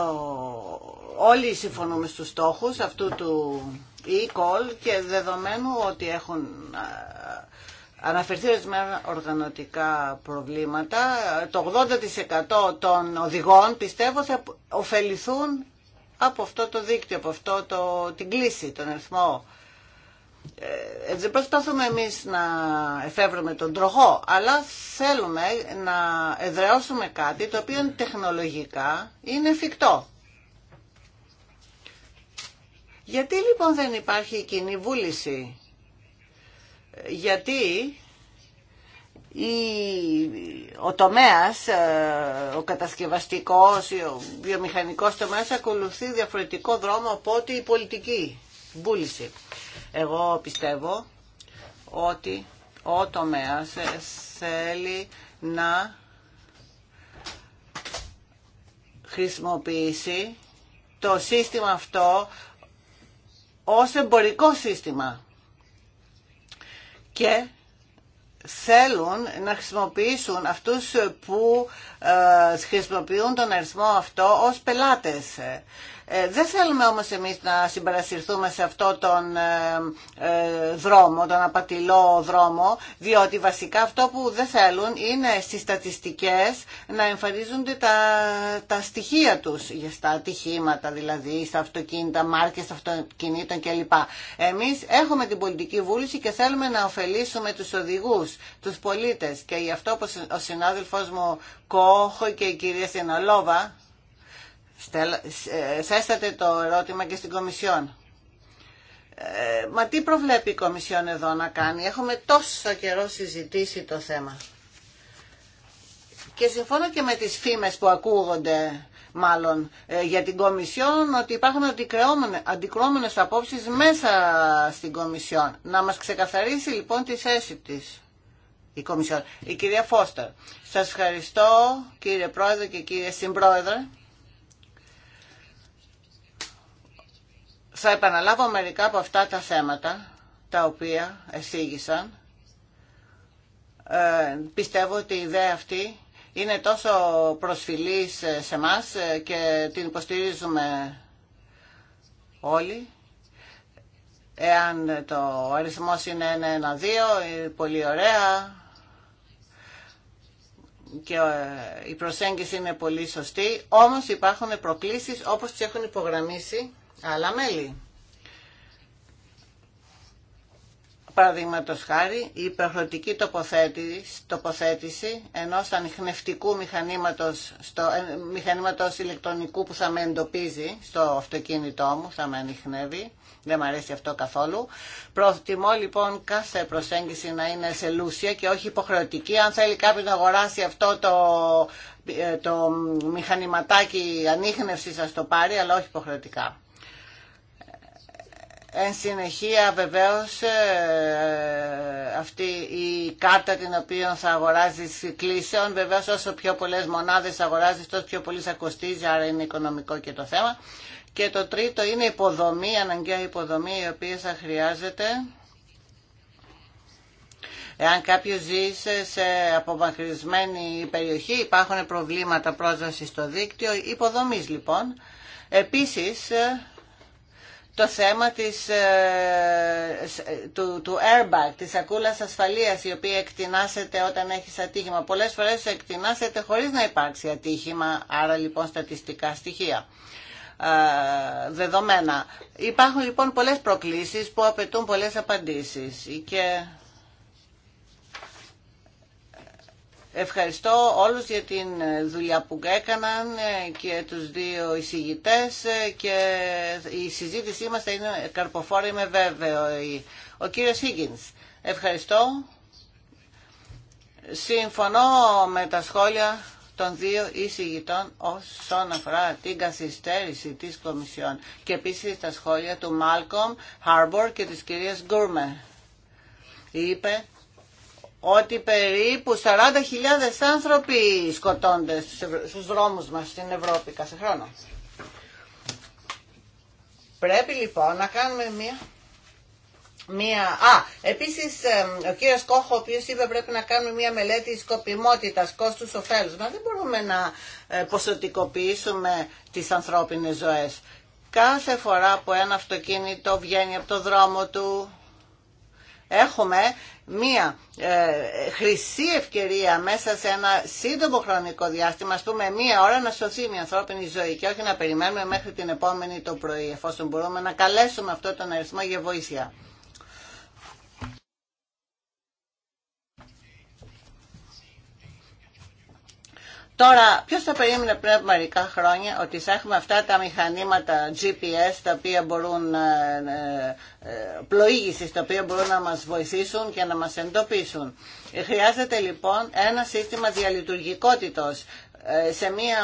C: Όλοι συμφωνούμε στους στόχους αυτού του e-call και δεδομένου ότι έχουν αναφερθεί με οργανωτικά προβλήματα, το 80% των οδηγών πιστεύω θα ωφεληθούν από αυτό το δίκτυο, από αυτό το, την κλίση, τον αριθμό ε, δεν προσπαθούμε εμείς να εφεύρουμε τον τροχό, αλλά θέλουμε να εδραιώσουμε κάτι το οποίο τεχνολογικά είναι εφικτό. Γιατί λοιπόν δεν υπάρχει κοινή βούληση. Γιατί η, ο τομέας, ε, ο κατασκευαστικός, ο βιομηχανικός τομέας ακολουθεί διαφορετικό δρόμο από ό,τι η πολιτική βούληση. Εγώ πιστεύω ότι ο τομέας θέλει να χρησιμοποιήσει το σύστημα αυτό ως εμπορικό σύστημα και θέλουν να χρησιμοποιήσουν αυτούς που ε, χρησιμοποιούν τον αριθμό αυτό ως πελάτες. Ε, δεν θέλουμε όμως εμείς να συμπαρασυρθούμε σε αυτό τον ε, ε, δρόμο, τον απατηλό δρόμο, διότι βασικά αυτό που δεν θέλουν είναι στις στατιστικές να εμφανίζονται τα, τα στοιχεία τους, για στα ατυχήματα δηλαδή, στα αυτοκίνητα, μάρκες αυτοκινήτων κλπ. Εμείς έχουμε την πολιτική βούληση και θέλουμε να ωφελήσουμε τους οδηγούς, τους πολίτες και γι' αυτό ο συνάδελφός μου Κόχο και η κυρία Σιναλόβα, Σέστατε ε, το ερώτημα και στην Κομισιόν. Ε, μα τι προβλέπει η Κομισιόν εδώ να κάνει. Έχουμε τόσο καιρό συζητήσει το θέμα. Και συμφώνω και με τις φήμες που ακούγονται μάλλον ε, για την Κομισιόν ότι υπάρχουν αντικρώμενες απόψεις μέσα στην Κομισιόν. Να μας ξεκαθαρίσει λοιπόν τη θέση της η Κομισιόν. Η κυρία Φώστερ. Σας ευχαριστώ κύριε Πρόεδρε και κύριε Συμπρόεδρε. θα επαναλάβω μερικά από αυτά τα θέματα τα οποία εσήγησαν. Ε, πιστεύω ότι η ιδέα αυτή είναι τόσο προσφυλής σε μας ε, και την υποστηρίζουμε όλοι. Εάν το αριθμό είναι 1-1-2, πολύ ωραία και ε, η προσέγγιση είναι πολύ σωστή. Όμως υπάρχουν προκλήσεις όπως τις έχουν υπογραμμίσει άλλα μέλη. Παραδείγματο χάρη, η υπερχρεωτική τοποθέτηση, τοποθέτηση ενός ανιχνευτικού μηχανήματος, στο, ε, μηχανήματος ηλεκτρονικού που θα με εντοπίζει στο αυτοκίνητό μου, θα με ανιχνεύει. Δεν μου αρέσει αυτό καθόλου. Προτιμώ λοιπόν κάθε προσέγγιση να είναι σε λούσια και όχι υποχρεωτική. Αν θέλει κάποιο να αγοράσει αυτό το, ε, το μηχανηματάκι ανίχνευση θα το πάρει, αλλά όχι υποχρεωτικά. Εν συνεχεία βεβαίως ε, αυτή η κάρτα την οποία θα αγοράζεις κλίσεων βεβαίως όσο πιο πολλές μονάδες αγοράζεις τόσο πιο πολύ θα κοστίζει άρα είναι οικονομικό και το θέμα. Και το τρίτο είναι υποδομή, αναγκαία υποδομή η οποία θα χρειάζεται Εάν κάποιος ζει σε απομακρυσμένη περιοχή υπάρχουν προβλήματα πρόσβαση στο δίκτυο, υποδομής λοιπόν. Επίσης το θέμα της, ε, ε, του, του airbag, της σακούλας ασφαλείας η οποία εκτινάσεται όταν έχει ατύχημα. Πολλές φορές εκτινάσεται χωρίς να υπάρξει ατύχημα, άρα λοιπόν στατιστικά στοιχεία. δεδομένα. Υπάρχουν λοιπόν πολλές προκλήσεις που απαιτούν πολλές απαντήσεις και Ευχαριστώ όλους για την δουλειά που έκαναν και τους δύο εισηγητές και η συζήτησή μας θα είναι καρποφόρη με βέβαιο. Ο κύριος Higgins, ευχαριστώ. Συμφωνώ με τα σχόλια των δύο εισηγητών όσον αφορά την καθυστέρηση της Κομισιόν και επίσης τα σχόλια του Μάλκομ Χάρμπορ και της κυρίας Γκούρμε. Είπε ότι περίπου 40.000 άνθρωποι σκοτώνται στους δρόμους μας στην Ευρώπη κάθε χρόνο. Πρέπει λοιπόν να κάνουμε μία... Μία... Α, επίσης ο κύριος Κόχο, ο οποίος είπε πρέπει να κάνουμε μία μελέτη σκοπιμότητας κόστους ωφέλους. Μα δεν μπορούμε να ε, ποσοτικοποιήσουμε τις ανθρώπινες ζωές. Κάθε φορά που ένα αυτοκίνητο βγαίνει από το δρόμο του έχουμε μία ε, χρυσή ευκαιρία μέσα σε ένα σύντομο χρονικό διάστημα, ας πούμε μία ώρα να σωθεί μια ανθρώπινη ζωή χρονικο διαστημα α όχι να περιμένουμε μέχρι την επόμενη το πρωί, εφόσον μπορούμε να καλέσουμε αυτό τον αριθμό για βοήθεια. Τώρα, ποιος θα περίμενε πριν από μερικά χρόνια ότι θα έχουμε αυτά τα μηχανήματα GPS τα οποία μπορούν, ε, ε, ε, πλοήγησης τα οποία μπορούν να μας βοηθήσουν και να μας εντοπίσουν. Χρειάζεται λοιπόν ένα σύστημα διαλειτουργικότητος σε μια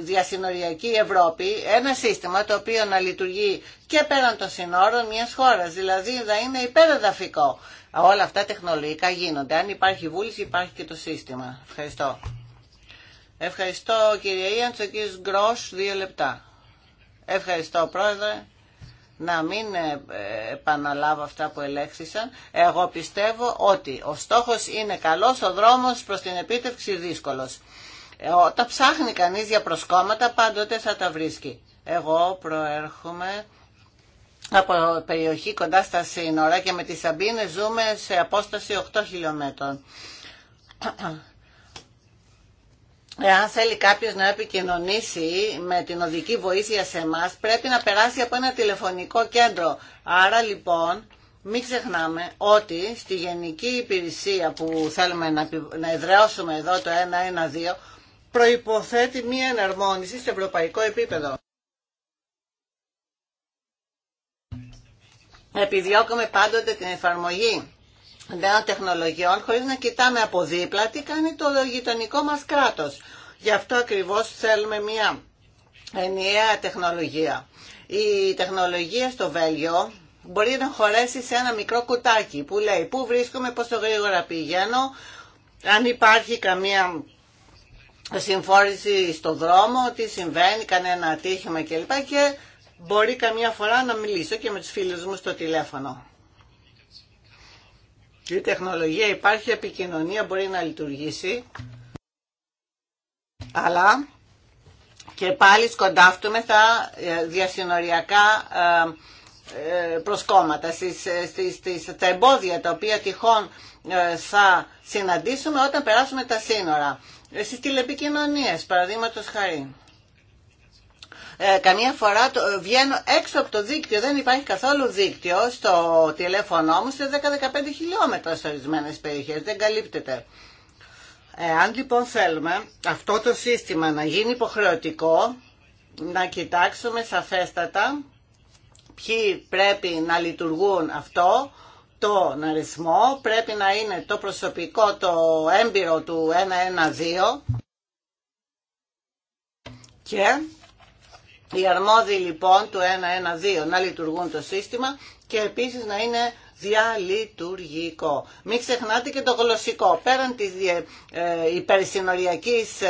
C: διασυνοριακή Ευρώπη ένα σύστημα το οποίο να λειτουργεί και πέραν των συνόρων μιας χώρας, δηλαδή θα είναι υπεραδαφικό. Όλα αυτά τεχνολογικά γίνονται. Αν υπάρχει βούληση υπάρχει και το σύστημα. Ευχαριστώ. Ευχαριστώ κύριε ο κύριος Γκρός, δύο λεπτά. Ευχαριστώ πρόεδρε. Να μην ε, επαναλάβω αυτά που ελέγχθησαν. Εγώ πιστεύω ότι ο στόχος είναι καλός, ο δρόμος προς την επίτευξη δύσκολος. Ε, όταν ψάχνει κανείς για προσκόμματα πάντοτε θα τα βρίσκει. Εγώ προέρχομαι από περιοχή κοντά στα σύνορα και με τις Σαμπίνες ζούμε σε απόσταση 8 χιλιόμετρων. Εάν θέλει κάποιο να επικοινωνήσει με την οδική βοήθεια σε εμά, πρέπει να περάσει από ένα τηλεφωνικό κέντρο. Άρα λοιπόν, μην ξεχνάμε ότι στη γενική υπηρεσία που θέλουμε να εδραιώσουμε εδώ το 112, προϋποθέτει μία εναρμόνιση σε ευρωπαϊκό επίπεδο. Επιδιώκουμε πάντοτε την εφαρμογή νέων τεχνολογιών χωρίς να κοιτάμε από δίπλα τι κάνει το γειτονικό μας κράτος. Γι' αυτό ακριβώς θέλουμε μια ενιαία τεχνολογία. Η τεχνολογία στο Βέλγιο μπορεί να χωρέσει σε ένα μικρό κουτάκι που λέει πού βρίσκομαι, πόσο γρήγορα πηγαίνω, αν υπάρχει καμία συμφόρηση στο δρόμο, τι συμβαίνει, κανένα ατύχημα κλπ. Και μπορεί καμιά φορά να μιλήσω και με τους φίλους μου στο τηλέφωνο. Η τεχνολογία υπάρχει, η επικοινωνία μπορεί να λειτουργήσει, αλλά και πάλι σκοντάφτουμε τα ε, διασυνοριακά ε, ε, προσκόμματα, στις, στις, στις, τα εμπόδια τα οποία τυχόν θα συναντήσουμε όταν περάσουμε τα σύνορα. Στις τηλεπικοινωνίες, παραδείγματος χαρή. Ε, καμία φορά το, ε, βγαίνω έξω από το δίκτυο, δεν υπάρχει καθόλου δίκτυο στο τηλέφωνό μου σε 10-15 χιλιόμετρα σε ορισμένε περιοχές, δεν καλύπτεται. Ε, αν λοιπόν θέλουμε αυτό το σύστημα να γίνει υποχρεωτικό, να κοιτάξουμε σαφέστατα ποιοι πρέπει να λειτουργούν αυτό, τον αριθμό, πρέπει να είναι το προσωπικό, το έμπειρο του 112 και οι αρμόδιοι λοιπόν του 112 να λειτουργούν το σύστημα και επίσης να είναι διαλειτουργικό. Μην ξεχνάτε και το γλωσσικό. Πέραν της ε, ε, υπερσυνοριακής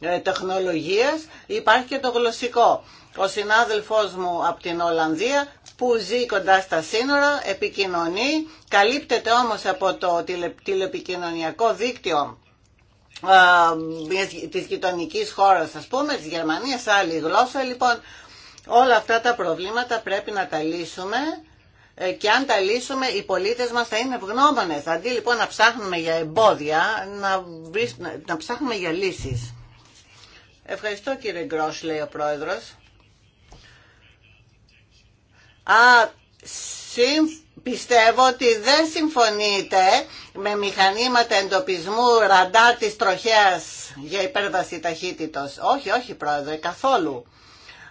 C: ε, τεχνολογίας υπάρχει και το γλωσσικό. Ο συνάδελφός μου από την Ολλανδία που ζει κοντά στα σύνορα επικοινωνεί, καλύπτεται όμως από το τηλεπικοινωνιακό δίκτυο της γειτονική χώρας, ας πούμε, της Γερμανίας, άλλη γλώσσα. Λοιπόν, όλα αυτά τα προβλήματα πρέπει να τα λύσουμε ε, και αν τα λύσουμε οι πολίτες μας θα είναι ευγνώμονες. Αντί λοιπόν να ψάχνουμε για εμπόδια, να, να ψάχνουμε για λύσεις. Ευχαριστώ κύριε Γκρός, λέει ο πρόεδρος. Α, σύμφωνα Πιστεύω ότι δεν συμφωνείτε με μηχανήματα εντοπισμού ραντά της τροχέας για υπέρβαση ταχύτητος. Όχι, όχι πρόεδρε, καθόλου.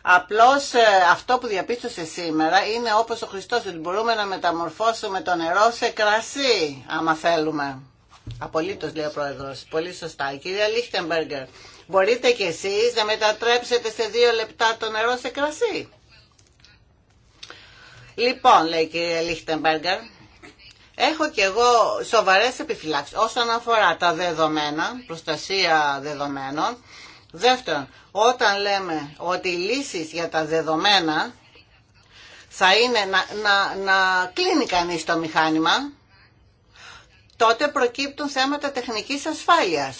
C: Απλώς ε, αυτό που διαπίστωσε σήμερα είναι όπως ο Χριστός ότι μπορούμε να μεταμορφώσουμε το νερό σε κρασί, άμα θέλουμε. Απολύτως λέει ο πρόεδρος. Πολύ σωστά. Κυρία Λίχτεμπεργκερ, μπορείτε κι εσείς να μετατρέψετε σε δύο λεπτά το νερό σε κρασί. Λοιπόν, λέει η κυρία Λίχτεμπεργκερ, έχω και εγώ σοβαρέ επιφυλάξει. όσον αφορά τα δεδομένα, προστασία δεδομένων. Δεύτερον, όταν λέμε ότι οι λύσει για τα δεδομένα θα είναι να, κλείνει κανείς το μηχάνημα, τότε προκύπτουν θέματα τεχνικής ασφάλειας.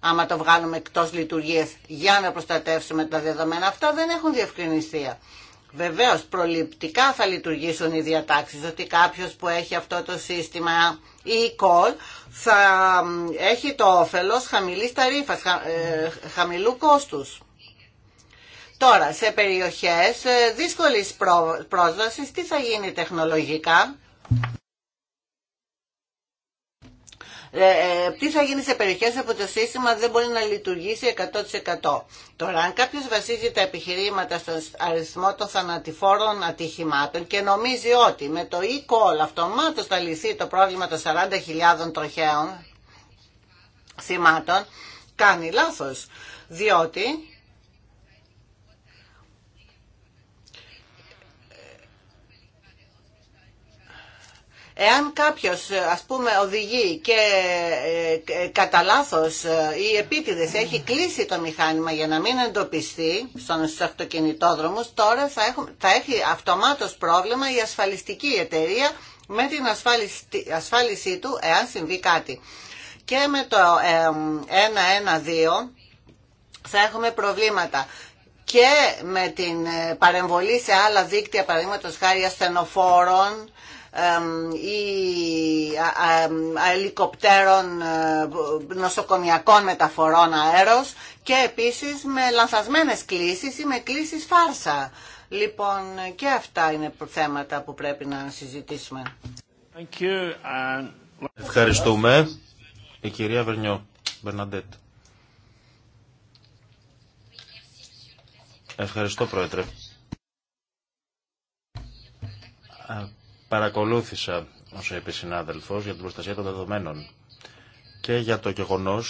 C: Άμα το βγάλουμε εκτός λειτουργίας για να προστατεύσουμε τα δεδομένα, αυτά δεν έχουν διευκρινιστεί. Βεβαίω, προληπτικά θα λειτουργήσουν οι διατάξει ότι κάποιος που έχει αυτό το σύστημα e-call θα έχει το όφελος χαμηλή ταρήφα, ε, χαμηλού κόστους. Τώρα, σε περιοχές ε, δύσκολης πρόσβασης τι θα γίνει τεχνολογικά. Ε, ε, τι θα γίνει σε περιοχές όπου το σύστημα δεν μπορεί να λειτουργήσει 100%. Τώρα, αν κάποιο βασίζει τα επιχειρήματα στον αριθμό των θανατηφόρων ατυχημάτων και νομίζει ότι με το e-call αυτομάτως θα λυθεί το πρόβλημα των 40.000 τροχαίων θυμάτων, κάνει λάθο, διότι Εάν κάποιος, ας πούμε, οδηγεί και ε, ε, κατά λάθο ή ε, επίτηδες έχει κλείσει το μηχάνημα για να μην εντοπιστεί στον αυτοκινητόδρομο, τώρα θα, έχουμε, θα έχει αυτομάτως πρόβλημα η ασφαλιστική εταιρεία με την ασφάλισή του εάν συμβεί κάτι. Και με το 112 θα έχουμε προβλήματα και με την παρεμβολή σε άλλα δίκτυα, παραδείγματος χάρη ασθενοφόρων, ή ελικοπτέρων ε, νοσοκομιακών μεταφορών αέρος και επίσης με λανθασμένες κλήσεις ή με κλήσεις φάρσα. Λοιπόν, και αυτά είναι θέματα που πρέπει να συζητήσουμε.
B: Ευχαριστούμε. Η κυρία Βερνιό, Μπερναντέτ. Ευχαριστώ, Πρόεδρε παρακολούθησα ως είπε συνάδελφο για την προστασία των δεδομένων και για το γεγονό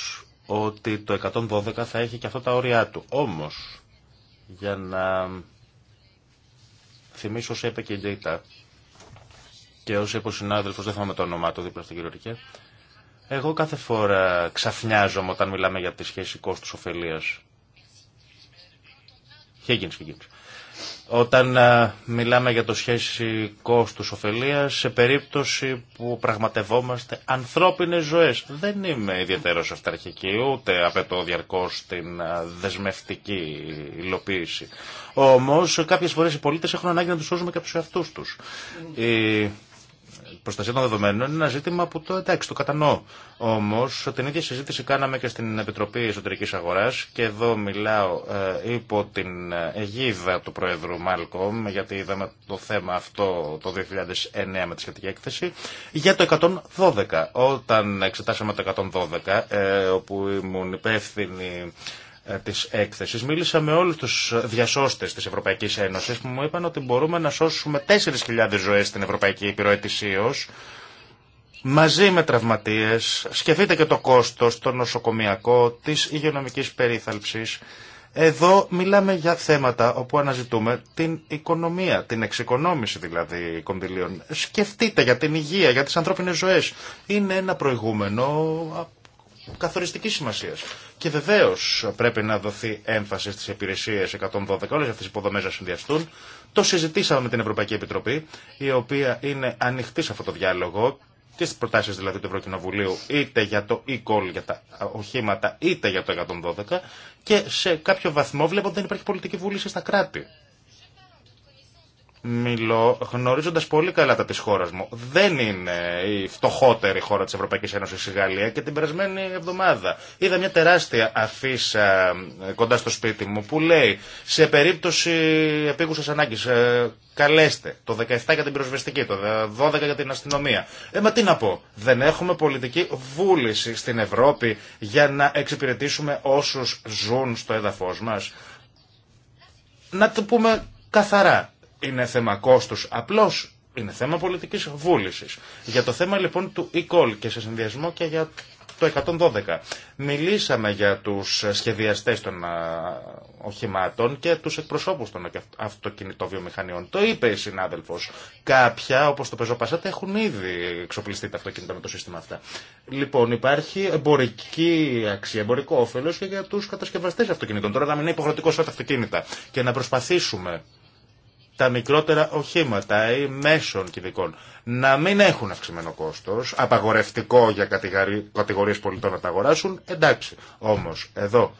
B: ότι το 112 θα έχει και αυτά τα όρια του. Όμω, για να θυμίσω όσο είπε και η Data και όσο είπε ο δεν θυμάμαι το όνομά του δίπλα στην κυριολεκτική, εγώ κάθε φορά ξαφνιάζομαι όταν μιλάμε για τη σχέση κόστους-οφελίας. Χέγγιν, Higgins. Όταν ε, μιλάμε για το σχέση κόστου ωφελίας σε περίπτωση που πραγματευόμαστε ανθρώπινες ζωές. Δεν είμαι ιδιαίτερο αυταρχική, ούτε απαιτώ διαρκώς την ε, δεσμευτική υλοποίηση. Όμως κάποιες φορές οι πολίτες έχουν ανάγκη να τους σώζουμε και από τους εαυτούς τους. Ναι προστασία των δεδομένων είναι ένα ζήτημα που το εντάξει, το κατανοώ. Όμω, την ίδια συζήτηση κάναμε και στην Επιτροπή Εσωτερική Αγορά και εδώ μιλάω ε, υπό την ε, αιγίδα του Προέδρου Μάλκομ, γιατί είδαμε το θέμα αυτό το 2009 με τη σχετική έκθεση, για το 112. Όταν εξετάσαμε το 112, ε, όπου ήμουν υπεύθυνη ε, της έκθεσης. Μίλησα με όλους τους διασώστες της Ευρωπαϊκής Ένωσης που μου είπαν ότι μπορούμε να σώσουμε 4.000 ζωές στην Ευρωπαϊκή Υπηρώ μαζί με τραυματίες. Σκεφτείτε και το κόστος, το νοσοκομιακό, της υγειονομικής περίθαλψης. Εδώ μιλάμε για θέματα όπου αναζητούμε την οικονομία, την εξοικονόμηση δηλαδή κονδυλίων. Σκεφτείτε για την υγεία, για τις ανθρώπινες ζωές. Είναι ένα προηγούμενο καθοριστική σημασίας. Και βεβαίω πρέπει να δοθεί έμφαση στι υπηρεσίε 112. Όλε αυτέ οι υποδομέ να συνδυαστούν. Το συζητήσαμε με την Ευρωπαϊκή Επιτροπή, η οποία είναι ανοιχτή σε αυτό το διάλογο και στι προτάσει δηλαδή του Ευρωκοινοβουλίου, είτε για το e-call για τα οχήματα, είτε για το 112. Και σε κάποιο βαθμό βλέπω ότι δεν υπάρχει πολιτική βούληση στα κράτη μιλώ γνωρίζοντας πολύ καλά τα της χώρας μου. Δεν είναι η φτωχότερη χώρα της Ευρωπαϊκής Ένωσης η Γαλλία και την περασμένη εβδομάδα είδα μια τεράστια αφίσα ε, κοντά στο σπίτι μου που λέει σε περίπτωση επίγουσα ανάγκη. Ε, καλέστε το 17 για την πυροσβεστική, το 12 για την αστυνομία. Ε, μα τι να πω, δεν έχουμε πολιτική βούληση στην Ευρώπη για να εξυπηρετήσουμε όσους ζουν στο έδαφος μας. Να το πούμε καθαρά είναι θέμα κόστου, απλώ είναι θέμα πολιτική βούληση. Για το θέμα λοιπόν του e-call και σε συνδυασμό και για το 112. Μιλήσαμε για τους σχεδιαστές των οχημάτων και τους εκπροσώπους των αυτοκινητοβιομηχανιών. Το είπε η συνάδελφος. Κάποια, όπως το πεζοπασάτε, έχουν ήδη εξοπλιστεί τα αυτοκίνητα με το σύστημα αυτά. Λοιπόν, υπάρχει εμπορική αξία, εμπορικό όφελος και για τους κατασκευαστές αυτοκινήτων. Τώρα να μην είναι υποχρεωτικό σε αυτοκίνητα και να προσπαθήσουμε τα μικρότερα οχήματα ή μέσων κυβικών να μην έχουν αυξημένο κόστο, απαγορευτικό για κατηγορίε πολιτών να τα αγοράσουν, εντάξει. Όμω εδώ,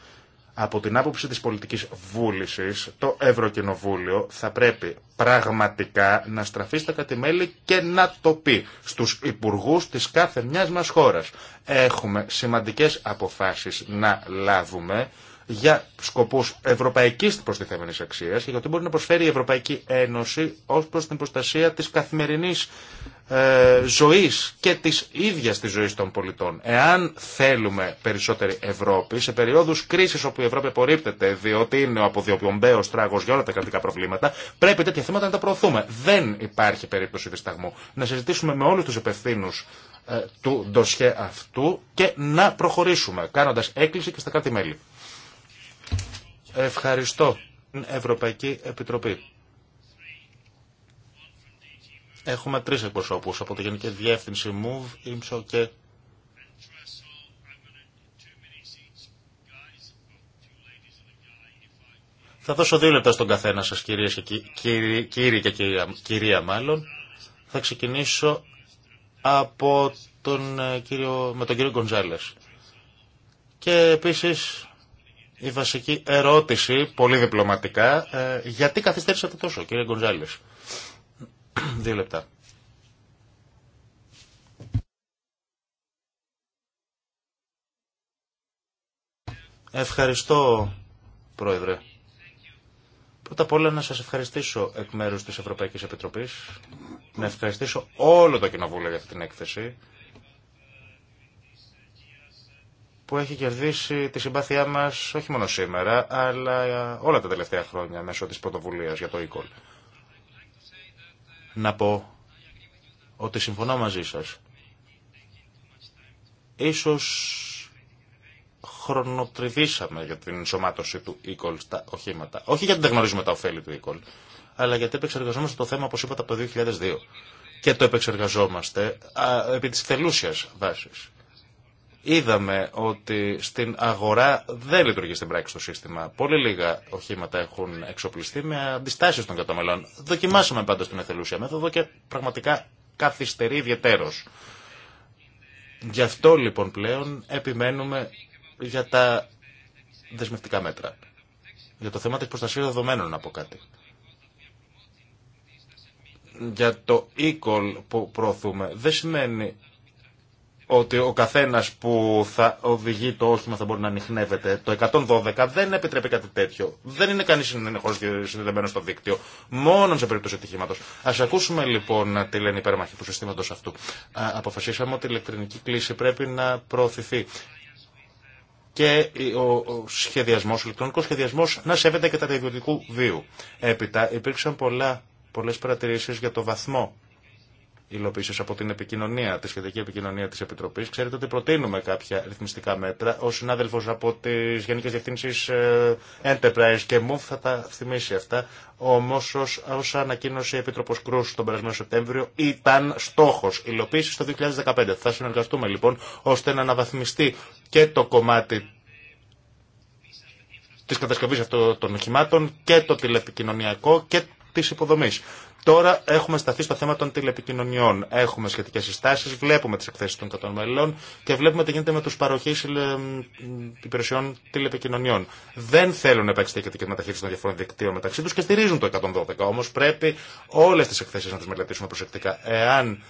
B: από την άποψη της πολιτική βούλησης, το Ευρωκοινοβούλιο θα πρέπει πραγματικά να στραφεί στα κατημέλη και να το πει στου υπουργού τη κάθε μια μα χώρα. Έχουμε σημαντικέ αποφάσει να λάβουμε για σκοπούς ευρωπαϊκής προστιθέμενης αξίας και γιατί μπορεί να προσφέρει η Ευρωπαϊκή Ένωση ως προς την προστασία της καθημερινής ε, ζωής και της ίδιας της ζωής των πολιτών. Εάν θέλουμε περισσότερη Ευρώπη, σε περίοδους κρίσης όπου η Ευρώπη απορρίπτεται διότι είναι ο αποδιοπομπαίος τράγος για όλα τα κρατικά προβλήματα, πρέπει τέτοια θέματα να τα προωθούμε. Δεν υπάρχει περίπτωση δισταγμού. Να συζητήσουμε με όλους τους υπευθύνου ε, του ντοσχέ αυτού και να προχωρήσουμε, κάνοντας έκκληση και στα κάτι μέλη. Ευχαριστώ την Ευρωπαϊκή Επιτροπή. Έχουμε τρεις εκπροσώπους από τη Γενική Διεύθυνση MOVE, IMSO και Θα δώσω δύο λεπτά στον καθένα σας κυρίες και κύριοι, και κυρία, μάλλον. Θα ξεκινήσω από τον ε, κύριο, με τον κύριο Και επίσης η βασική ερώτηση, πολύ διπλωματικά, ε, γιατί καθυστέρησατε τόσο, κύριε Γκονζάλη. Δύο λεπτά. Ευχαριστώ, Πρόεδρε. Πρώτα απ' όλα να σας ευχαριστήσω εκ μέρους της Ευρωπαϊκής Επιτροπής, να ευχαριστήσω όλο το Κοινοβούλιο για αυτή την έκθεση, που έχει κερδίσει τη συμπάθειά μα όχι μόνο σήμερα, αλλά όλα τα τελευταία χρόνια μέσω τη πρωτοβουλία για το e Να πω ότι συμφωνώ μαζί σα σω χρονοτριβήσαμε για την ενσωμάτωση του e στα οχήματα. Όχι γιατί δεν γνωρίζουμε τα ωφέλη του e αλλά γιατί επεξεργαζόμαστε το θέμα, όπω είπατε, από το 2002. Και το επεξεργαζόμαστε α, επί τη θελούσια βάση. Είδαμε ότι στην αγορά δεν λειτουργεί στην πράξη το σύστημα. Πολύ λίγα οχήματα έχουν εξοπλιστεί με αντιστάσει των καταμελών. Δοκιμάσαμε πάντα την εθελούσια μέθοδο και πραγματικά καθυστερεί ιδιαίτερω. Γι' αυτό λοιπόν πλέον επιμένουμε για τα δεσμευτικά μέτρα. Για το θέμα της προστασίας δεδομένων να κάτι. Για το e που προωθούμε δεν σημαίνει ότι ο καθένας που θα οδηγεί το όχημα θα μπορεί να ανοιχνεύεται. Το 112 δεν επιτρέπει κάτι τέτοιο. Δεν είναι κανείς συνεχώς συνδεδεμένο στο δίκτυο. Μόνο σε περίπτωση ατυχήματος. Ας ακούσουμε λοιπόν τι λένε οι υπέρμαχοι του συστήματος αυτού. Αποφασίσαμε ότι η ηλεκτρονική κλίση πρέπει να προωθηθεί και ο σχεδιασμός, ο ηλεκτρονικός σχεδιασμός να σέβεται και τα ιδιωτικού βίου. Έπειτα υπήρξαν πολλά, πολλές παρατηρήσεις για το βαθμό υλοποίησης από την επικοινωνία, τη σχετική επικοινωνία της Επιτροπής. Ξέρετε ότι προτείνουμε κάποια ρυθμιστικά μέτρα. Ο συνάδελφος από τις Γενικές Διευθύνσεις ε, Enterprise και MOVE θα τα θυμίσει αυτά. Όμως όσα ανακοίνωσε η Επίτροπος κρού τον περασμένο Σεπτέμβριο ήταν στόχος υλοποίησης το 2015. Θα συνεργαστούμε λοιπόν ώστε να αναβαθμιστεί και το κομμάτι της κατασκευής αυτών των οχημάτων και το τηλεπικοινωνιακό και της υποδομής. Τώρα έχουμε σταθεί στο θέμα των τηλεπικοινωνιών. Έχουμε σχετικέ συστάσει, βλέπουμε τι εκθέσει των 100 μελών και βλέπουμε τι γίνεται με του παροχή ε, υπηρεσιών τηλεπικοινωνιών. Δεν θέλουν να υπάρξει και μεταχείριση των διαφορών δικτύων μεταξύ του και στηρίζουν το 112. Όμω πρέπει όλε τι εκθέσει να τι μελετήσουμε προσεκτικά. Εάν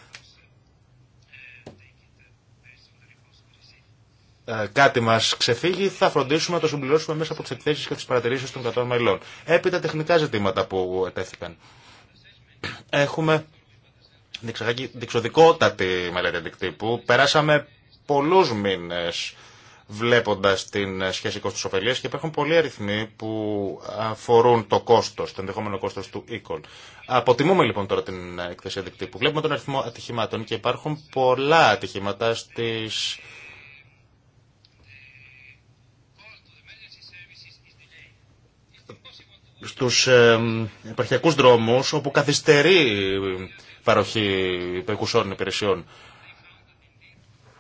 B: ε, κάτι μα ξεφύγει, θα φροντίσουμε να το συμπληρώσουμε μέσα από τι εκθέσει και τι παρατηρήσει των 100 μελών. Έπειτα τεχνικά ζητήματα που ετέθηκαν έχουμε διεξοδικότατη μελέτη αντικτύπου. Περάσαμε πολλούς μήνες βλέποντας την σχέση κόστος ωφελίας και υπάρχουν πολλοί αριθμοί που αφορούν το κόστος, το ενδεχόμενο κόστος του οίκων. Αποτιμούμε λοιπόν τώρα την εκθέση αντικτύπου. Βλέπουμε τον αριθμό ατυχημάτων και υπάρχουν πολλά ατυχήματα στις στους επαρχιακούς δρόμους όπου καθυστερεί η παροχή υπερκουσών υπηρεσιών.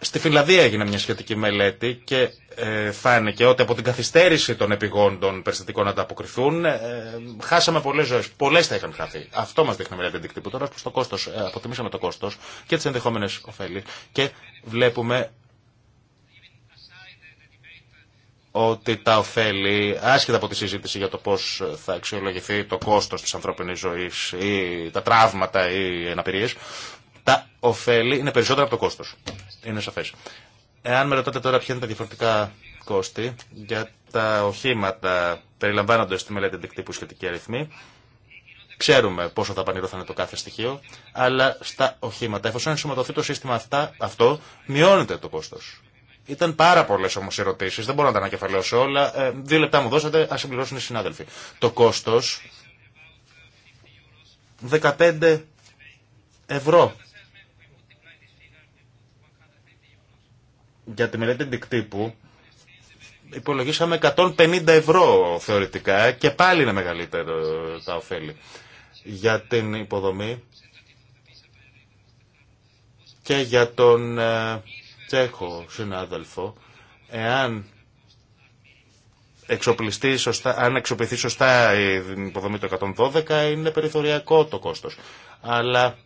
B: Στη Φιλανδία έγινε μια σχετική μελέτη και ε, φάνηκε ότι από την καθυστέρηση των επιγόντων περιστατικών να τα αποκριθούν ε, χάσαμε πολλέ ζωέ. Πολλέ θα είχαν χαθεί. Αυτό μα δείχνει μελέτη αντικτύπου. Τώρα προ το κόστο, ε, αποτιμήσαμε το κόστο και τι ενδεχόμενε ωφέλη και βλέπουμε ότι τα ωφέλη, άσχετα από τη συζήτηση για το πώς θα αξιολογηθεί το κόστος της ανθρώπινης ζωής ή τα τραύματα ή εναπηρίες, τα ωφέλη είναι περισσότερα από το κόστος. Είναι σαφές. Εάν με ρωτάτε τώρα ποια είναι τα διαφορετικά κόστη για τα οχήματα περιλαμβάνοντα τη μελέτη αντικτύπου σχετική αριθμή, Ξέρουμε πόσο θα πανηρώθανε το κάθε στοιχείο, αλλά στα οχήματα, εφόσον ενσωματωθεί το σύστημα αυτό, μειώνεται το κόστος ήταν πάρα πολλέ όμω ερωτήσει, δεν μπορώ να τα ανακεφαλαιώσω όλα. Ε, δύο λεπτά μου δώσατε, α συμπληρώσουν οι συνάδελφοι. Το κόστο. 15 ευρώ. Για τη μελέτη δικτύπου υπολογίσαμε 150 ευρώ θεωρητικά και πάλι είναι μεγαλύτερο τα ωφέλη. Για την υποδομή και για τον ε, Τσέχο συνάδελφο, εάν εξοπλιστεί σωστά, αν εξοπλιστεί σωστά η υποδομή του 112 είναι περιθωριακό το κόστος. Αλλά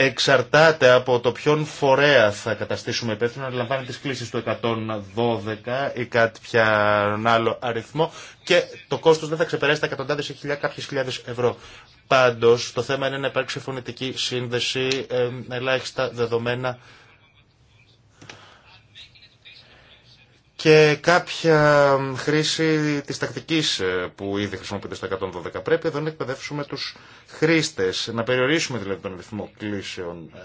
B: εξαρτάται από το ποιον φορέα θα καταστήσουμε υπεύθυνο να λαμβάνει τις κλήσεις του 112 ή κάποια άλλο αριθμό και το κόστος δεν θα ξεπεράσει τα εκατοντάδες ή κάποιες χιλιάδες ευρώ. Πάντως το θέμα είναι να υπάρξει φωνητική σύνδεση, ε, ελάχιστα δεδομένα και κάποια χρήση της τακτικής ε, που ήδη χρησιμοποιείται στα 112. Πρέπει εδώ να εκπαιδεύσουμε τους χρήστες, να περιορίσουμε δηλαδή τον ρυθμό κλήσεων. Ε,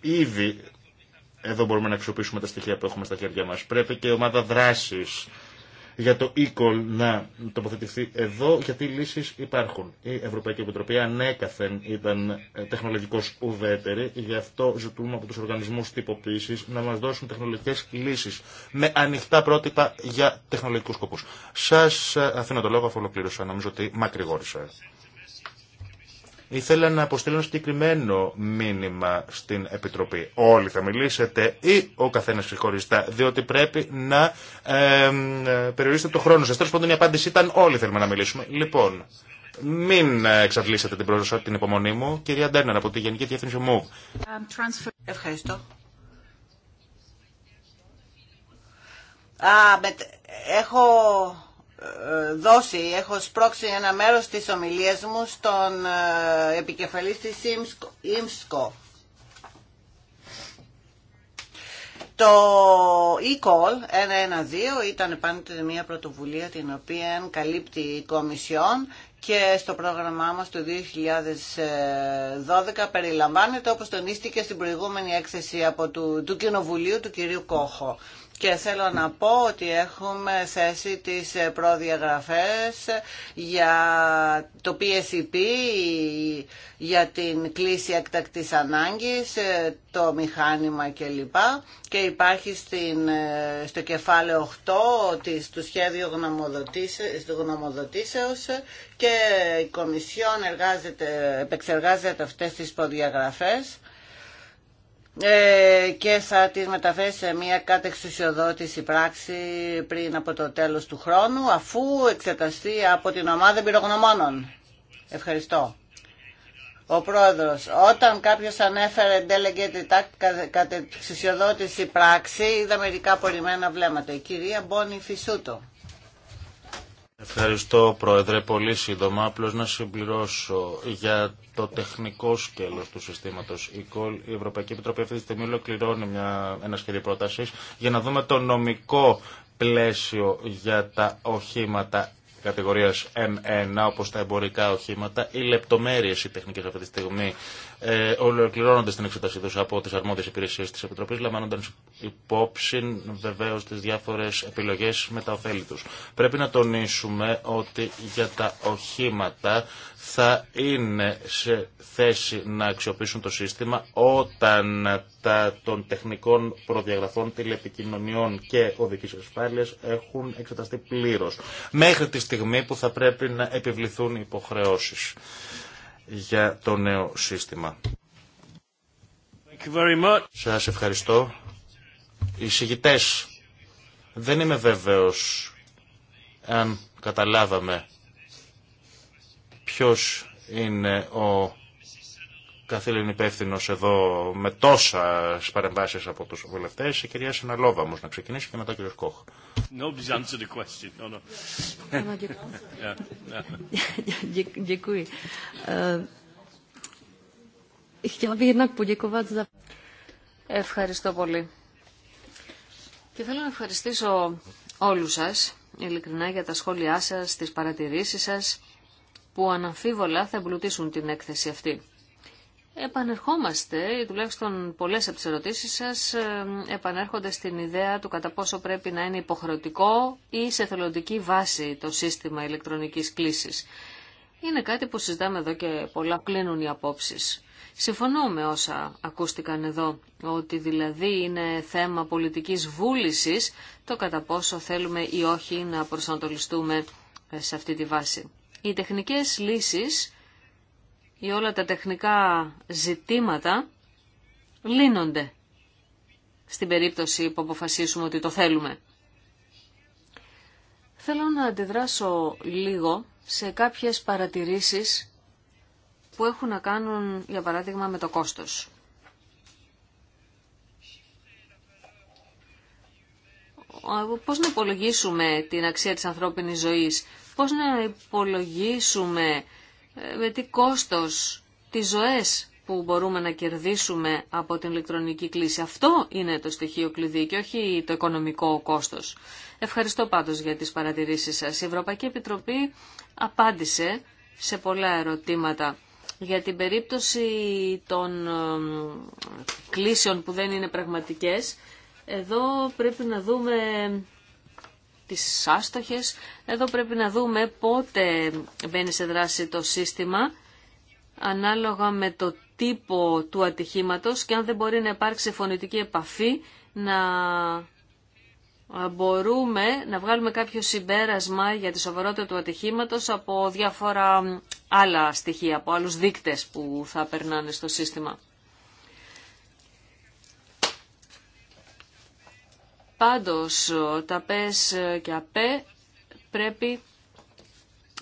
B: ήδη εδώ μπορούμε να αξιοποιήσουμε τα στοιχεία που έχουμε στα χέρια μας. Πρέπει και η ομάδα δράσης για το e να τοποθετηθεί εδώ, γιατί λύσεις υπάρχουν. Η Ευρωπαϊκή Επιτροπή ανέκαθεν ήταν ε, τεχνολογικώ ουδέτερη, γι' αυτό ζητούμε από τους οργανισμούς τυποποίηση να μας δώσουν τεχνολογικές λύσεις με ανοιχτά πρότυπα για τεχνολογικούς σκοπούς. Σας ε, αφήνω το λόγο αφού ολοκλήρωσα, νομίζω ότι μακρηγόρησα ήθελα να αποστείλω ένα συγκεκριμένο μήνυμα στην Επιτροπή. Όλοι θα μιλήσετε ή ο καθένα ξεχωριστά, διότι πρέπει να ε, περιορίσετε το χρόνο σα. Τέλο πάντων, η απάντηση ήταν όλοι θέλουμε να μιλήσουμε. Λοιπόν, μην εξαντλήσετε την πρόσβαση την υπομονή μου. Κυρία Ντέρνερ από τη Γενική Διεύθυνση μου.
C: Ευχαριστώ. Α, έχω δώσει, έχω σπρώξει ένα μέρος της ομιλίας μου στον ε, επικεφαλής της ΙΜΣΚΟ. Το e-call 112 ήταν πάντοτε μια πρωτοβουλία την οποία καλύπτει η Κομισιόν και στο πρόγραμμά μας το 2012 περιλαμβάνεται όπως τονίστηκε στην προηγούμενη έκθεση από του, του Κοινοβουλίου του κυρίου Κόχο και θέλω να πω ότι έχουμε θέσει τις προδιαγραφές για το PSEP, e για την κλίση εκτακτής ανάγκης, το μηχάνημα κλπ. Και υπάρχει στην, στο κεφάλαιο 8 της, του σχέδιου γνωμοδοτήσεως και η Κομισιόν επεξεργάζεται αυτές τις προδιαγραφές ε, και θα τις μεταφέρει σε μια κατεξουσιοδότηση πράξη πριν από το τέλος του χρόνου αφού εξεταστεί από την ομάδα πυρογνωμόνων. Ευχαριστώ. Ο πρόεδρος, όταν κάποιος ανέφερε delegated κατεξουσιοδότηση πράξη είδα μερικά απορριμμένα βλέμματα. Η κυρία Μπόνι φυσούτο.
B: Ευχαριστώ Πρόεδρε, πολύ σύντομα. Απλώ να συμπληρώσω για το τεχνικό σκέλο του συστήματο. ECOL. η Ευρωπαϊκή Επιτροπή αυτή τη στιγμή ολοκληρώνει μια, ένα σχέδιο πρόταση για να δούμε το νομικό πλαίσιο για τα οχήματα κατηγορία M1, όπω τα εμπορικά οχήματα. Οι λεπτομέρειε οι τεχνικέ αυτή τη στιγμή ε, ολοκληρώνοντα την εξέτασή του από τι αρμόδιε υπηρεσίε τη Επιτροπή, λαμβάνοντα υπόψη βεβαίω τι διάφορε επιλογέ με τα ωφέλη του. Πρέπει να τονίσουμε ότι για τα οχήματα θα είναι σε θέση να αξιοποιήσουν το σύστημα όταν τα των τεχνικών προδιαγραφών τηλεπικοινωνιών και οδικής ασφάλειας έχουν εξεταστεί πλήρως μέχρι τη στιγμή που θα πρέπει να επιβληθούν οι υποχρεώσεις για το νέο σύστημα. Σας ευχαριστώ. Οι συγητές, δεν είμαι βέβαιος αν καταλάβαμε ποιος είναι ο καθήλυν υπεύθυνο εδώ με τόσα παρεμβάσει από του βουλευτέ. Η κυρία Συναλόβα όμω να ξεκινήσει και μετά ο κύριο Κόχ.
D: Ευχαριστώ πολύ. Και θέλω να ευχαριστήσω όλους σας, ειλικρινά, για τα σχόλιά σας, τις παρατηρήσεις σας, που αναμφίβολα θα εμπλουτίσουν την έκθεση αυτή επανερχόμαστε, τουλάχιστον πολλές από τις ερωτήσεις σας ε, επανέρχονται στην ιδέα του κατά πόσο πρέπει να είναι υποχρεωτικό ή σε θελοντική βάση το σύστημα ηλεκτρονικής κλήσης. Είναι κάτι που συζητάμε εδώ και πολλά κλείνουν οι απόψεις. Συμφωνώ με όσα ακούστηκαν εδώ, ότι δηλαδή είναι θέμα πολιτικής βούλησης το κατά πόσο θέλουμε ή όχι να προσανατολιστούμε ε, σε αυτή τη βάση. Οι τεχνικές λύσεις ή όλα τα τεχνικά ζητήματα λύνονται στην περίπτωση που αποφασίσουμε ότι το θέλουμε. Θέλω να αντιδράσω λίγο σε κάποιες παρατηρήσεις που έχουν να κάνουν, για παράδειγμα, με το κόστος. Πώς να υπολογίσουμε την αξία της ανθρώπινης ζωής, πώς να υπολογίσουμε με τι κόστος, τι ζωές που μπορούμε να κερδίσουμε από την ηλεκτρονική κλίση. Αυτό είναι το στοιχείο κλειδί και όχι το οικονομικό κόστος. Ευχαριστώ πάντως για τις παρατηρήσεις σας. Η Ευρωπαϊκή Επιτροπή απάντησε σε πολλά ερωτήματα. Για την περίπτωση των κλήσεων που δεν είναι πραγματικές, εδώ πρέπει να δούμε τις άστοχες. Εδώ πρέπει να δούμε πότε μπαίνει σε δράση το σύστημα ανάλογα με το τύπο του ατυχήματος και αν δεν μπορεί να υπάρξει φωνητική επαφή να μπορούμε να βγάλουμε κάποιο συμπέρασμα για τη σοβαρότητα του ατυχήματος από διάφορα άλλα στοιχεία, από άλλους δείκτες που θα περνάνε στο σύστημα. Πάντως τα ΠΕΣ και ΑΠΕ πρέπει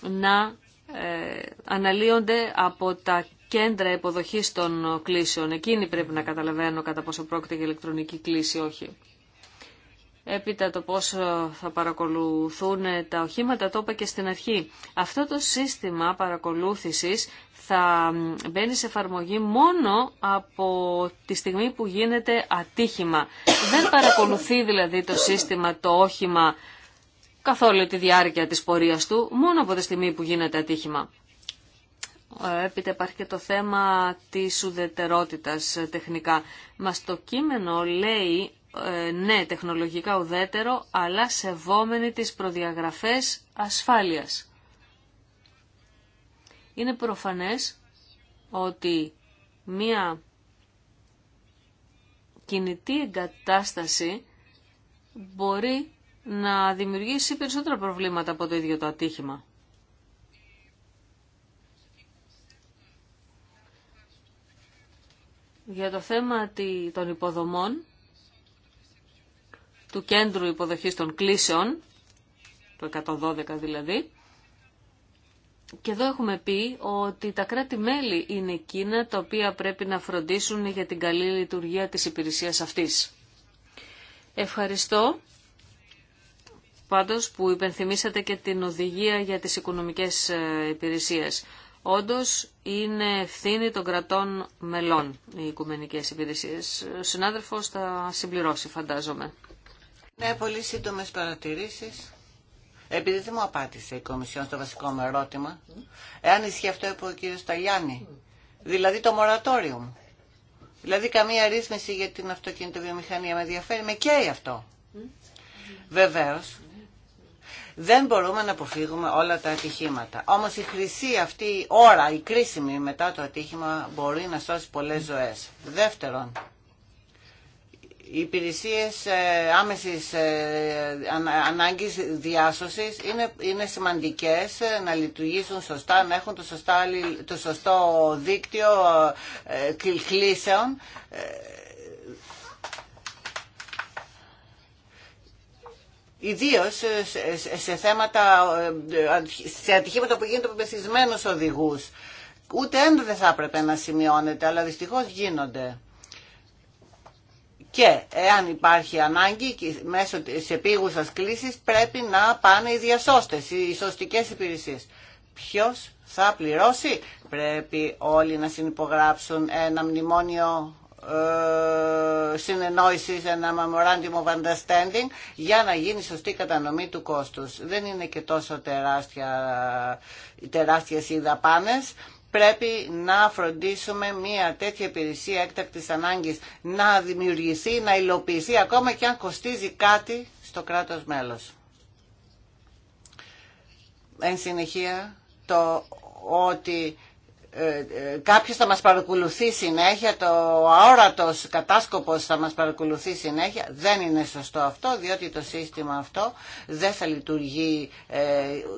D: να ε, αναλύονται από τα κέντρα υποδοχής των κλήσεων. Εκείνοι πρέπει να καταλαβαίνουν κατά πόσο πρόκειται για ηλεκτρονική κλήση όχι έπειτα το πώς ε, θα παρακολουθούν τα οχήματα, το είπα και στην αρχή. Αυτό το σύστημα παρακολούθησης θα μπαίνει σε εφαρμογή μόνο από τη στιγμή που γίνεται ατύχημα. Δεν παρακολουθεί δηλαδή το σύστημα το όχημα καθόλου τη διάρκεια της πορείας του, μόνο από τη στιγμή που γίνεται ατύχημα. Ε, έπειτα υπάρχει και το θέμα της ουδετερότητας ε, τεχνικά. Μα το κείμενο λέει ε, ναι, τεχνολογικά ουδέτερο, αλλά σεβόμενη τις προδιαγραφές ασφάλειας. Είναι προφανές ότι μία κινητή εγκατάσταση μπορεί να δημιουργήσει περισσότερα προβλήματα από το ίδιο το ατύχημα. Για το θέμα των υποδομών, του Κέντρου Υποδοχής των Κλήσεων, το 112 δηλαδή, και εδώ έχουμε πει ότι τα κράτη-μέλη είναι εκείνα τα οποία πρέπει να φροντίσουν για την καλή λειτουργία της υπηρεσίας αυτής. Ευχαριστώ πάντως που υπενθυμίσατε και την οδηγία για τις οικονομικές ε, υπηρεσίες. Όντως είναι ευθύνη των κρατών μελών οι οικουμενικές υπηρεσίες. Ο συνάδελφος θα συμπληρώσει
C: φαντάζομαι. Ναι, πολύ σύντομε παρατηρήσεις. Επειδή δεν μου απάντησε η Κομισιόν στο βασικό μου ερώτημα, εάν ισχύει αυτό που ο κύριο Ταλιάνη, δηλαδή το μορατόριο μου. Δηλαδή καμία ρύθμιση για την αυτοκινητοβιομηχανία με ενδιαφέρει, με καίει αυτό. Βεβαίω, δεν μπορούμε να αποφύγουμε όλα τα ατυχήματα. Όμως η χρυσή αυτή ώρα, η κρίσιμη μετά το ατύχημα, μπορεί να σώσει πολλέ ζωέ. Δεύτερον, οι υπηρεσίες ε, άμεσης ε, ανάγκης διάσωσης είναι, είναι σημαντικές ε, να λειτουργήσουν σωστά, να έχουν το, σωστό δίκτυο κλήσεων Ιδίω σε θέματα, σε ατυχήματα που γίνονται από πεθυσμένου οδηγού. Ούτε ένδο δεν θα έπρεπε να σημειώνεται, αλλά δυστυχώ γίνονται και εάν υπάρχει ανάγκη μέσω της επίγουσας κλήσης πρέπει να πάνε οι διασώστες, οι σωστικές υπηρεσίες. Ποιος θα πληρώσει, πρέπει όλοι να συνυπογράψουν ένα μνημόνιο ε, συνεννόησης, ένα memorandum of understanding για να γίνει σωστή κατανομή του κόστους. Δεν είναι και τόσο τεράστια, τεράστιες οι δαπάνες πρέπει να φροντίσουμε μια τέτοια υπηρεσία έκτακτης ανάγκης να δημιουργηθεί, να υλοποιηθεί ακόμα και αν κοστίζει κάτι στο κράτος μέλος. Εν συνεχεία, το ότι ε, ε, κάποιος θα μας παρακολουθεί συνέχεια, το αόρατος κατάσκοπος θα μας παρακολουθεί συνέχεια. Δεν είναι σωστό αυτό, διότι το σύστημα αυτό δεν θα λειτουργεί ε,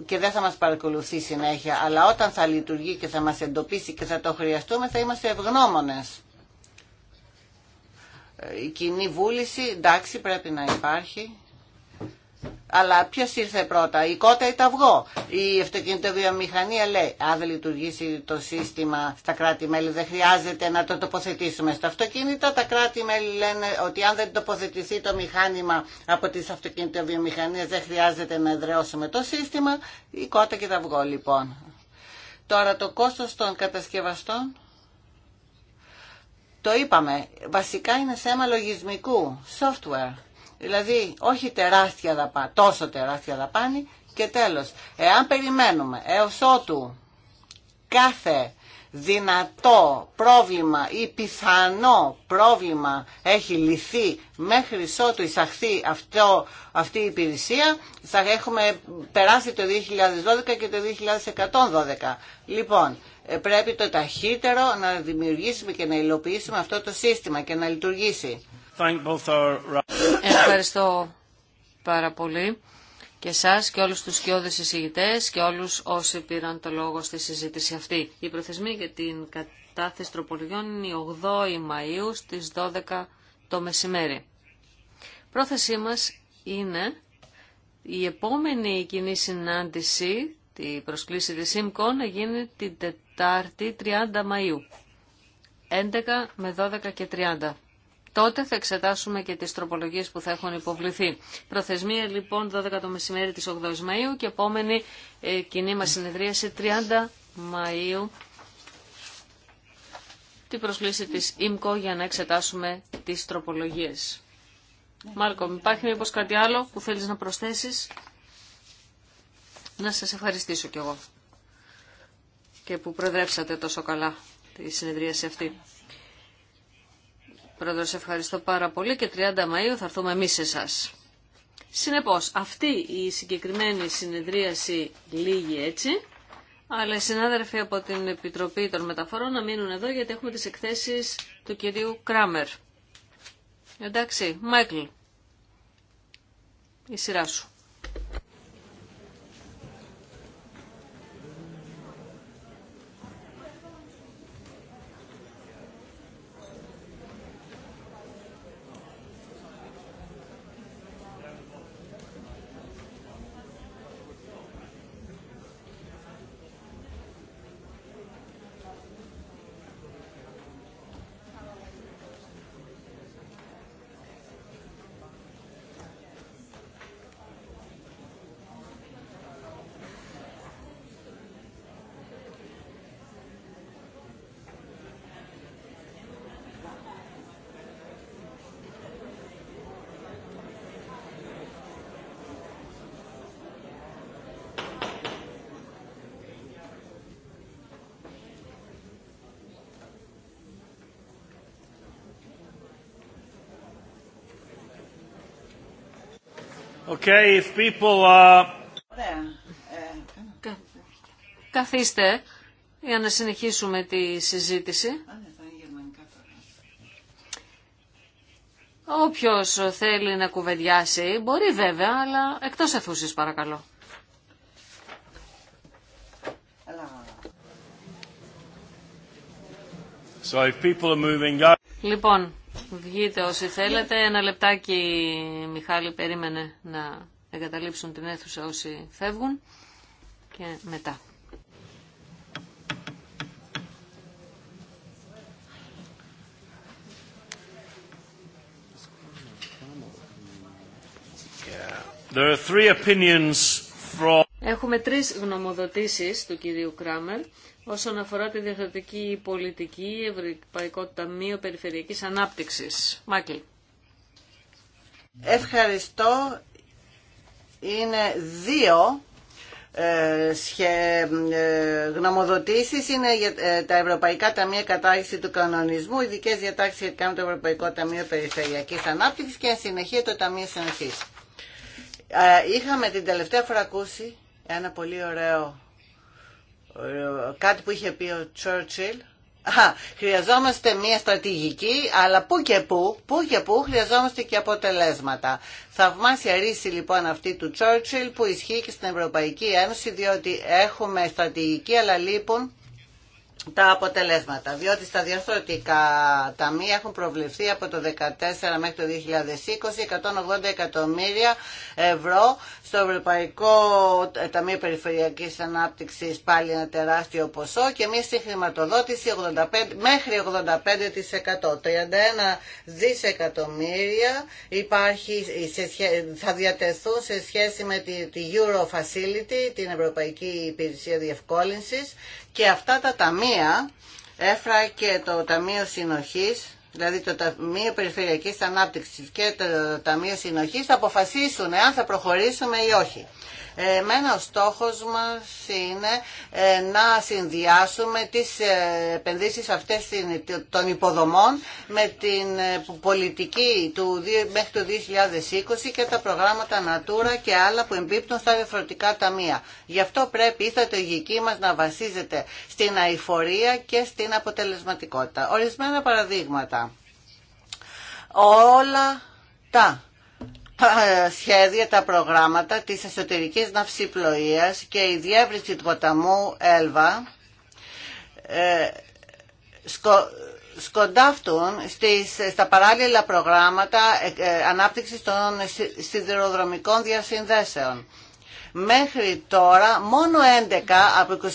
C: και δεν θα μας παρακολουθεί συνέχεια. Αλλά όταν θα λειτουργεί και θα μας εντοπίσει και θα το χρειαστούμε, θα είμαστε ευγνώμονες. Η κοινή βούληση, εντάξει, πρέπει να υπάρχει αλλά ποιο ήρθε πρώτα, η κότα ή το αυγό. Η αυτοκινητοβιομηχανία λέει, αν δεν λειτουργήσει το σύστημα στα κράτη-μέλη, δεν χρειάζεται να το τοποθετήσουμε στα αυτοκίνητα. Τα κράτη-μέλη λένε ότι αν δεν τοποθετηθεί το μηχάνημα από τι αυτοκινητοβιομηχανίε, δεν χρειάζεται να εδραιώσουμε το σύστημα. Η κότα και το αυγό λοιπόν. Τώρα το κόστος των κατασκευαστών, το είπαμε, βασικά είναι θέμα λογισμικού, software. Δηλαδή, όχι τεράστια δαπάνη, τόσο τεράστια δαπάνη. Και τέλος, εάν περιμένουμε έως ότου κάθε δυνατό πρόβλημα ή πιθανό πρόβλημα έχει λυθεί μέχρι ότου εισαχθεί αυτό, αυτή η υπηρεσία θα έχουμε περάσει το 2012 και το 2112. Λοιπόν, ε, πρέπει το ταχύτερο να δημιουργήσουμε και να υλοποιήσουμε αυτό το σύστημα και να λειτουργήσει. Ευχαριστώ πάρα πολύ και εσά και όλους τους σκιώδες εισηγητές
D: και όλους όσοι πήραν το λόγο στη συζήτηση αυτή. Η προθεσμοί για την κατάθεση τροπολογιών είναι η 8η Μαΐου στις 12 το μεσημέρι. Πρόθεσή μας είναι η επόμενη κοινή συνάντηση, τη προσκλήση της ΣΥΜΚΟ, να γίνει την Τετάρτη 30 Μαΐου. 11 με 12 και 30 τότε θα εξετάσουμε και τις τροπολογίες που θα έχουν υποβληθεί. Προθεσμία λοιπόν 12 το μεσημέρι της 8 Μαΐου και επόμενη ε, κοινή μας συνεδρίαση 30 Μαΐου την προσκλήση της ΙΜΚΟ για να εξετάσουμε τις τροπολογίες. Μάρκο, υπάρχει μήπω κάτι άλλο που θέλεις να προσθέσεις. Να σας ευχαριστήσω κι εγώ και που προεδρεύσατε τόσο καλά τη συνεδρίαση αυτή. Πρόεδρος, ευχαριστώ πάρα πολύ και 30 Μαΐου θα έρθουμε εμείς σε εσάς. Συνεπώς, αυτή η συγκεκριμένη συνεδρίαση λύγει έτσι, αλλά οι συνάδελφοι από την Επιτροπή των Μεταφορών να μείνουν εδώ γιατί έχουμε τις εκθέσεις του κυρίου Κράμερ. Εντάξει, Μάικλ, η σειρά σου.
A: Okay, if people are... Uh,
C: ε,
D: καθίστε για να συνεχίσουμε τη συζήτηση. Ναι, Όποιος θέλει να κουβεντιάσει, μπορεί βέβαια, αλλά εκτός αθούσης παρακαλώ.
C: So if people are moving...
D: Λοιπόν, Βγείτε όσοι θέλετε. Ένα λεπτάκι, Μιχάλη, περίμενε να εγκαταλείψουν την αίθουσα όσοι φεύγουν και μετά. There three Έχουμε τρεις γνωμοδοτήσεις του κυρίου Κράμερ όσον αφορά τη διαθετική πολιτική Ευρωπαϊκό Ταμείο Περιφερειακής Ανάπτυξης. Μάκλη.
C: Ευχαριστώ. Είναι δύο ε, ε, γνωμοδοτήσεις είναι για ε, τα Ευρωπαϊκά Ταμεία Κατάργηση του Κανονισμού, ειδικέ διατάξει για με το Ευρωπαϊκό Ταμείο Περιφερειακή Ανάπτυξη και εν συνεχεία το Ταμείο Συνοχή. Είχαμε την τελευταία φορά ακούσει ένα πολύ ωραίο κάτι που είχε πει ο Τσόρτσιλ χρειαζόμαστε μια στρατηγική, αλλά πού και πού, πού και πού χρειαζόμαστε και αποτελέσματα. Θαυμάσια ρίση λοιπόν αυτή του Τσόρτσιλ που ισχύει και στην Ευρωπαϊκή Ένωση, διότι έχουμε στρατηγική αλλά λείπουν τα αποτελέσματα. Διότι στα διαστρωτικά ταμεία έχουν προβλεφθεί από το 2014 μέχρι το 2020 180 εκατομμύρια ευρώ στο Ευρωπαϊκό Ταμείο Περιφερειακής Ανάπτυξης πάλι ένα τεράστιο ποσό και μια χρηματοδότηση 85, μέχρι 85%. 31 δισεκατομμύρια υπάρχει, θα διατεθούν σε σχέση με τη, τη Euro Facility, την Ευρωπαϊκή Υπηρεσία Διευκόλυνσης και αυτά τα ταμεία έφρα και το Ταμείο Συνοχής δηλαδή το Ταμείο περιφερειακή ανάπτυξη και το Ταμείο συνοχή θα αποφασίσουν αν θα προχωρήσουμε ή όχι. Εμένα ο στόχος μας είναι ε, να συνδυάσουμε τις ε, επενδύσεις αυτές των υποδομών με την ε, πολιτική του, μέχρι το 2020 και τα προγράμματα Natura και άλλα που εμπίπτουν στα διαφορετικά ταμεία. Γι' αυτό πρέπει η στρατηγική μας να βασίζεται στην αηφορία και στην αποτελεσματικότητα. Ορισμένα παραδείγματα. Όλα τα ε, σχέδια, τα προγράμματα της εσωτερικής ναυσιπλοείας και η διεύρυνση του ποταμού Έλβα ε, σκοντάφτουν στις, στα παράλληλα προγράμματα ε, ανάπτυξης των σιδηροδρομικών διασυνδέσεων. Μέχρι τώρα μόνο 11 από 27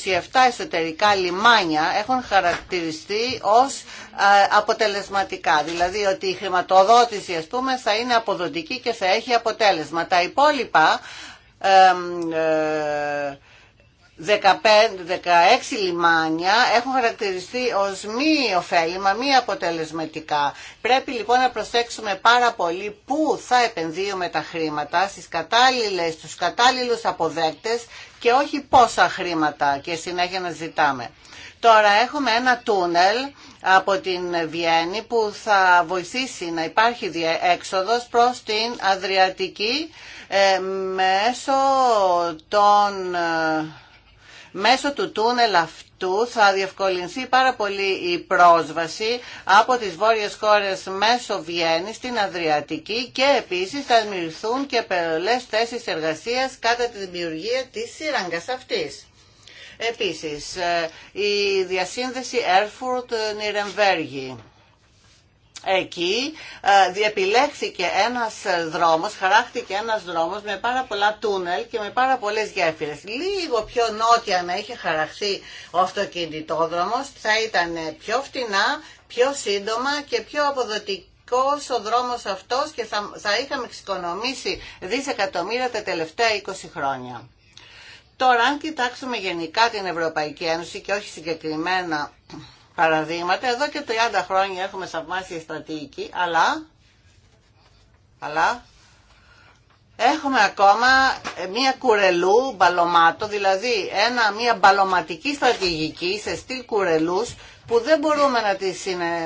C: εσωτερικά λιμάνια έχουν χαρακτηριστεί ως ε, αποτελεσματικά. Δηλαδή ότι η χρηματοδότηση ας πούμε θα είναι αποδοτική και θα έχει αποτέλεσμα. Τα υπόλοιπα... Ε, 15, 16 λιμάνια έχουν χαρακτηριστεί ως μη ωφέλιμα, μη αποτελεσματικά. Πρέπει λοιπόν να προσέξουμε πάρα πολύ πού θα επενδύουμε τα χρήματα στις κατάλληλες, στους κατάλληλους αποδέκτες και όχι πόσα χρήματα και συνέχεια να ζητάμε. Τώρα έχουμε ένα τούνελ από την Βιέννη που θα βοηθήσει να υπάρχει έξοδος προς την Αδριατική ε, μέσω των... Ε, Μέσω του τούνελ αυτού θα διευκολυνθεί πάρα πολύ η πρόσβαση από τις βόρειες χώρες μέσω Βιέννη στην Αδριατική και επίσης θα δημιουργηθούν και περιολές θέσεις εργασίας κατά τη δημιουργία της σύραγγας αυτής. Επίσης, ε, η διασύνδεση Erfurt-Nirenbergi. Εκεί ε, διεπιλέχθηκε ένας ε, δρόμος, χαράχτηκε ένας δρόμος με πάρα πολλά τούνελ και με πάρα πολλές γέφυρες. Λίγο πιο νότια να είχε χαραχθεί ο αυτοκινητόδρομος θα ήταν πιο φτηνά, πιο σύντομα και πιο αποδοτικός ο δρόμος αυτός και θα, είχαμε εξοικονομήσει δισεκατομμύρια τα τελευταία 20 χρόνια. Τώρα αν κοιτάξουμε γενικά την Ευρωπαϊκή Ένωση και όχι συγκεκριμένα παραδείγματα. Εδώ και 30 χρόνια έχουμε η στρατηγική, αλλά, αλλά έχουμε ακόμα μία κουρελού μπαλωμάτο, δηλαδή ένα, μία μπαλωματική στρατηγική σε στυλ κουρελούς που δεν μπορούμε να, τη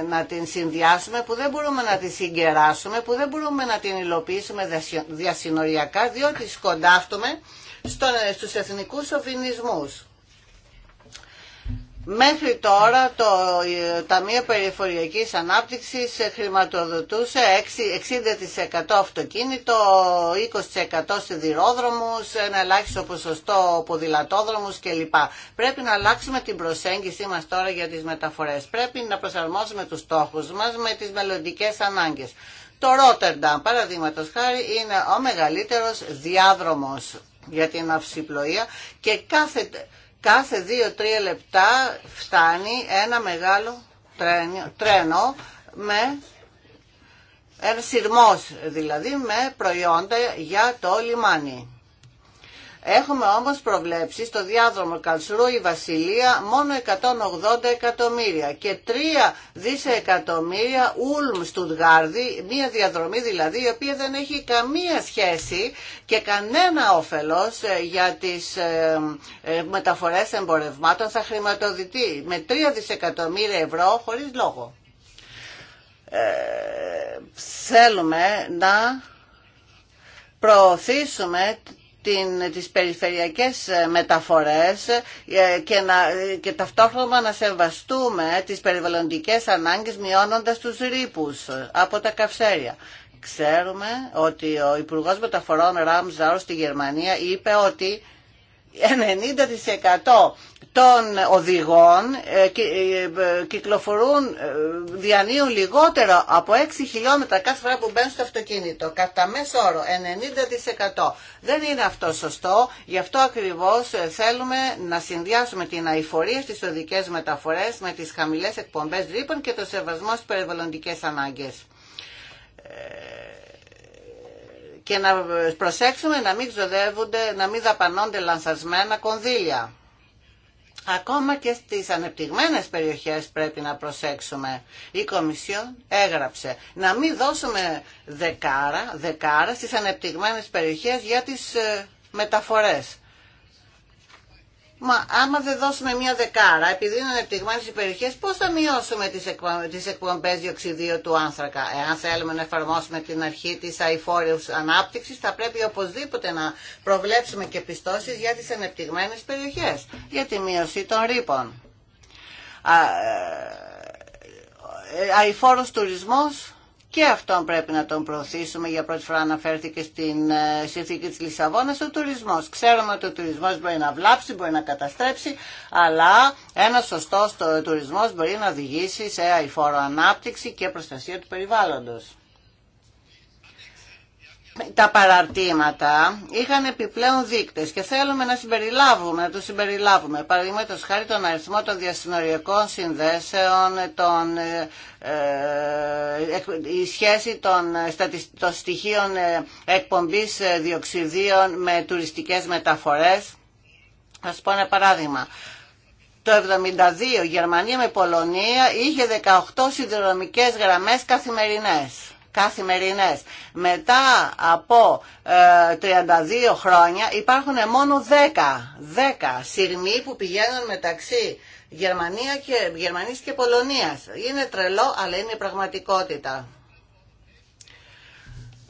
C: να την συνδυάσουμε, που δεν μπορούμε να την συγκεράσουμε, που δεν μπορούμε να την υλοποιήσουμε διασυνοριακά, διότι σκοντάφτουμε στον, ε, στους εθνικούς σοφινισμούς. Μέχρι τώρα το ε, Ταμείο Περιφοριακής Ανάπτυξης χρηματοδοτούσε 60% αυτοκίνητο, 20% σιδηρόδρομους, ένα ελάχιστο ποσοστό ποδηλατόδρομους κλπ. Πρέπει να αλλάξουμε την προσέγγιση μας τώρα για τις μεταφορές. Πρέπει να προσαρμόσουμε τους στόχους μας με τις μελλοντικέ ανάγκες. Το Ρότερνταμ, παραδείγματο χάρη, είναι ο μεγαλύτερος διάδρομος για την αυσιπλοεία και κάθε κάθε 2-3 λεπτά φτάνει ένα μεγάλο τρένο με ένα σειρμός δηλαδή με προϊόντα για το λιμάνι. Έχουμε όμως προβλέψει στο διάδρομο Καλσουρού η Βασιλεία μόνο 180 εκατομμύρια και 3 δισεκατομμύρια Ούλμ Στουτγάρδη, μια διαδρομή δηλαδή η οποία δεν έχει καμία σχέση και κανένα όφελος ε, για τις ε, ε, μεταφορές εμπορευμάτων θα χρηματοδοτεί με 3 δισεκατομμύρια ευρώ χωρίς λόγο. Ε, θέλουμε να προωθήσουμε την, τις περιφερειακές ε, μεταφορές ε, και, να, και ταυτόχρονα να σεβαστούμε τις περιβαλλοντικές ανάγκες μειώνοντας τους ρήπους από τα καυσέρια. Ξέρουμε ότι ο Υπουργός Μεταφορών Ράμζαρος στη Γερμανία είπε ότι 90% των οδηγών ε, ε, ε, κυκλοφορούν, διανύουν λιγότερο από 6 χιλιόμετρα κάθε φορά που μπαίνουν στο αυτοκίνητο. Κατά μέσο όρο 90%. Δεν είναι αυτό σωστό, γι' αυτό ακριβώς θέλουμε να συνδυάσουμε την αηφορία στις οδικές μεταφορές με τις χαμηλές εκπομπές ρήπων και το σεβασμό στις περιβαλλοντικές ανάγκες και να προσέξουμε να μην ξοδεύονται, να μην δαπανώνται λανθασμένα κονδύλια. Ακόμα και στις ανεπτυγμένες περιοχές πρέπει να προσέξουμε. Η Κομισιόν έγραψε να μην δώσουμε δεκάρα, δεκάρα στις ανεπτυγμένες περιοχές για τις ε, μεταφορές. Μα άμα δεν δώσουμε μια δεκάρα, επειδή είναι ανεπτυγμένες οι περιοχές, πώς θα μειώσουμε τις, εκπομπέ τις εκπομπές διοξιδίου του άνθρακα. Εάν θέλουμε να εφαρμόσουμε την αρχή της αηφόρεως ανάπτυξης, θα πρέπει οπωσδήποτε να προβλέψουμε και πιστώσεις για τις ανεπτυγμένες περιοχές, για τη μείωση των ρήπων. Ε, ε, αηφόρος τουρισμός, και αυτόν πρέπει να τον προωθήσουμε. Για πρώτη φορά αναφέρθηκε στην ε, συνθήκη της Λισαβόνας ο τουρισμός. Ξέρουμε ότι ο τουρισμός μπορεί να βλάψει, μπορεί να καταστρέψει, αλλά ένας σωστός τουρισμός μπορεί να οδηγήσει σε αηφόρο ανάπτυξη και προστασία του περιβάλλοντος τα παραρτήματα είχαν επιπλέον δείκτες και θέλουμε να συμπεριλάβουμε, να τους συμπεριλάβουμε. Παραδείγματο χάρη τον αριθμό των διασυνοριακών συνδέσεων, τον, ε, ε, η σχέση των, ε, των στοιχείων εκπομπής διοξιδίων με τουριστικές μεταφορές. Ας πω ένα παράδειγμα. Το 1972 Γερμανία με Πολωνία είχε 18 συνδρομικές γραμμές καθημερινές καθημερινές. Μετά από 32 ε, χρόνια υπάρχουν μόνο 10, 10 σειρμοί που πηγαίνουν μεταξύ Γερμανία και, Γερμανίας και Πολωνίας. Είναι τρελό, αλλά είναι πραγματικότητα.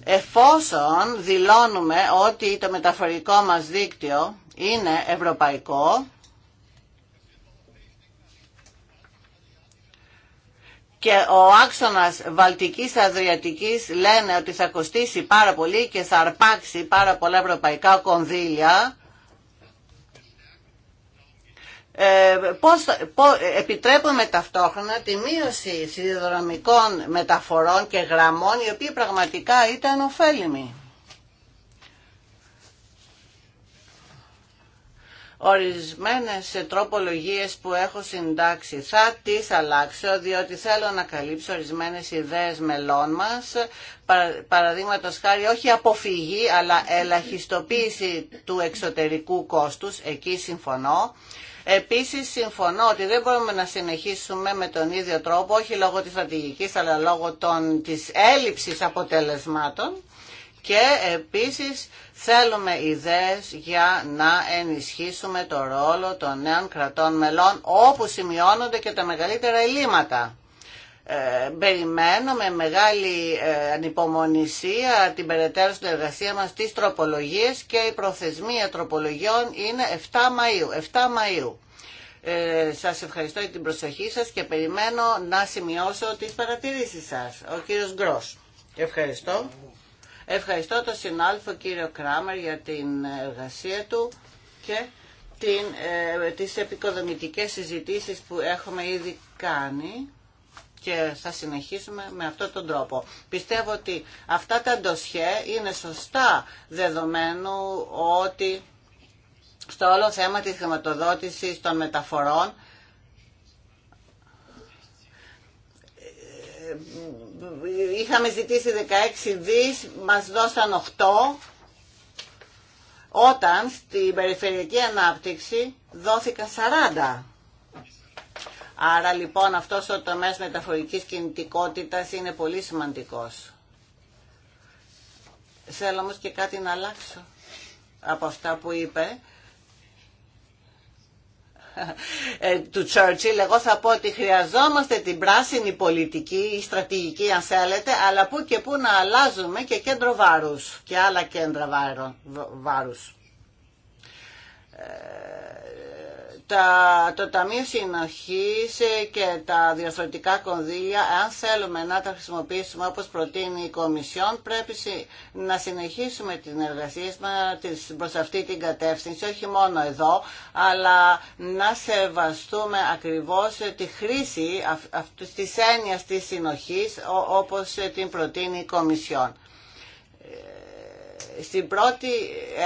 C: Εφόσον δηλώνουμε ότι το μεταφορικό μας δίκτυο είναι ευρωπαϊκό, και ο άξονας Βαλτικής Αδριατικής λένε ότι θα κοστίσει πάρα πολύ και θα αρπάξει πάρα πολλά ευρωπαϊκά κονδύλια. Ε, επιτρέπουμε ταυτόχρονα τη μείωση σιδηροδρομικών μεταφορών και γραμμών οι οποίοι πραγματικά ήταν ωφέλιμοι. ορισμένες τροπολογίες που έχω συντάξει. Θα τις αλλάξω διότι θέλω να καλύψω ορισμένες ιδέες μελών μας, παραδείγματο χάρη όχι αποφυγή αλλά ελαχιστοποίηση του εξωτερικού κόστους, εκεί συμφωνώ. Επίσης συμφωνώ ότι δεν μπορούμε να συνεχίσουμε με τον ίδιο τρόπο, όχι λόγω της στρατηγικής αλλά λόγω των, της έλλειψης αποτελεσμάτων και επίσης θέλουμε ιδέες για να ενισχύσουμε το ρόλο των νέων κρατών μελών όπου σημειώνονται και τα μεγαλύτερα ελλείμματα. Ε, περιμένω με μεγάλη ε, ανυπομονησία την περαιτέρω εργασία μας τις τροπολογίες και η προθεσμία τροπολογιών είναι 7 Μαΐου. 7 Μαΐου. Ε, σας ευχαριστώ για την προσοχή σας και περιμένω να σημειώσω τις παρατηρήσεις σας. Ο κύριος Γκρός. Ευχαριστώ. Ευχαριστώ τον συνάδελφο κύριο Κράμερ για την εργασία του και την, ε, τις επικοδομητικές συζητήσεις που έχουμε ήδη κάνει και θα συνεχίσουμε με αυτόν τον τρόπο. Πιστεύω ότι αυτά τα ντοσιέ είναι σωστά δεδομένου ότι στο όλο θέμα της χρηματοδότησης των μεταφορών είχαμε ζητήσει 16 δις, μας δώσαν 8, όταν στην περιφερειακή ανάπτυξη δόθηκα 40. Άρα λοιπόν αυτός ο τομέας μεταφορικής κινητικότητας είναι πολύ σημαντικός. Θέλω όμως και κάτι να αλλάξω από αυτά που είπε ε, του Churchill. Εγώ θα πω ότι χρειαζόμαστε την πράσινη πολιτική, η στρατηγική αν θέλετε, αλλά που και που να αλλάζουμε και κέντρο βάρους και άλλα κέντρα βάρους. Ε, τα, το Ταμείο Συνοχής ε, και τα διορθωτικά κονδύλια, αν θέλουμε να τα χρησιμοποιήσουμε όπως προτείνει η Κομισιόν, πρέπει να συνεχίσουμε την εργασία μας προς αυτή την κατεύθυνση, όχι μόνο εδώ, αλλά να σεβαστούμε ακριβώς ε, τη χρήση αυτής της έννοιας της συνοχής όπως ε, την προτείνει η Κομισιόν στην πρώτη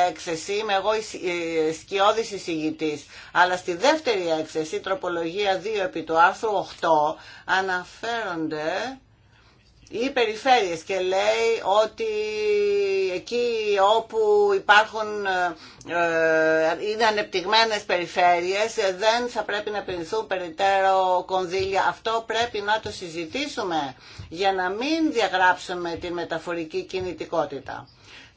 C: έκθεση είμαι εγώ ε, σκιώδης εισηγητής, αλλά στη δεύτερη έκθεση, τροπολογία 2 επί του άρθρου 8, αναφέρονται οι περιφέρειες και λέει ότι εκεί όπου υπάρχουν ε, ε, είναι ανεπτυγμένες περιφέρειες δεν θα πρέπει να πληνθούν περιττέρω κονδύλια. Αυτό πρέπει να το συζητήσουμε για να μην διαγράψουμε την μεταφορική κινητικότητα.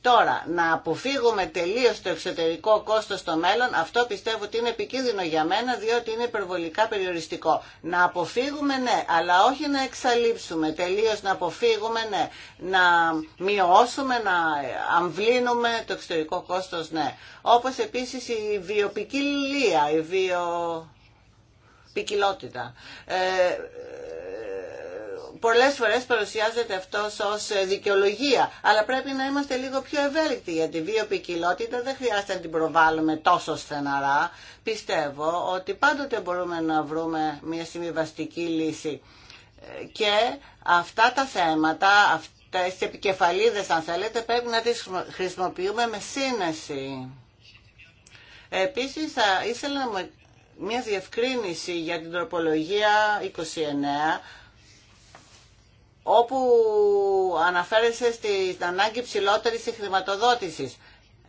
C: Τώρα, να αποφύγουμε τελείως το εξωτερικό κόστος στο μέλλον, αυτό πιστεύω ότι είναι επικίνδυνο για μένα, διότι είναι υπερβολικά περιοριστικό. Να αποφύγουμε, ναι, αλλά όχι να εξαλείψουμε τελείως, να αποφύγουμε, ναι, να μειώσουμε, να αμβλύνουμε το εξωτερικό κόστος, ναι. Όπως επίσης η βιοπικιλία, η βιοπικιλότητα. Ε, πολλές φορές παρουσιάζεται αυτό ως ε, δικαιολογία, αλλά πρέπει να είμαστε λίγο πιο ευέλικτοι για τη βιοπικιλότητα, δεν χρειάζεται να την προβάλλουμε τόσο στεναρά. Πιστεύω ότι πάντοτε μπορούμε να βρούμε μια συμβιβαστική λύση ε, και αυτά τα θέματα, αυτές τις επικεφαλίδες αν θέλετε, πρέπει να τις χρησιμοποιούμε με σύνεση. Επίσης θα ήθελα να μου μια διευκρίνηση για την τροπολογία 29 όπου αναφέρεσαι στην ανάγκη ψηλότερης χρηματοδότησης.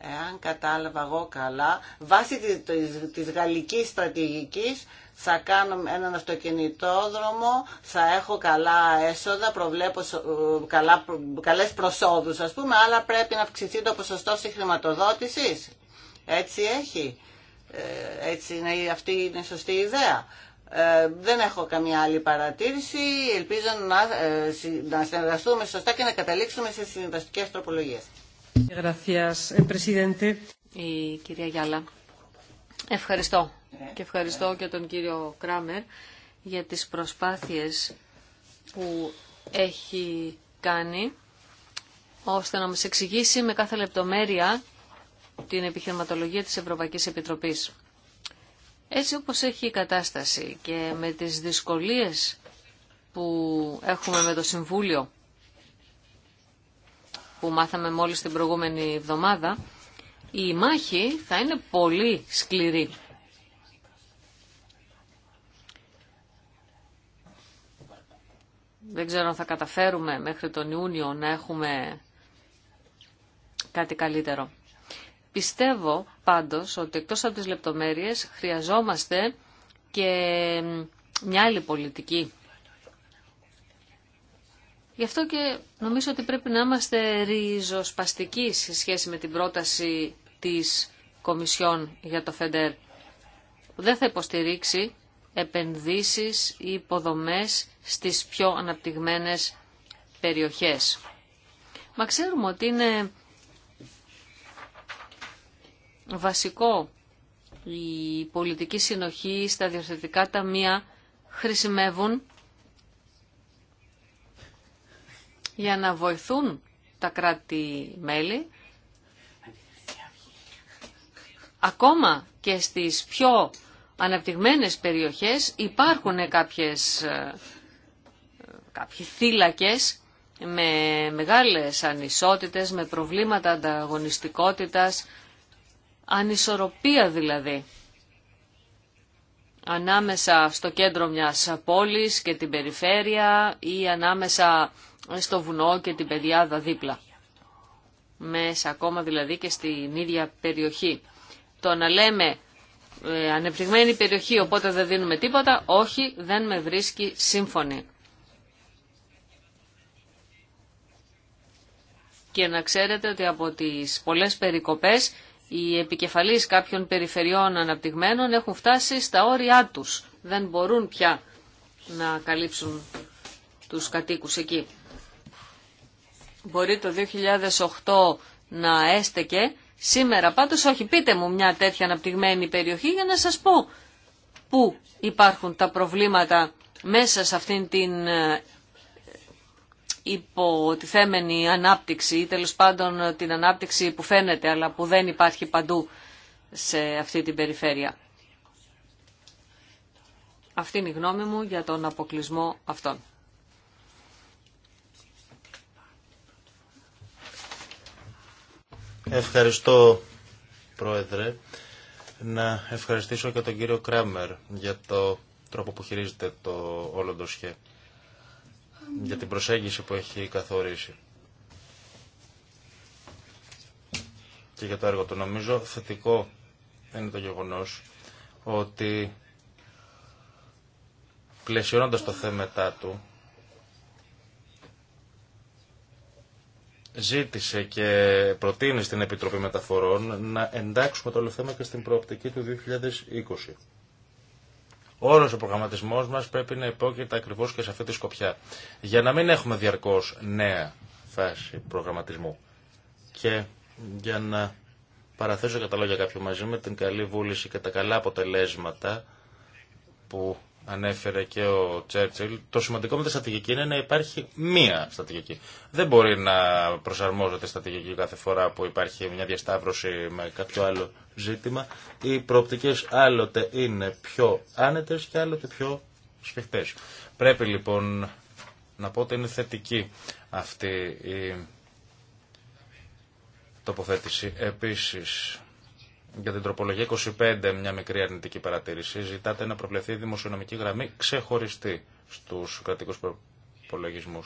C: Εάν κατάλαβα εγώ καλά, βάσει της, της γαλλικής στρατηγικής θα κάνω έναν αυτοκινητόδρομο, θα έχω καλά έσοδα, προβλέπω ε, καλά, καλές προσόδους ας πούμε, αλλά πρέπει να αυξηθεί το ποσοστό χρηματοδότησης, Έτσι έχει. Ε, έτσι είναι, αυτή είναι η σωστή ιδέα. Ε, δεν έχω καμία άλλη παρατήρηση. Ελπίζω να, ε, να συνεργαστούμε σωστά και να καταλήξουμε σε συνεργαστικές τροπολογίες.
D: Eh, κυρία Γιάλα. Ευχαριστώ. Ε, και ευχαριστώ και τον κύριο Κράμερ για τις προσπάθειες που έχει κάνει ώστε να μας εξηγήσει με κάθε λεπτομέρεια την επιχειρηματολογία της Ευρωπαϊκής Επιτροπής. Έτσι όπως έχει η κατάσταση και με τις δυσκολίες που έχουμε με το Συμβούλιο που μάθαμε μόλις την προηγούμενη εβδομάδα, η μάχη θα είναι πολύ σκληρή. Δεν ξέρω αν θα καταφέρουμε μέχρι τον Ιούνιο να έχουμε κάτι καλύτερο. Πιστεύω πάντως ότι εκτός από τις λεπτομέρειες χρειαζόμαστε και μια άλλη πολιτική. Γι' αυτό και νομίζω ότι πρέπει να είμαστε ριζοσπαστικοί σε σχέση με την πρόταση της Κομισιόν για το ΦΕΝΤΕΡ. Δεν θα υποστηρίξει επενδύσεις ή υποδομές στις πιο αναπτυγμένες περιοχές. Μα ξέρουμε ότι είναι βασικό η πολιτική συνοχή στα διορθωτικά ταμεία χρησιμεύουν για να βοηθούν τα κράτη-μέλη ακόμα και στις πιο αναπτυγμένες περιοχές υπάρχουν κάποιες, ε, κάποιοι θύλακες με μεγάλες ανισότητες, με προβλήματα ανταγωνιστικότητας, ανισορροπία δηλαδή ανάμεσα στο κέντρο μιας πόλης και την περιφέρεια ή ανάμεσα στο βουνό και την πεδιάδα δίπλα. Μέσα ακόμα δηλαδή και στην ίδια περιοχή. Το να λέμε ε, ανεπτυγμένη περιοχή οπότε δεν δίνουμε τίποτα, όχι δεν με βρίσκει σύμφωνη. Και να ξέρετε ότι από τις πολλές περικοπές οι επικεφαλείς κάποιων περιφερειών αναπτυγμένων έχουν φτάσει στα όρια τους. Δεν μπορούν πια να καλύψουν τους κατοίκους εκεί. Μπορεί το 2008 να έστεκε. Σήμερα πάντως όχι πείτε μου μια τέτοια αναπτυγμένη περιοχή για να σας πω πού υπάρχουν τα προβλήματα μέσα σε αυτήν την ε, θέμενη ανάπτυξη ή τέλος πάντων την ανάπτυξη που φαίνεται αλλά που δεν υπάρχει παντού σε αυτή την περιφέρεια. Αυτή είναι η γνώμη μου για τον αποκλεισμό αυτών.
B: Ευχαριστώ, Πρόεδρε. Να ευχαριστήσω και τον κύριο Κράμερ για το τρόπο που χειρίζεται το όλο το σχέδιο για την προσέγγιση που έχει καθορίσει. Και για το έργο του νομίζω θετικό είναι το γεγονός ότι πλαισιώνοντας το θέμα του ζήτησε και προτείνει στην Επιτροπή Μεταφορών να εντάξουμε το όλο θέμα και στην προοπτική του 2020. Όλο ο προγραμματισμό μα πρέπει να υπόκειται ακριβώ και σε αυτή τη σκοπιά. Για να μην έχουμε διαρκώ νέα φάση προγραμματισμού. Και για να παραθέσω κατά λόγια κάποιο μαζί με την καλή βούληση και τα καλά αποτελέσματα που ανέφερε και ο Τσέρτσιλ, το σημαντικό με τη στρατηγική είναι να υπάρχει μία στρατηγική. Δεν μπορεί να προσαρμόζεται η στρατηγική κάθε φορά που υπάρχει μια διασταύρωση με κάποιο άλλο ζήτημα. Οι προοπτικές άλλοτε είναι πιο άνετες και άλλοτε πιο σφιχτές. Πρέπει λοιπόν να πω ότι είναι θετική αυτή η τοποθέτηση. Επίσης, για την τροπολογία 25, μια μικρή αρνητική παρατήρηση, ζητάτε να προβλεφθεί δημοσιονομική γραμμή ξεχωριστή στους κρατικού προπολογισμού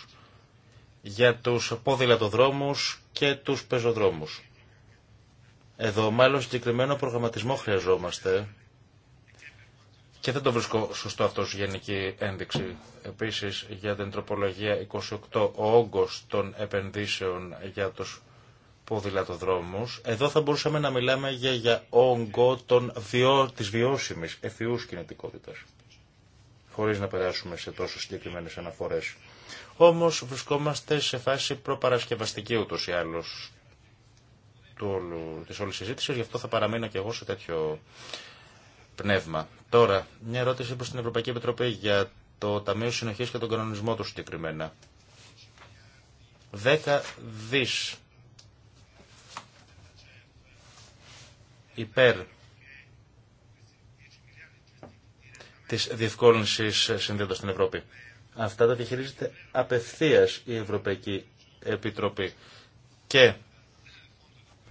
B: για τους ποδηλατοδρόμου και τους πεζοδρόμους. Εδώ μάλλον συγκεκριμένο προγραμματισμό χρειαζόμαστε και δεν το βρίσκω σωστό αυτό ως γενική ένδειξη. Επίσης για την τροπολογία 28, ο όγκος των επενδύσεων για τους ποδηλατοδρόμους, εδώ θα μπορούσαμε να μιλάμε για, για όγκο των βιο, της βιώσιμης ευθυούς κινητικότητας, χωρίς να περάσουμε σε τόσο συγκεκριμένες αναφορές. Όμως βρισκόμαστε σε φάση προπαρασκευαστική ούτως ή άλλως του όλου, της όλης συζήτησης, γι' αυτό θα παραμείνω και εγώ σε τέτοιο πνεύμα. Τώρα, μια ερώτηση προς την Ευρωπαϊκή Επιτροπή για το Ταμείο Συνοχής και τον κανονισμό του συγκεκριμένα. 10 δις υπέρ της διευκόλυνσης συνδέοντας στην Ευρώπη. Αυτά τα διαχειρίζεται απευθείας η Ευρωπαϊκή Επιτροπή και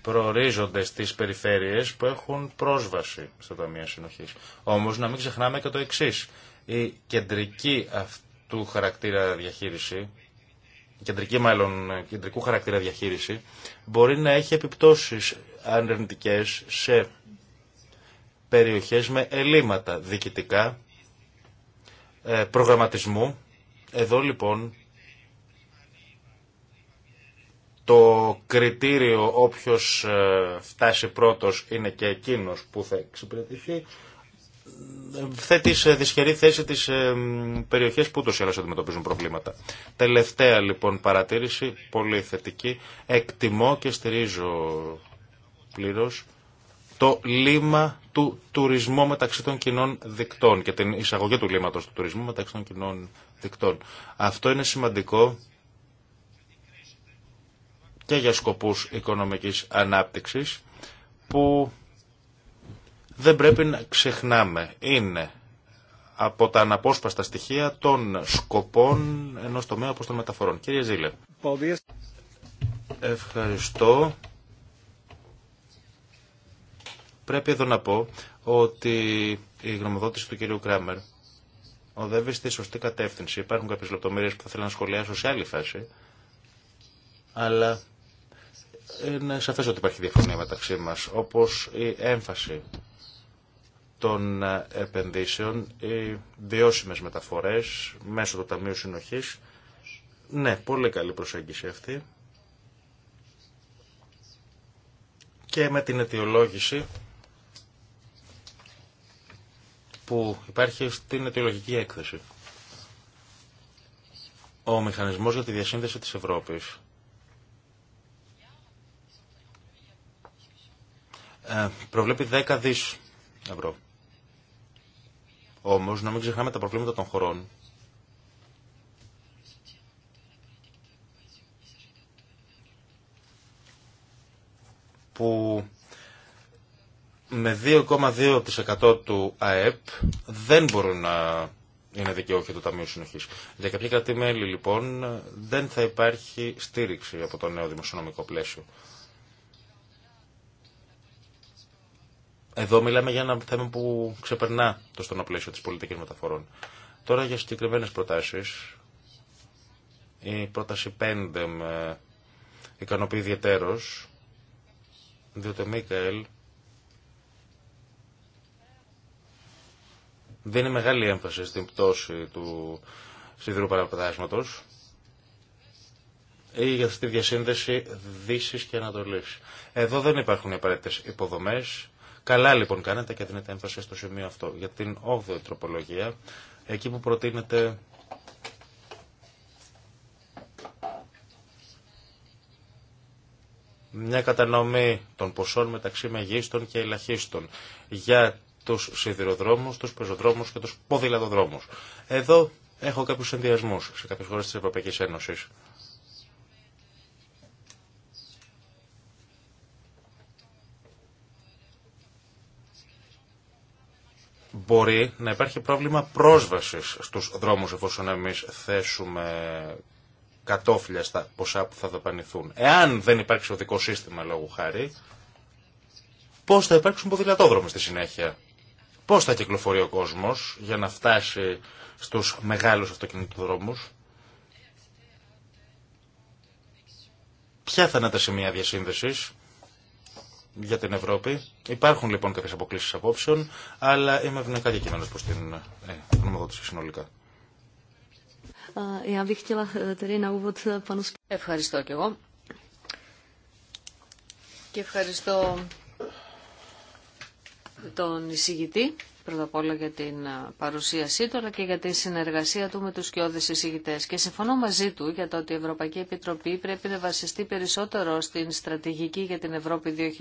B: προορίζονται στις περιφέρειες που έχουν πρόσβαση στα Ταμεία Συνοχής. Όμως να μην ξεχνάμε και το εξής. Η κεντρική αυτού χαρακτήρα διαχείριση κεντρική μάλλον κεντρικού χαρακτήρα διαχείριση, μπορεί να έχει επιπτώσεις αρνητικές σε περιοχές με ελλείμματα διοικητικά, ε, προγραμματισμού. Εδώ λοιπόν το κριτήριο όποιος ε, φτάσει πρώτος είναι και εκείνος που θα εξυπηρετηθεί θέτει σε δυσχερή θέση τις ε, περιοχές που ούτω ή άλλω αντιμετωπίζουν προβλήματα. Τελευταία λοιπόν παρατήρηση, πολύ θετική, εκτιμώ και στηρίζω πλήρω το λίμα του τουρισμού μεταξύ των κοινών δικτών και την εισαγωγή του λίματος του τουρισμού μεταξύ των κοινών δικτών. Αυτό είναι σημαντικό και για σκοπούς οικονομικής ανάπτυξης που δεν πρέπει να ξεχνάμε. Είναι από τα αναπόσπαστα στοιχεία των σκοπών ενός τομέα όπως των μεταφορών. Κύριε Ζήλε. Ευχαριστώ. Πρέπει εδώ να πω ότι η γνωμοδότηση του κυρίου Κράμερ οδεύει στη σωστή κατεύθυνση. Υπάρχουν κάποιες λεπτομέρειες που θα ήθελα να σχολιάσω σε άλλη φάση, αλλά είναι σαφές ότι υπάρχει διαφωνία μεταξύ μας, όπως η έμφαση των ε, επενδύσεων, οι διώσιμες μεταφορές μέσω του Ταμείου Συνοχής. Ναι, πολύ καλή προσέγγιση αυτή. Και με την αιτιολόγηση που υπάρχει στην αιτιολογική έκθεση. Ο μηχανισμός για τη διασύνδεση της Ευρώπης ε, προβλέπει 10 δις ευρώ όμω να μην ξεχνάμε τα προβλήματα των χωρών που με 2,2% του ΑΕΠ δεν μπορούν να είναι δικαιούχοι του Ταμείου Συνοχή. Για κάποια κρατή μέλη, λοιπόν, δεν θα υπάρχει στήριξη από το νέο δημοσιονομικό πλαίσιο. Εδώ μιλάμε για ένα θέμα που ξεπερνά το στενό πλαίσιο της πολιτικής μεταφορών. Τώρα για συγκεκριμένες προτάσεις. Η πρόταση 5 με ικανοποιεί ιδιαιτέρως, διότι ο Μίκαελ δίνει μεγάλη έμφαση στην πτώση του σιδηρού παραπετάσματος ή για τη διασύνδεση Δύσης και Ανατολής. Εδώ δεν υπάρχουν οι απαραίτητε υποδομές, Καλά λοιπόν κάνετε και δίνετε έμφαση στο σημείο αυτό. Για την 8 τροπολογία, εκεί που προτείνεται μια κατανομή των ποσών μεταξύ μεγίστων και ελαχίστων για τους σιδηροδρόμους, τους πεζοδρόμους και τους ποδηλατοδρόμους. Εδώ έχω κάποιους ενδιασμούς σε κάποιες χώρες της Ευρωπαϊκής Ένωσης. μπορεί να υπάρχει πρόβλημα πρόσβασης στους δρόμους εφόσον εμείς θέσουμε κατόφλια στα ποσά που θα δαπανηθούν. Εάν δεν υπάρξει οδικό σύστημα λόγου χάρη, πώς θα υπάρξουν ποδηλατόδρομοι στη συνέχεια. Πώς θα κυκλοφορεί ο κόσμος για να φτάσει στους μεγάλους αυτοκινητοδρόμους. Ποια θα είναι τα σημεία διασύνδεσης για την Ευρώπη. Υπάρχουν λοιπόν κάποιε αποκλήσει απόψεων, αλλά είμαι ευνοϊκά διακειμένο προ την ε, συνολικά.
D: Ε, ε, ε, ευχαριστώ και εγώ. Και ευχαριστώ τον εισηγητή πρώτα απ' όλα για την ε, παρουσίασή του, αλλά και για τη συνεργασία του με τους σκιώδες εισηγητές. Και συμφωνώ μαζί του για το ότι η Ευρωπαϊκή Επιτροπή πρέπει να βασιστεί περισσότερο στην στρατηγική για την Ευρώπη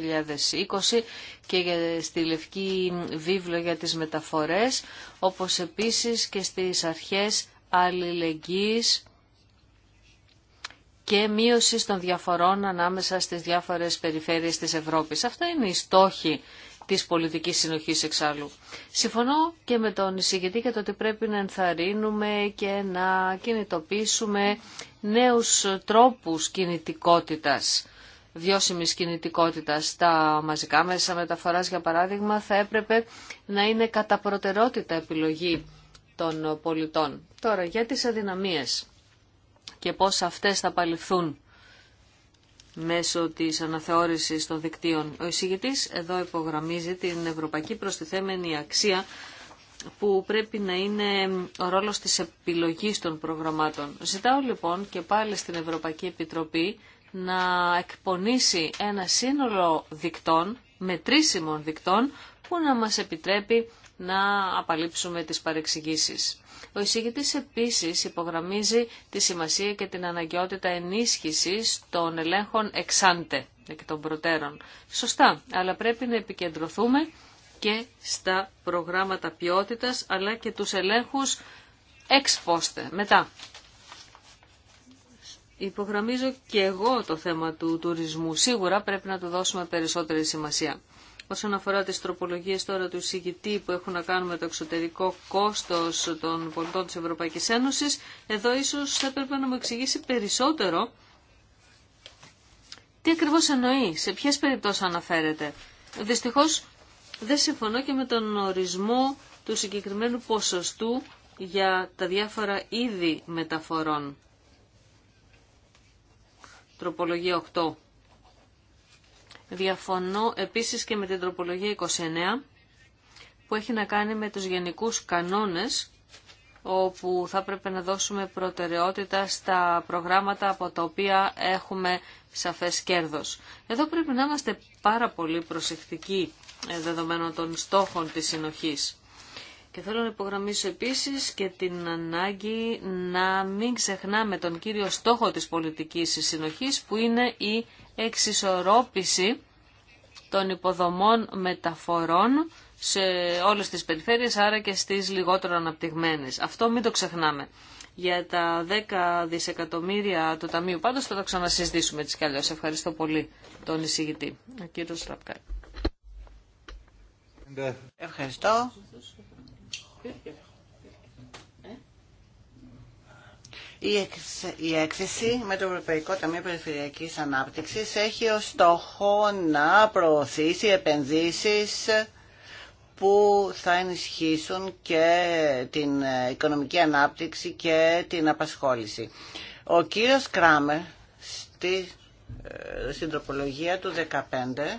D: 2020 και στη Λευκή Βίβλο για τις μεταφορές, όπως επίσης και στις αρχές αλληλεγγύης και μείωση των διαφορών ανάμεσα στις διάφορες περιφέρειες της Ευρώπης. Αυτά είναι οι στόχοι της πολιτικής συνοχής εξάλλου. Συμφωνώ και με τον εισηγητή για το ότι πρέπει να ενθαρρύνουμε και να κινητοποιήσουμε νέους τρόπους κινητικότητας βιώσιμη κινητικότητας. Τα μαζικά μέσα μεταφοράς, για παράδειγμα, θα έπρεπε να είναι κατά προτερότητα επιλογή των πολιτών. Τώρα, για τις αδυναμίες και πώς αυτές θα παληθούν μέσω της αναθεώρησης των δικτύων. Ο εισηγητής εδώ υπογραμμίζει την ευρωπαϊκή προστιθέμενη αξία που πρέπει να είναι ο ρόλος της επιλογής των προγραμμάτων. Ζητάω λοιπόν και πάλι στην Ευρωπαϊκή Επιτροπή να εκπονήσει ένα σύνολο δικτών, μετρήσιμων δικτών, που να μας επιτρέπει να απαλείψουμε τις παρεξηγήσεις. Ο εισηγητή επίση υπογραμμίζει τη σημασία και την αναγκαιότητα ενίσχυση των ελέγχων εξάντε και των προτέρων. Σωστά, αλλά πρέπει να επικεντρωθούμε και στα προγράμματα ποιότητας, αλλά και τους ελέγχους εξ μετά. Υπογραμμίζω και εγώ το θέμα του τουρισμού. Σίγουρα πρέπει να του δώσουμε περισσότερη σημασία. Όσον αφορά τις τροπολογίες τώρα του εισηγητή που έχουν να κάνουν με το εξωτερικό κόστος των πολιτών της Ευρωπαϊκής Ένωσης, εδώ ίσως θα έπρεπε να μου εξηγήσει περισσότερο τι ακριβώς εννοεί, σε ποιες περιπτώσεις αναφέρεται. Δυστυχώς δεν συμφωνώ και με τον ορισμό του συγκεκριμένου ποσοστού για τα διάφορα είδη μεταφορών. Τροπολογία 8. Διαφωνώ επίσης και με την τροπολογία 29 που έχει να κάνει με τους γενικούς κανόνες όπου θα πρέπει να δώσουμε προτεραιότητα στα προγράμματα από τα οποία έχουμε σαφές κέρδος. Εδώ πρέπει να είμαστε πάρα πολύ προσεκτικοί ε, δεδομένων των στόχων της συνοχής. Και θέλω να υπογραμμίσω επίσης και την ανάγκη να μην ξεχνάμε τον κύριο στόχο της πολιτικής συνοχής που είναι η εξισορρόπηση των υποδομών μεταφορών σε όλες τις περιφέρειες, άρα και στις λιγότερο αναπτυγμένες. Αυτό μην το ξεχνάμε. Για τα 10 δισεκατομμύρια του Ταμείου πάντως θα τα ξανασυζητήσουμε έτσι κι αλλιώς. Ευχαριστώ πολύ τον εισηγητή,
C: ο κύριος Ραπκάρη. Ευχαριστώ. Η έκθεση με το Ευρωπαϊκό Ταμείο Περιφερειακή Ανάπτυξης έχει ως στόχο να προωθήσει επενδύσεις που θα ενισχύσουν και την οικονομική ανάπτυξη και την απασχόληση. Ο κύριος Κράμερ στη, ε, στην τροπολογία του 2015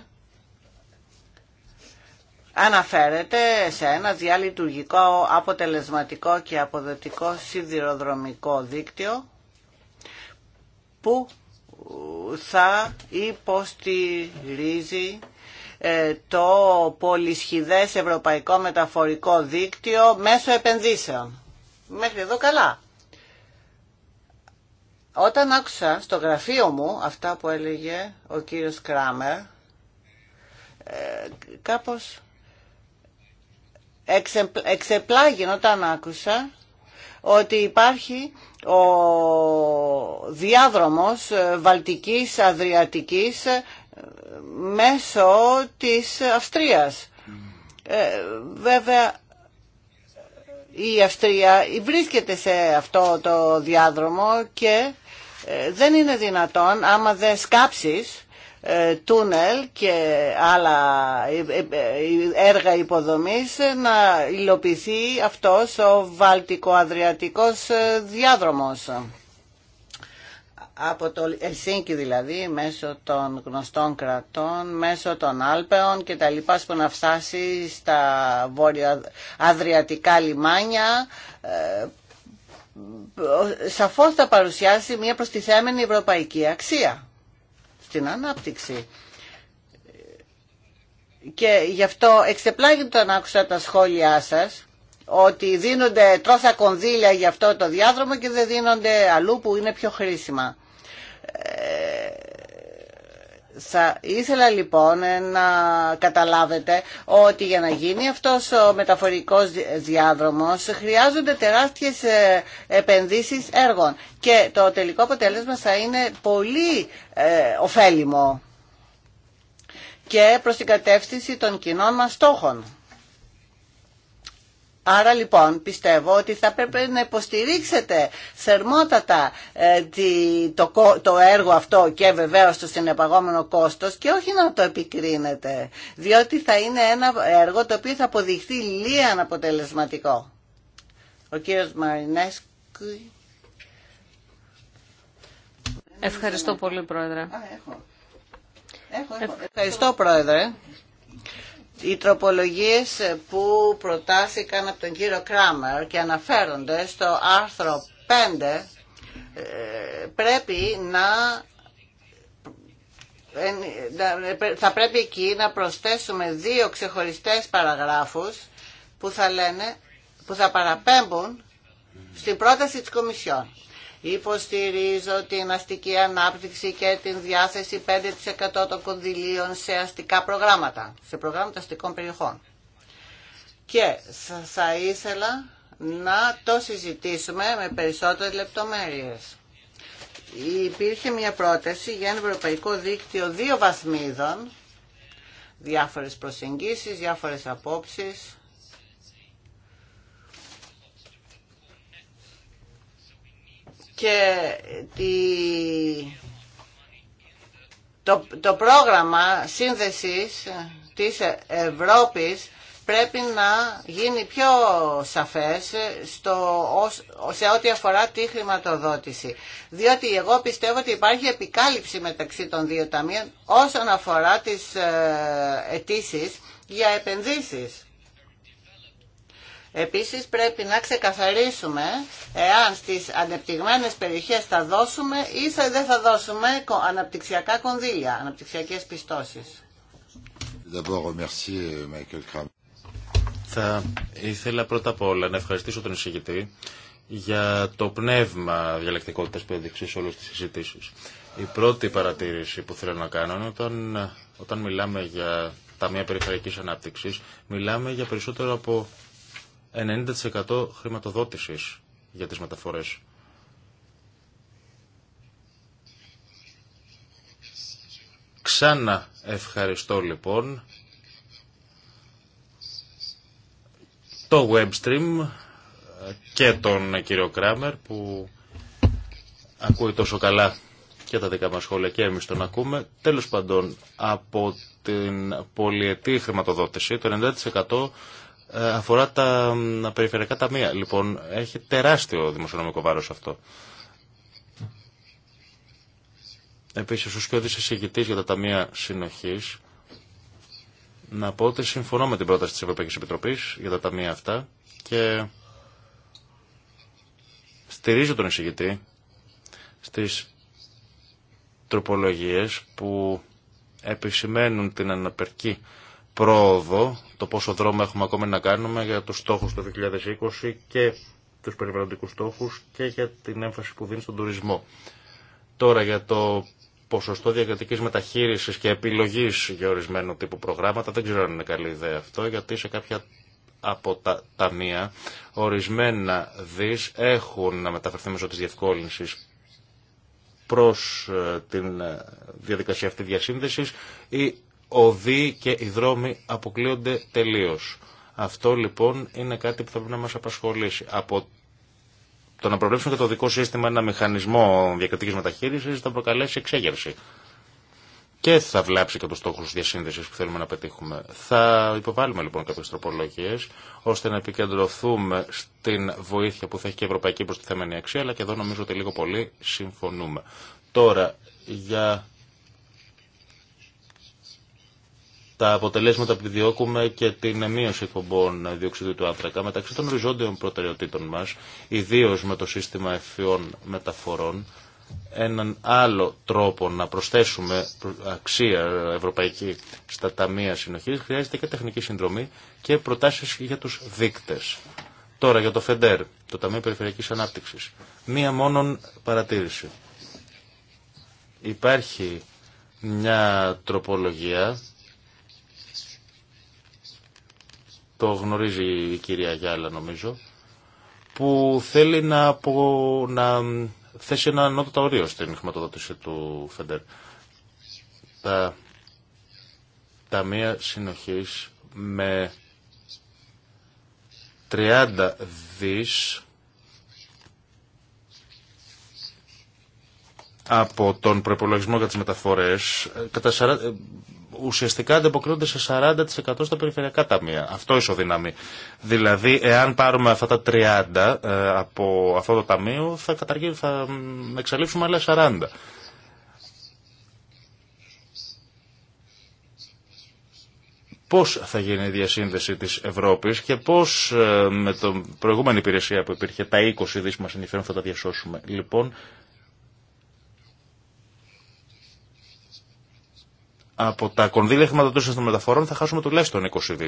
C: αναφέρεται σε ένα διαλειτουργικό, αποτελεσματικό και αποδοτικό σιδηροδρομικό δίκτυο που θα υποστηρίζει ε, το πολυσχηδές ευρωπαϊκό μεταφορικό δίκτυο μέσω επενδύσεων. Μέχρι εδώ καλά. Όταν άκουσα στο γραφείο μου αυτά που έλεγε ο κύριος Κράμερ, ε, κάπως εξεπλάγει όταν άκουσα ότι υπάρχει ο διάδρομος Βαλτικής Αδριατικής μέσω της Αυστρίας. Ε, βέβαια η Αυστρία βρίσκεται σε αυτό το διάδρομο και ε, δεν είναι δυνατόν άμα δεν σκάψεις τούνελ και άλλα έργα υποδομής να υλοποιηθεί αυτός ο βαλτικο-αδριατικός διάδρομος από το Ελσίνκι δηλαδή, μέσω των γνωστών κρατών, μέσω των Άλπαιων και τα λοιπά που να φτάσει στα βόρεια αδριατικά λιμάνια, σαφώς θα παρουσιάσει μια προστιθέμενη ευρωπαϊκή αξία στην ανάπτυξη. Και γι' αυτό εξεπλάγει τον άκουσα τα σχόλιά σας ότι δίνονται τόσα κονδύλια για αυτό το διάδρομο και δεν δίνονται αλλού που είναι πιο χρήσιμα. Ε, θα ήθελα λοιπόν να καταλάβετε ότι για να γίνει αυτός ο μεταφορικός διάδρομος χρειάζονται τεράστιες ε, επενδύσεις έργων και το τελικό αποτέλεσμα θα είναι πολύ ε, ωφέλιμο και προς την κατεύθυνση των κοινών μας στόχων. Άρα λοιπόν πιστεύω ότι θα πρέπει να υποστηρίξετε θερμότατα ε, το έργο αυτό και βεβαίως το συνεπαγόμενο κόστος και όχι να το επικρίνετε, διότι θα είναι ένα έργο το οποίο θα αποδειχθεί λίγα αναποτελεσματικό. Ο κύριος Μαρινέσκου. Ευχαριστώ πολύ πρόεδρε. Α, έχω. Έχω, έχω. Ευχαριστώ πρόεδρε οι τροπολογίες που προτάθηκαν από τον κύριο Κράμερ και αναφέρονται στο άρθρο 5 ε, πρέπει να θα πρέπει εκεί να προσθέσουμε δύο ξεχωριστές παραγράφους που θα λένε που θα παραπέμπουν στην πρόταση της Κομισιόν. Υποστηρίζω την αστική ανάπτυξη και την διάθεση 5% των κονδυλίων σε αστικά προγράμματα, σε προγράμματα αστικών περιοχών. Και θα ήθελα να το συζητήσουμε με περισσότερες λεπτομέρειες. Υπήρχε μια πρόταση για ένα ευρωπαϊκό δίκτυο δύο βαθμίδων, διάφορες προσεγγίσεις, διάφορες απόψεις και το, το πρόγραμμα σύνδεσης της Ευρώπης πρέπει να γίνει πιο σαφές στο, σε ό,τι αφορά τη χρηματοδότηση. Διότι εγώ πιστεύω ότι υπάρχει επικάλυψη μεταξύ των δύο ταμείων όσον αφορά τις ε, αιτήσει για επενδύσεις. Επίσης πρέπει να ξεκαθαρίσουμε εάν στις ανεπτυγμένες περιοχές θα δώσουμε ή θα δεν θα δώσουμε αναπτυξιακά κονδύλια, αναπτυξιακές πιστώσεις.
B: Euh, θα ήθελα πρώτα απ' όλα να ευχαριστήσω τον εισηγητή για το πνεύμα διαλεκτικότητας που έδειξε σε όλες τις συζητήσεις. Η πρώτη παρατήρηση που θέλω να κάνω είναι όταν, όταν μιλάμε για ταμεία περιφερειακής ανάπτυξης, μιλάμε για περισσότερο από 90% χρηματοδότησης για τις μεταφορές. Ξανά ευχαριστώ λοιπόν το webstream και τον κύριο Κράμερ που ακούει τόσο καλά και τα δικά μας σχόλια και εμείς τον ακούμε. Τέλος παντών, από την πολυετή χρηματοδότηση, το 90% ε, αφορά τα περιφερειακά ταμεία. Λοιπόν, έχει τεράστιο δημοσιονομικό βάρος αυτό. Επίσης, ο σκιώδης εισηγητής για τα ταμεία συνοχής, να πω ότι συμφωνώ με την πρόταση τη Ευρωπαϊκή Επιτροπή για τα ταμεία αυτά και στηρίζω τον εισηγητή στις τροπολογίες που επισημαίνουν την αναπερκή πρόοδο, το πόσο δρόμο έχουμε ακόμη να κάνουμε για τους στόχους του 2020 και τους περιβαλλοντικούς στόχους και για την έμφαση που δίνει στον τουρισμό. Τώρα για το ποσοστό διακριτικής μεταχείρισης και επιλογής για ορισμένο τύπου προγράμματα δεν ξέρω αν είναι καλή ιδέα αυτό γιατί σε κάποια από τα ταμεία ορισμένα δις έχουν να μεταφερθεί μέσω της διευκόλυνσης προς ε, την ε, διαδικασία αυτή διασύνδεσης ή οδοί και οι δρόμοι αποκλείονται τελείω. Αυτό λοιπόν είναι κάτι που θα πρέπει να μα απασχολήσει. Από το να προβλέψουμε και το δικό σύστημα ένα μηχανισμό διακριτική μεταχείρισης θα προκαλέσει εξέγερση. Και θα βλάψει και του στόχου διασύνδεση που θέλουμε να πετύχουμε. Θα υποβάλουμε λοιπόν κάποιε τροπολογίε ώστε να επικεντρωθούμε στην βοήθεια που θα έχει και η ευρωπαϊκή προστιθέμενη αξία, αλλά και εδώ νομίζω ότι λίγο πολύ συμφωνούμε. Τώρα, για τα αποτελέσματα που διώκουμε και την μείωση εκπομπών διοξιδίου του άνθρακα μεταξύ των οριζόντιων προτεραιοτήτων μας, ιδίως με το σύστημα ευφυών μεταφορών, έναν άλλο τρόπο να προσθέσουμε αξία ευρωπαϊκή στα ταμεία συνοχής, χρειάζεται και τεχνική συνδρομή και προτάσεις για τους δείκτες. Τώρα για το ΦΕΝΤΕΡ, το Ταμείο Περιφερειακής Ανάπτυξης. Μία μόνον παρατήρηση. Υπάρχει μια τροπολογία το γνωρίζει η κυρία Γιάλα νομίζω, που θέλει να, να θέσει ένα ανώτατο όριο στην χρηματοδότηση του Φεντερ. Τα ταμεία συνοχής με 30 δις από τον προπολογισμό για τις μεταφορές κατά ουσιαστικά ανταποκρίνονται σε 40% στα περιφερειακά ταμεία. Αυτό ισοδυναμεί. Δηλαδή, εάν πάρουμε αυτά τα 30 ε, από αυτό το ταμείο, θα, θα εξαλείψουμε άλλα 40. πώς θα γίνει η διασύνδεση της Ευρώπης και πώς ε, με την προηγούμενη υπηρεσία που υπήρχε τα 20 δις μας ενδιαφέρουν θα τα διασώσουμε. Λοιπόν, από τα κονδύλια χρηματοδότηση των μεταφορών θα χάσουμε τουλάχιστον 20 δι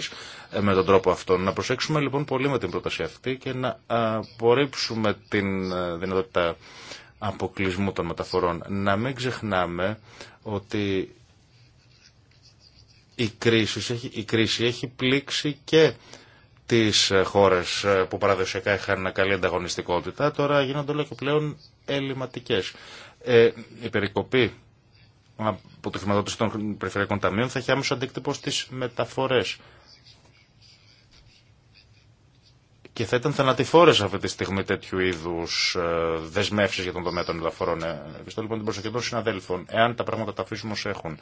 B: ε, με τον τρόπο αυτό. Να προσέξουμε λοιπόν πολύ με την πρόταση αυτή και να απορρίψουμε την ε, δυνατότητα αποκλεισμού των μεταφορών. Να μην ξεχνάμε ότι η κρίση έχει, πλήξει και τις ε, χώρες που παραδοσιακά είχαν καλή ανταγωνιστικότητα, τώρα γίνονται όλο και πλέον ελληματικές. Ε, η περικοπή από τη χρηματοδότηση των περιφερειακών ταμείων θα έχει άμεσο αντίκτυπο στις μεταφορές. Και θα ήταν θανατηφόρε αυτή τη στιγμή τέτοιου είδου ε, δεσμεύσει για τον τομέα των μεταφορών. Ευχαριστώ λοιπόν την προσοχή των συναδέλφων. Εάν τα πράγματα τα αφήσουμε ω έχουν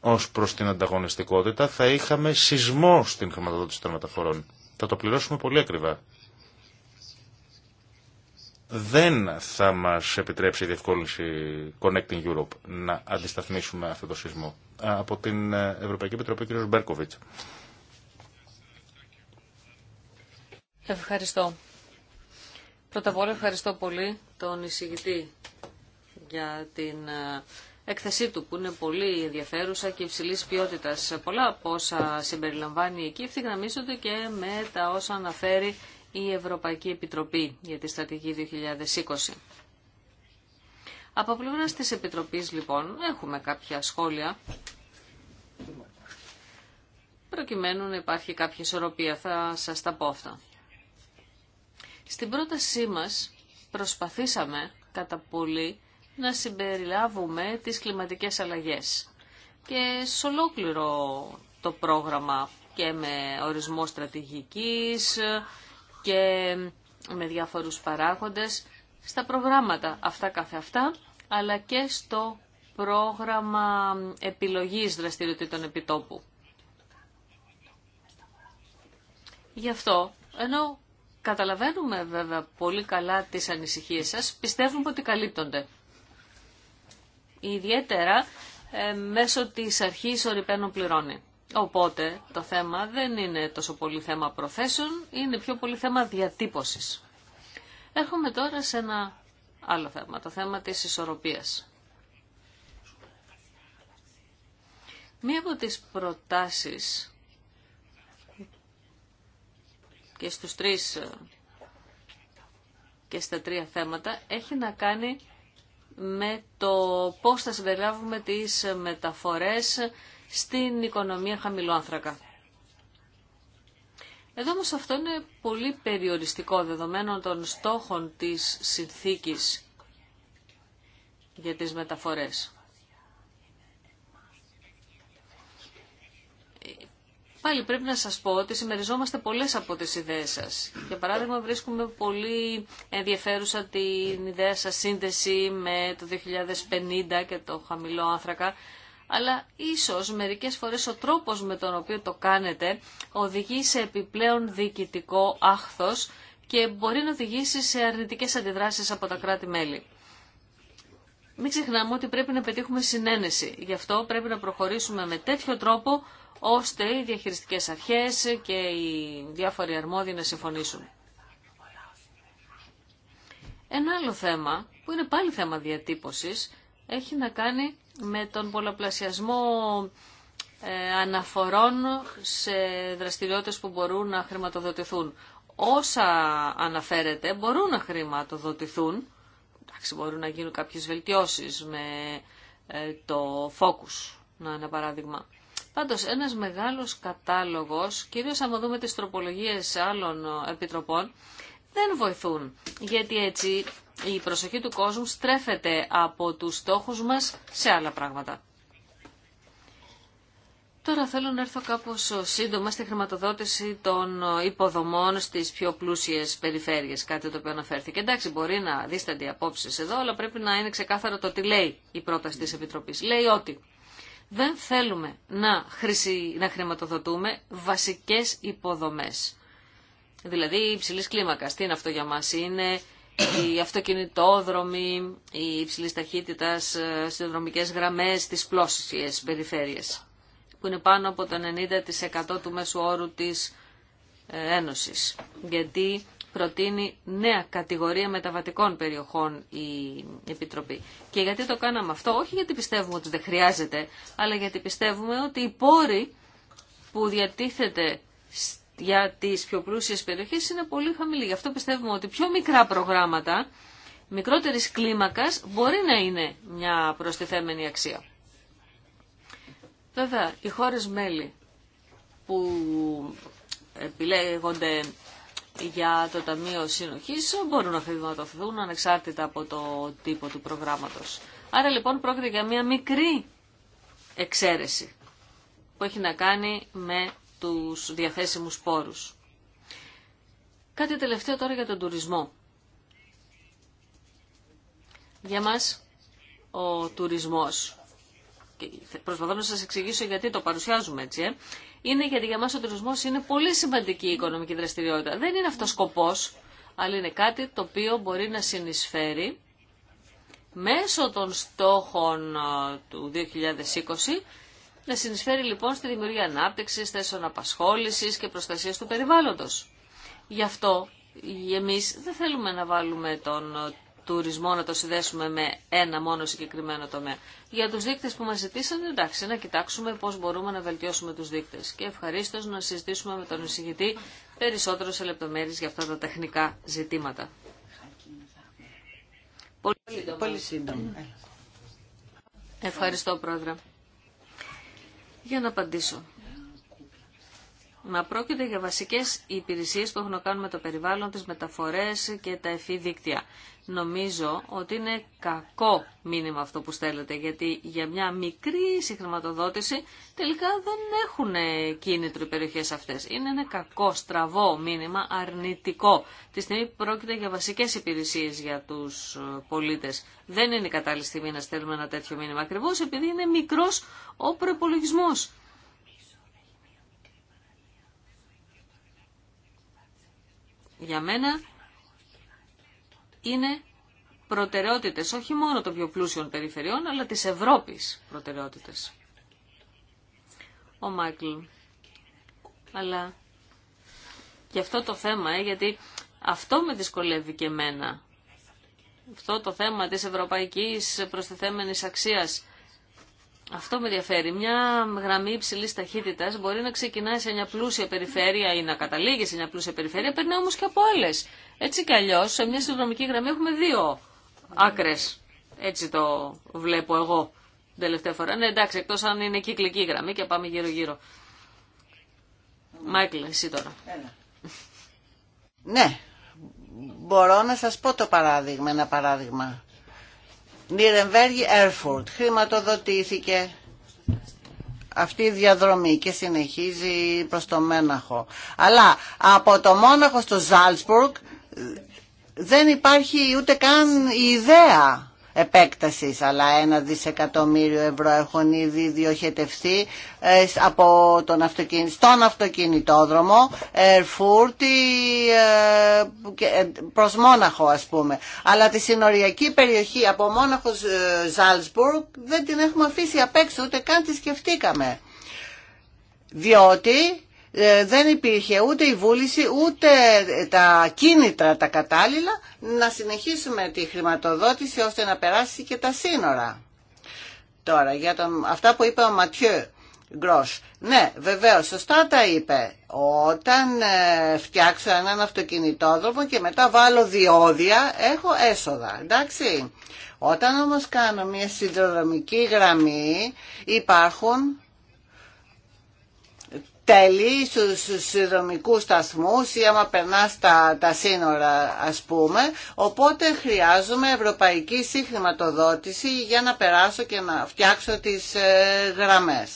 B: ω προ την ανταγωνιστικότητα, θα είχαμε σεισμό στην χρηματοδότηση των μεταφορών. Θα το πληρώσουμε πολύ ακριβά δεν θα μας επιτρέψει η διευκόλυνση Connecting Europe να αντισταθμίσουμε αυτό το σεισμό. Από την ε, Ευρωπαϊκή Επιτροπή, ο κ. Μπέρκοβιτς.
D: Ευχαριστώ. Πρώτα απ' όλα ευχαριστώ πολύ τον εισηγητή για την ε, έκθεσή του που είναι πολύ ενδιαφέρουσα και υψηλής ποιότητας. Πολλά από όσα συμπεριλαμβάνει εκεί ευθυγραμμίζονται και με τα όσα αναφέρει η Ευρωπαϊκή Επιτροπή για τη Στρατηγική 2020. Από πλευράς της Επιτροπής λοιπόν έχουμε κάποια σχόλια προκειμένου να υπάρχει κάποια ισορροπία. Θα σας τα πω αυτά. Στην πρότασή μας προσπαθήσαμε κατά πολύ να συμπεριλάβουμε τις κλιματικές αλλαγές και σε ολόκληρο το πρόγραμμα και με ορισμό στρατηγικής, και με διάφορους παράγοντες στα προγράμματα αυτά καθε αυτά, αλλά και στο πρόγραμμα επιλογής δραστηριοτήτων επιτόπου. Γι' αυτό, ενώ καταλαβαίνουμε βέβαια πολύ καλά τις ανησυχίες σας, πιστεύουμε ότι καλύπτονται. Ιδιαίτερα ε, μέσω της αρχής ορυπαίνων πληρώνει. Οπότε το θέμα δεν είναι τόσο πολύ θέμα προθέσεων, είναι πιο πολύ θέμα διατύπωσης. Έρχομαι τώρα σε ένα άλλο θέμα, το θέμα της ισορροπίας. Μία από τις προτάσεις και στους τρεις και στα τρία θέματα έχει να κάνει με το πώς θα συμπεριλάβουμε τις μεταφορές στην οικονομία χαμηλού άνθρακα. Εδώ όμως αυτό είναι πολύ περιοριστικό δεδομένο των στόχων της συνθήκης για τις μεταφορές. Πάλι πρέπει να σας πω ότι συμμεριζόμαστε πολλές από τις ιδέες σας. Για παράδειγμα βρίσκουμε πολύ ενδιαφέρουσα την ιδέα σας σύνδεση με το 2050 και το χαμηλό άνθρακα αλλά ίσως μερικές φορές ο τρόπος με τον οποίο το κάνετε οδηγεί σε επιπλέον διοικητικό άχθος και μπορεί να οδηγήσει σε αρνητικές αντιδράσεις από τα κράτη-μέλη. Μην ξεχνάμε ότι πρέπει να πετύχουμε συνένεση. Γι' αυτό πρέπει να προχωρήσουμε με τέτοιο τρόπο ώστε οι διαχειριστικές αρχές και οι διάφοροι αρμόδιοι να συμφωνήσουν. Ένα άλλο θέμα, που είναι πάλι θέμα διατύπωσης, έχει να κάνει με τον πολλαπλασιασμό ε, αναφορών σε δραστηριότητες που μπορούν να χρηματοδοτηθούν. Όσα αναφέρεται μπορούν να χρηματοδοτηθούν, εντάξει μπορούν να γίνουν κάποιες βελτιώσεις με ε, το focus, να ένα παράδειγμα. Πάντως ένας μεγάλος κατάλογος, κυρίως αν δούμε τις τροπολογίες άλλων επιτροπών, δεν βοηθούν, γιατί έτσι η προσοχή του κόσμου στρέφεται από τους στόχους μας σε άλλα πράγματα. Τώρα θέλω να έρθω κάπως σύντομα στη χρηματοδότηση των υποδομών στις πιο πλούσιες περιφέρειες, κάτι το οποίο αναφέρθηκε. Εντάξει, μπορεί να δίστανται οι απόψεις εδώ, αλλά πρέπει να είναι ξεκάθαρο το τι λέει η πρόταση της Επιτροπής. Λέει ότι δεν θέλουμε να, να χρηματοδοτούμε βασικές υποδομές. Δηλαδή υψηλή κλίμακα. Τι είναι αυτό για μας, είναι οι αυτοκινητόδρομοι, οι υψηλή ταχύτητας ε, δρομικέ γραμμές τι πλώσιε περιφέρειες, που είναι πάνω από το 90% του μέσου όρου της ε, Ένωσης. Γιατί προτείνει νέα κατηγορία μεταβατικών περιοχών η Επιτροπή. Και γιατί το κάναμε αυτό, όχι γιατί πιστεύουμε ότι δεν χρειάζεται, αλλά γιατί πιστεύουμε ότι οι πόροι που διατίθεται για τις πιο πλούσιες περιοχές είναι πολύ χαμηλή. Γι' αυτό πιστεύουμε ότι πιο μικρά προγράμματα, μικρότερης κλίμακας, μπορεί να είναι μια προστιθέμενη αξία. Βέβαια, οι χώρες μέλη που επιλέγονται για το Ταμείο Συνοχής μπορούν να χρηματοδοτηθούν ανεξάρτητα από το τύπο του προγράμματος. Άρα λοιπόν πρόκειται για μια μικρή εξαίρεση που έχει να κάνει με τους διαθέσιμους πόρους. Κάτι τελευταίο τώρα για τον τουρισμό. Για μας ο τουρισμός, και προσπαθώ να σας εξηγήσω γιατί το παρουσιάζουμε έτσι, ε, είναι γιατί για μας ο τουρισμός είναι πολύ σημαντική η οικονομική δραστηριότητα. Δεν είναι αυτός σκοπός, αλλά είναι κάτι το οποίο μπορεί να συνεισφέρει μέσω των στόχων ε, του 2020 να συνεισφέρει λοιπόν στη δημιουργία ανάπτυξη, θέσεων απασχόληση και προστασία του περιβάλλοντο. Γι' αυτό εμεί δεν θέλουμε να βάλουμε τον ε, τουρισμό να το συνδέσουμε με ένα μόνο συγκεκριμένο τομέα. Για του δείκτε που μα ζητήσαν, εντάξει, να κοιτάξουμε πώ μπορούμε να βελτιώσουμε του δείκτε. Και ευχαριστώ να συζητήσουμε με τον εισηγητή περισσότερο σε λεπτομέρειε για αυτά τα τεχνικά ζητήματα. Πολύ Πολύ σύντομα. Ευχαριστώ, Πρόεδρε για να απαντήσω. Μα πρόκειται για βασικές υπηρεσίες που έχουν να κάνουν με το περιβάλλον, τις μεταφορές και τα εφή δίκτυα. Νομίζω ότι είναι κακό μήνυμα αυτό που στέλνετε, γιατί για μια μικρή συγχρηματοδότηση τελικά δεν έχουν κίνητρο οι περιοχές αυτές. Είναι ένα κακό, στραβό μήνυμα, αρνητικό. Τη στιγμή που πρόκειται για βασικές υπηρεσίες για τους ε, πολίτες. Δεν είναι η κατάλληλη στιγμή να στέλνουμε ένα τέτοιο μήνυμα, ακριβώ επειδή είναι μικρός ο προπολογισμό. Για μένα είναι προτεραιότητες όχι μόνο των πιο πλούσιων περιφερειών, αλλά της Ευρώπης προτεραιότητες. Ο Μάικλ. Αλλά και αυτό το θέμα, ε, γιατί αυτό με δυσκολεύει και εμένα. Αυτό το θέμα της ευρωπαϊκής προστιθέμενης αξίας. Αυτό με ενδιαφέρει. Μια γραμμή υψηλής ταχύτητας μπορεί να ξεκινάει σε μια πλούσια περιφέρεια ή να καταλήγει σε μια πλούσια περιφέρεια, περνάει όμως και από άλλες. Έτσι κι αλλιώ, σε μια συνδρομική γραμμή έχουμε δύο άκρες. Έτσι το βλέπω εγώ την τελευταία φορά. Ναι, εντάξει, εκτός αν είναι κυκλική γραμμή και πάμε γύρω-γύρω. Μάικλ, εσύ
C: τώρα. Ναι, μπορώ να σας πω το παράδειγμα, ένα παράδειγμα. Νιρεμβέργη Έρφουρτ χρηματοδοτήθηκε αυτή η διαδρομή και συνεχίζει προς το Μέναχο. Αλλά από το Μόναχο στο Ζάλτσπουργκ δεν υπάρχει ούτε καν η ιδέα επέκτασης, αλλά ένα δισεκατομμύριο ευρώ έχουν ήδη διοχετευθεί ε, από τον αυτοκίνη, στον αυτοκινητόδρομο Ερφούρτη ε, προς Μόναχο ας πούμε. Αλλά τη συνοριακή περιοχή από από Ζάλσμπουργκ ε, δεν την έχουμε αφήσει απ' έξω, ούτε καν τη σκεφτήκαμε. Διότι ε, δεν υπήρχε ούτε η βούληση ούτε τα κίνητρα τα κατάλληλα να συνεχίσουμε τη χρηματοδότηση ώστε να περάσει και τα σύνορα. Τώρα, για τον, αυτά που είπε ο Ματιού Γκρός. Ναι, βεβαίως, σωστά τα είπε. Όταν ε, φτιάξω έναν αυτοκινητόδρομο και μετά βάλω διόδια, έχω έσοδα, εντάξει. Όταν όμως κάνω μια συνδρομική γραμμή, υπάρχουν Τελεί στου συνδρομικού σταθμού, ή άμα περνά τα, τα σύνορα α πούμε. Οπότε χρειάζομαι ευρωπαϊκή συγχρηματοδότηση για να περάσω και να φτιάξω τις ε, γραμμές.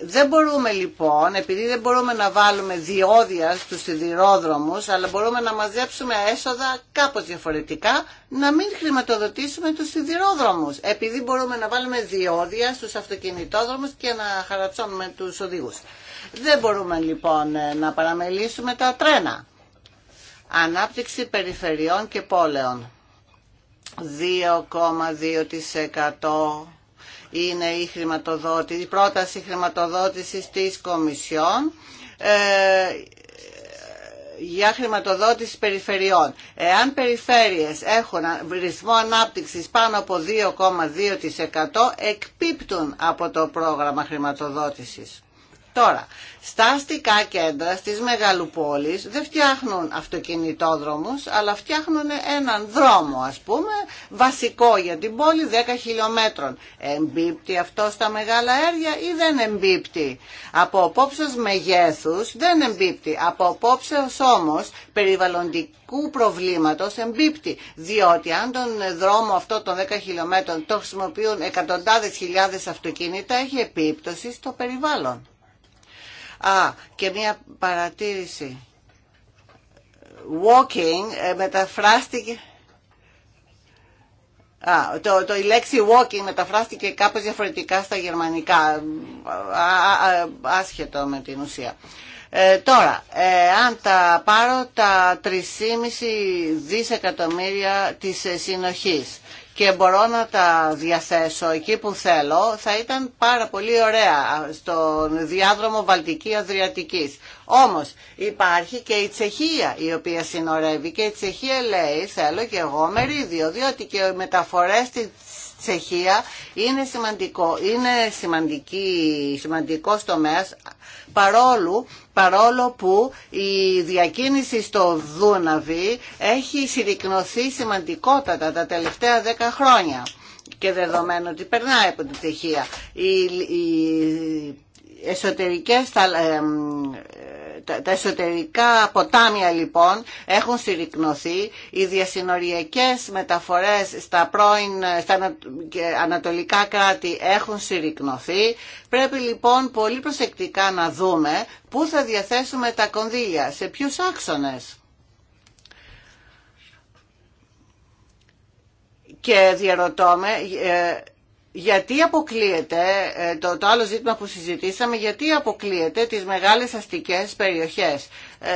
C: Δεν μπορούμε λοιπόν, επειδή δεν μπορούμε να βάλουμε διόδια στους σιδηρόδρομους, αλλά μπορούμε να μαζέψουμε έσοδα κάπως διαφορετικά, να μην χρηματοδοτήσουμε τους σιδηρόδρομους, επειδή μπορούμε να βάλουμε διόδια στους αυτοκινητόδρομους και να χαρατσώνουμε τους οδηγούς. Δεν μπορούμε λοιπόν ε, να παραμελήσουμε τα τρένα. Ανάπτυξη περιφερειών και πόλεων. 2,2% είναι η, χρηματοδότηση, η πρόταση χρηματοδότησης της Κομισιόν ε, για χρηματοδότηση περιφερειών. Εάν περιφέρειες έχουν ρυθμό ανάπτυξης πάνω από 2,2% εκπίπτουν από το πρόγραμμα χρηματοδότησης. Τώρα, στα αστικά κέντρα, στις μεγαλοπόλεις, δεν φτιάχνουν αυτοκινητόδρομους, αλλά φτιάχνουν έναν δρόμο, ας πούμε, βασικό για την πόλη 10 χιλιόμετρων. Εμπίπτει αυτό στα μεγάλα έργα ή δεν εμπίπτει. Από απόψεως μεγέθους δεν εμπίπτει. Από απόψεως όμως περιβαλλοντικού προβλήματος εμπίπτει. Διότι αν τον δρόμο αυτό των 10 χιλιόμετρων το χρησιμοποιούν εκατοντάδες χιλιάδες αυτοκίνητα, έχει επίπτωση στο περιβάλλον. Α, και μία παρατήρηση. Walking ε, μεταφράστηκε... Α, το, το, η λέξη walking μεταφράστηκε κάπως διαφορετικά στα γερμανικά, άσχετο με την ουσία. Ε, τώρα, ε, αν τα πάρω τα 3,5 δισεκατομμύρια της συνοχής και μπορώ να τα διαθέσω εκεί που θέλω, θα ήταν πάρα πολύ ωραία στον διάδρομο Βαλτική-Αδριατικής. Όμως υπάρχει και η Τσεχία η οποία συνορεύει και η Τσεχία λέει θέλω και εγώ μερίδιο διότι και οι μεταφορές στη Τσεχία είναι, σημαντικό, είναι σημαντική, σημαντικός τομέας παρόλου παρόλο που η διακίνηση στο Δούναβι έχει συρρυκνωθεί σημαντικότατα τα τελευταία δέκα χρόνια και δεδομένου ότι περνάει από την τυχεία. Οι, οι τα εσωτερικά ποτάμια λοιπόν έχουν συρρυκνωθεί, οι διασυνοριακές μεταφορές στα, πρώην, ανατολικά κράτη έχουν συρρυκνωθεί. Πρέπει λοιπόν πολύ προσεκτικά να δούμε πού θα διαθέσουμε τα κονδύλια, σε ποιους άξονες. Και διαρωτώ με, ε, γιατί αποκλείεται, ε, το, το άλλο ζήτημα που συζητήσαμε, γιατί αποκλείεται τις μεγάλες αστικές περιοχές. Ε,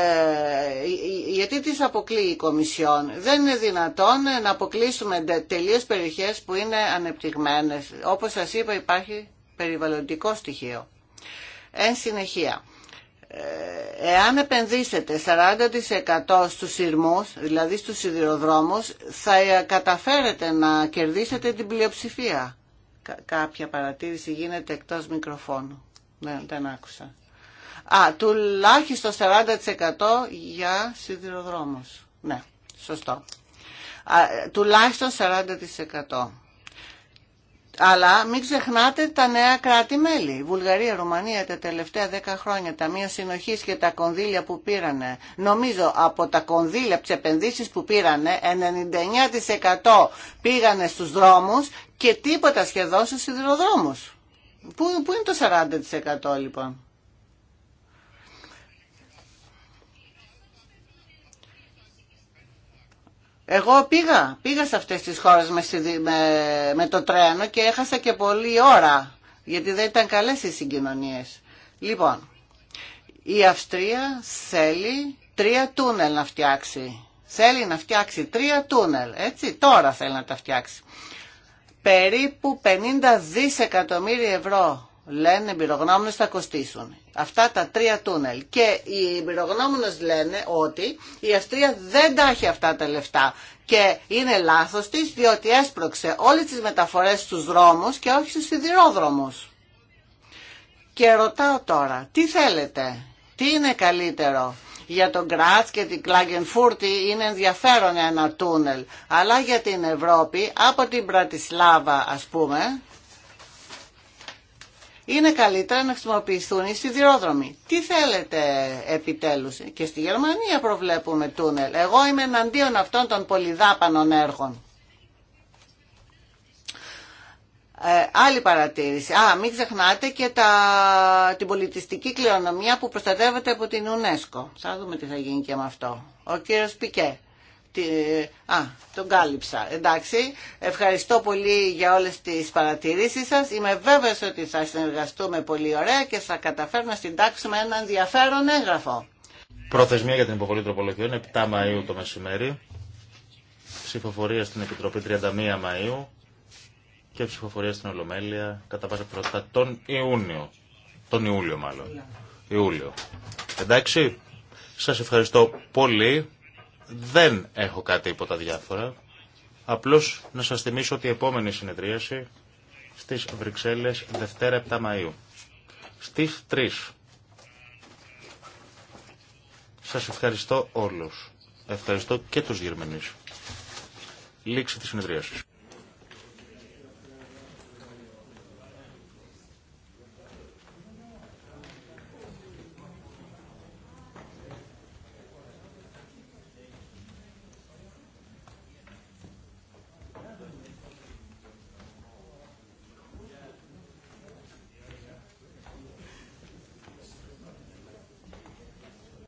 C: γιατί τις αποκλείει η Κομισιόν. Δεν είναι δυνατόν να αποκλείσουμε τελείως περιοχές που είναι ανεπτυγμένες. Όπως σας είπα υπάρχει περιβαλλοντικό στοιχείο. Εν συνεχεία, ε, εάν επενδύσετε 40% στους σειρμούς, δηλαδή στους σιδηροδρόμους, θα καταφέρετε να κερδίσετε την πλειοψηφία κάποια παρατήρηση γίνεται εκτός μικροφώνου. Δεν, δεν άκουσα. Α, τουλάχιστον 40% για σιδηροδρόμους. Ναι, σωστό. Α, τουλάχιστον 40%. Αλλά μην ξεχνάτε τα νέα κράτη-μέλη. Βουλγαρία, Ρουμανία τα τελευταία 10 χρόνια, τα μία συνοχή και τα κονδύλια που πήρανε. Νομίζω από τα κονδύλια, από τι επενδύσει που πήρανε, 99% πήγανε στου δρόμου και τίποτα σχεδόν στους σιδηροδρόμους. Πού, είναι το 40% λοιπόν. Εγώ πήγα, πήγα σε αυτές τις χώρες με, το τρένο και έχασα και πολλή ώρα, γιατί δεν ήταν καλές οι συγκοινωνίες. Λοιπόν, η Αυστρία θέλει τρία τούνελ να φτιάξει. Θέλει να φτιάξει τρία τούνελ, έτσι, τώρα θέλει να τα φτιάξει περίπου 50 δισεκατομμύρια ευρώ λένε οι εμπειρογνώμονες θα κοστίσουν. Αυτά τα τρία τούνελ. Και οι εμπειρογνώμονες λένε ότι η Αυστρία δεν τα έχει αυτά τα λεφτά. Και είναι λάθος της διότι έσπρωξε όλες τις μεταφορές στους δρόμους και όχι στους σιδηρόδρομους. Και ρωτάω τώρα, τι θέλετε, τι είναι καλύτερο, για τον Γκράτ και την Κλάγκενφούρτη είναι ενδιαφέρον ένα τούνελ. Αλλά για την Ευρώπη, από την Πρατισλάβα ας πούμε, είναι καλύτερα να χρησιμοποιηθούν οι σιδηρόδρομοι. Τι θέλετε επιτέλους. Και στη Γερμανία προβλέπουμε τούνελ. Εγώ είμαι εναντίον αυτών των πολυδάπανων έργων. Ε, άλλη παρατήρηση. Α, μην ξεχνάτε και τα, την πολιτιστική κληρονομιά που προστατεύεται από την UNESCO. Θα δούμε τι θα γίνει και με αυτό. Ο κύριος Πικέ. Τι, α, τον κάλυψα. Εντάξει, ευχαριστώ πολύ για όλες τις παρατηρήσεις σας. Είμαι βέβαιος ότι θα συνεργαστούμε πολύ ωραία και θα καταφέρουμε να συντάξουμε ένα ενδιαφέρον έγγραφο.
B: Προθεσμία για την υποβολή τροπολογιών 7 Μαΐου το μεσημέρι. Ψηφοφορία στην Επιτροπή 31 Μαΐου και ψηφοφορία στην Ολομέλεια κατά πάσα πιθανότητα τον Ιούνιο. Τον Ιούλιο μάλλον. Ιούλιο. Εντάξει, σας ευχαριστώ πολύ. Δεν έχω κάτι υπό τα διάφορα. Απλώς να σας θυμίσω ότι η επόμενη συνεδρίαση στις Βρυξέλλες Δευτέρα 7 Μαΐου. Στις 3. Σας ευχαριστώ όλους. Ευχαριστώ και τους Γερμανείς. Λήξη τη συνεδρίασης.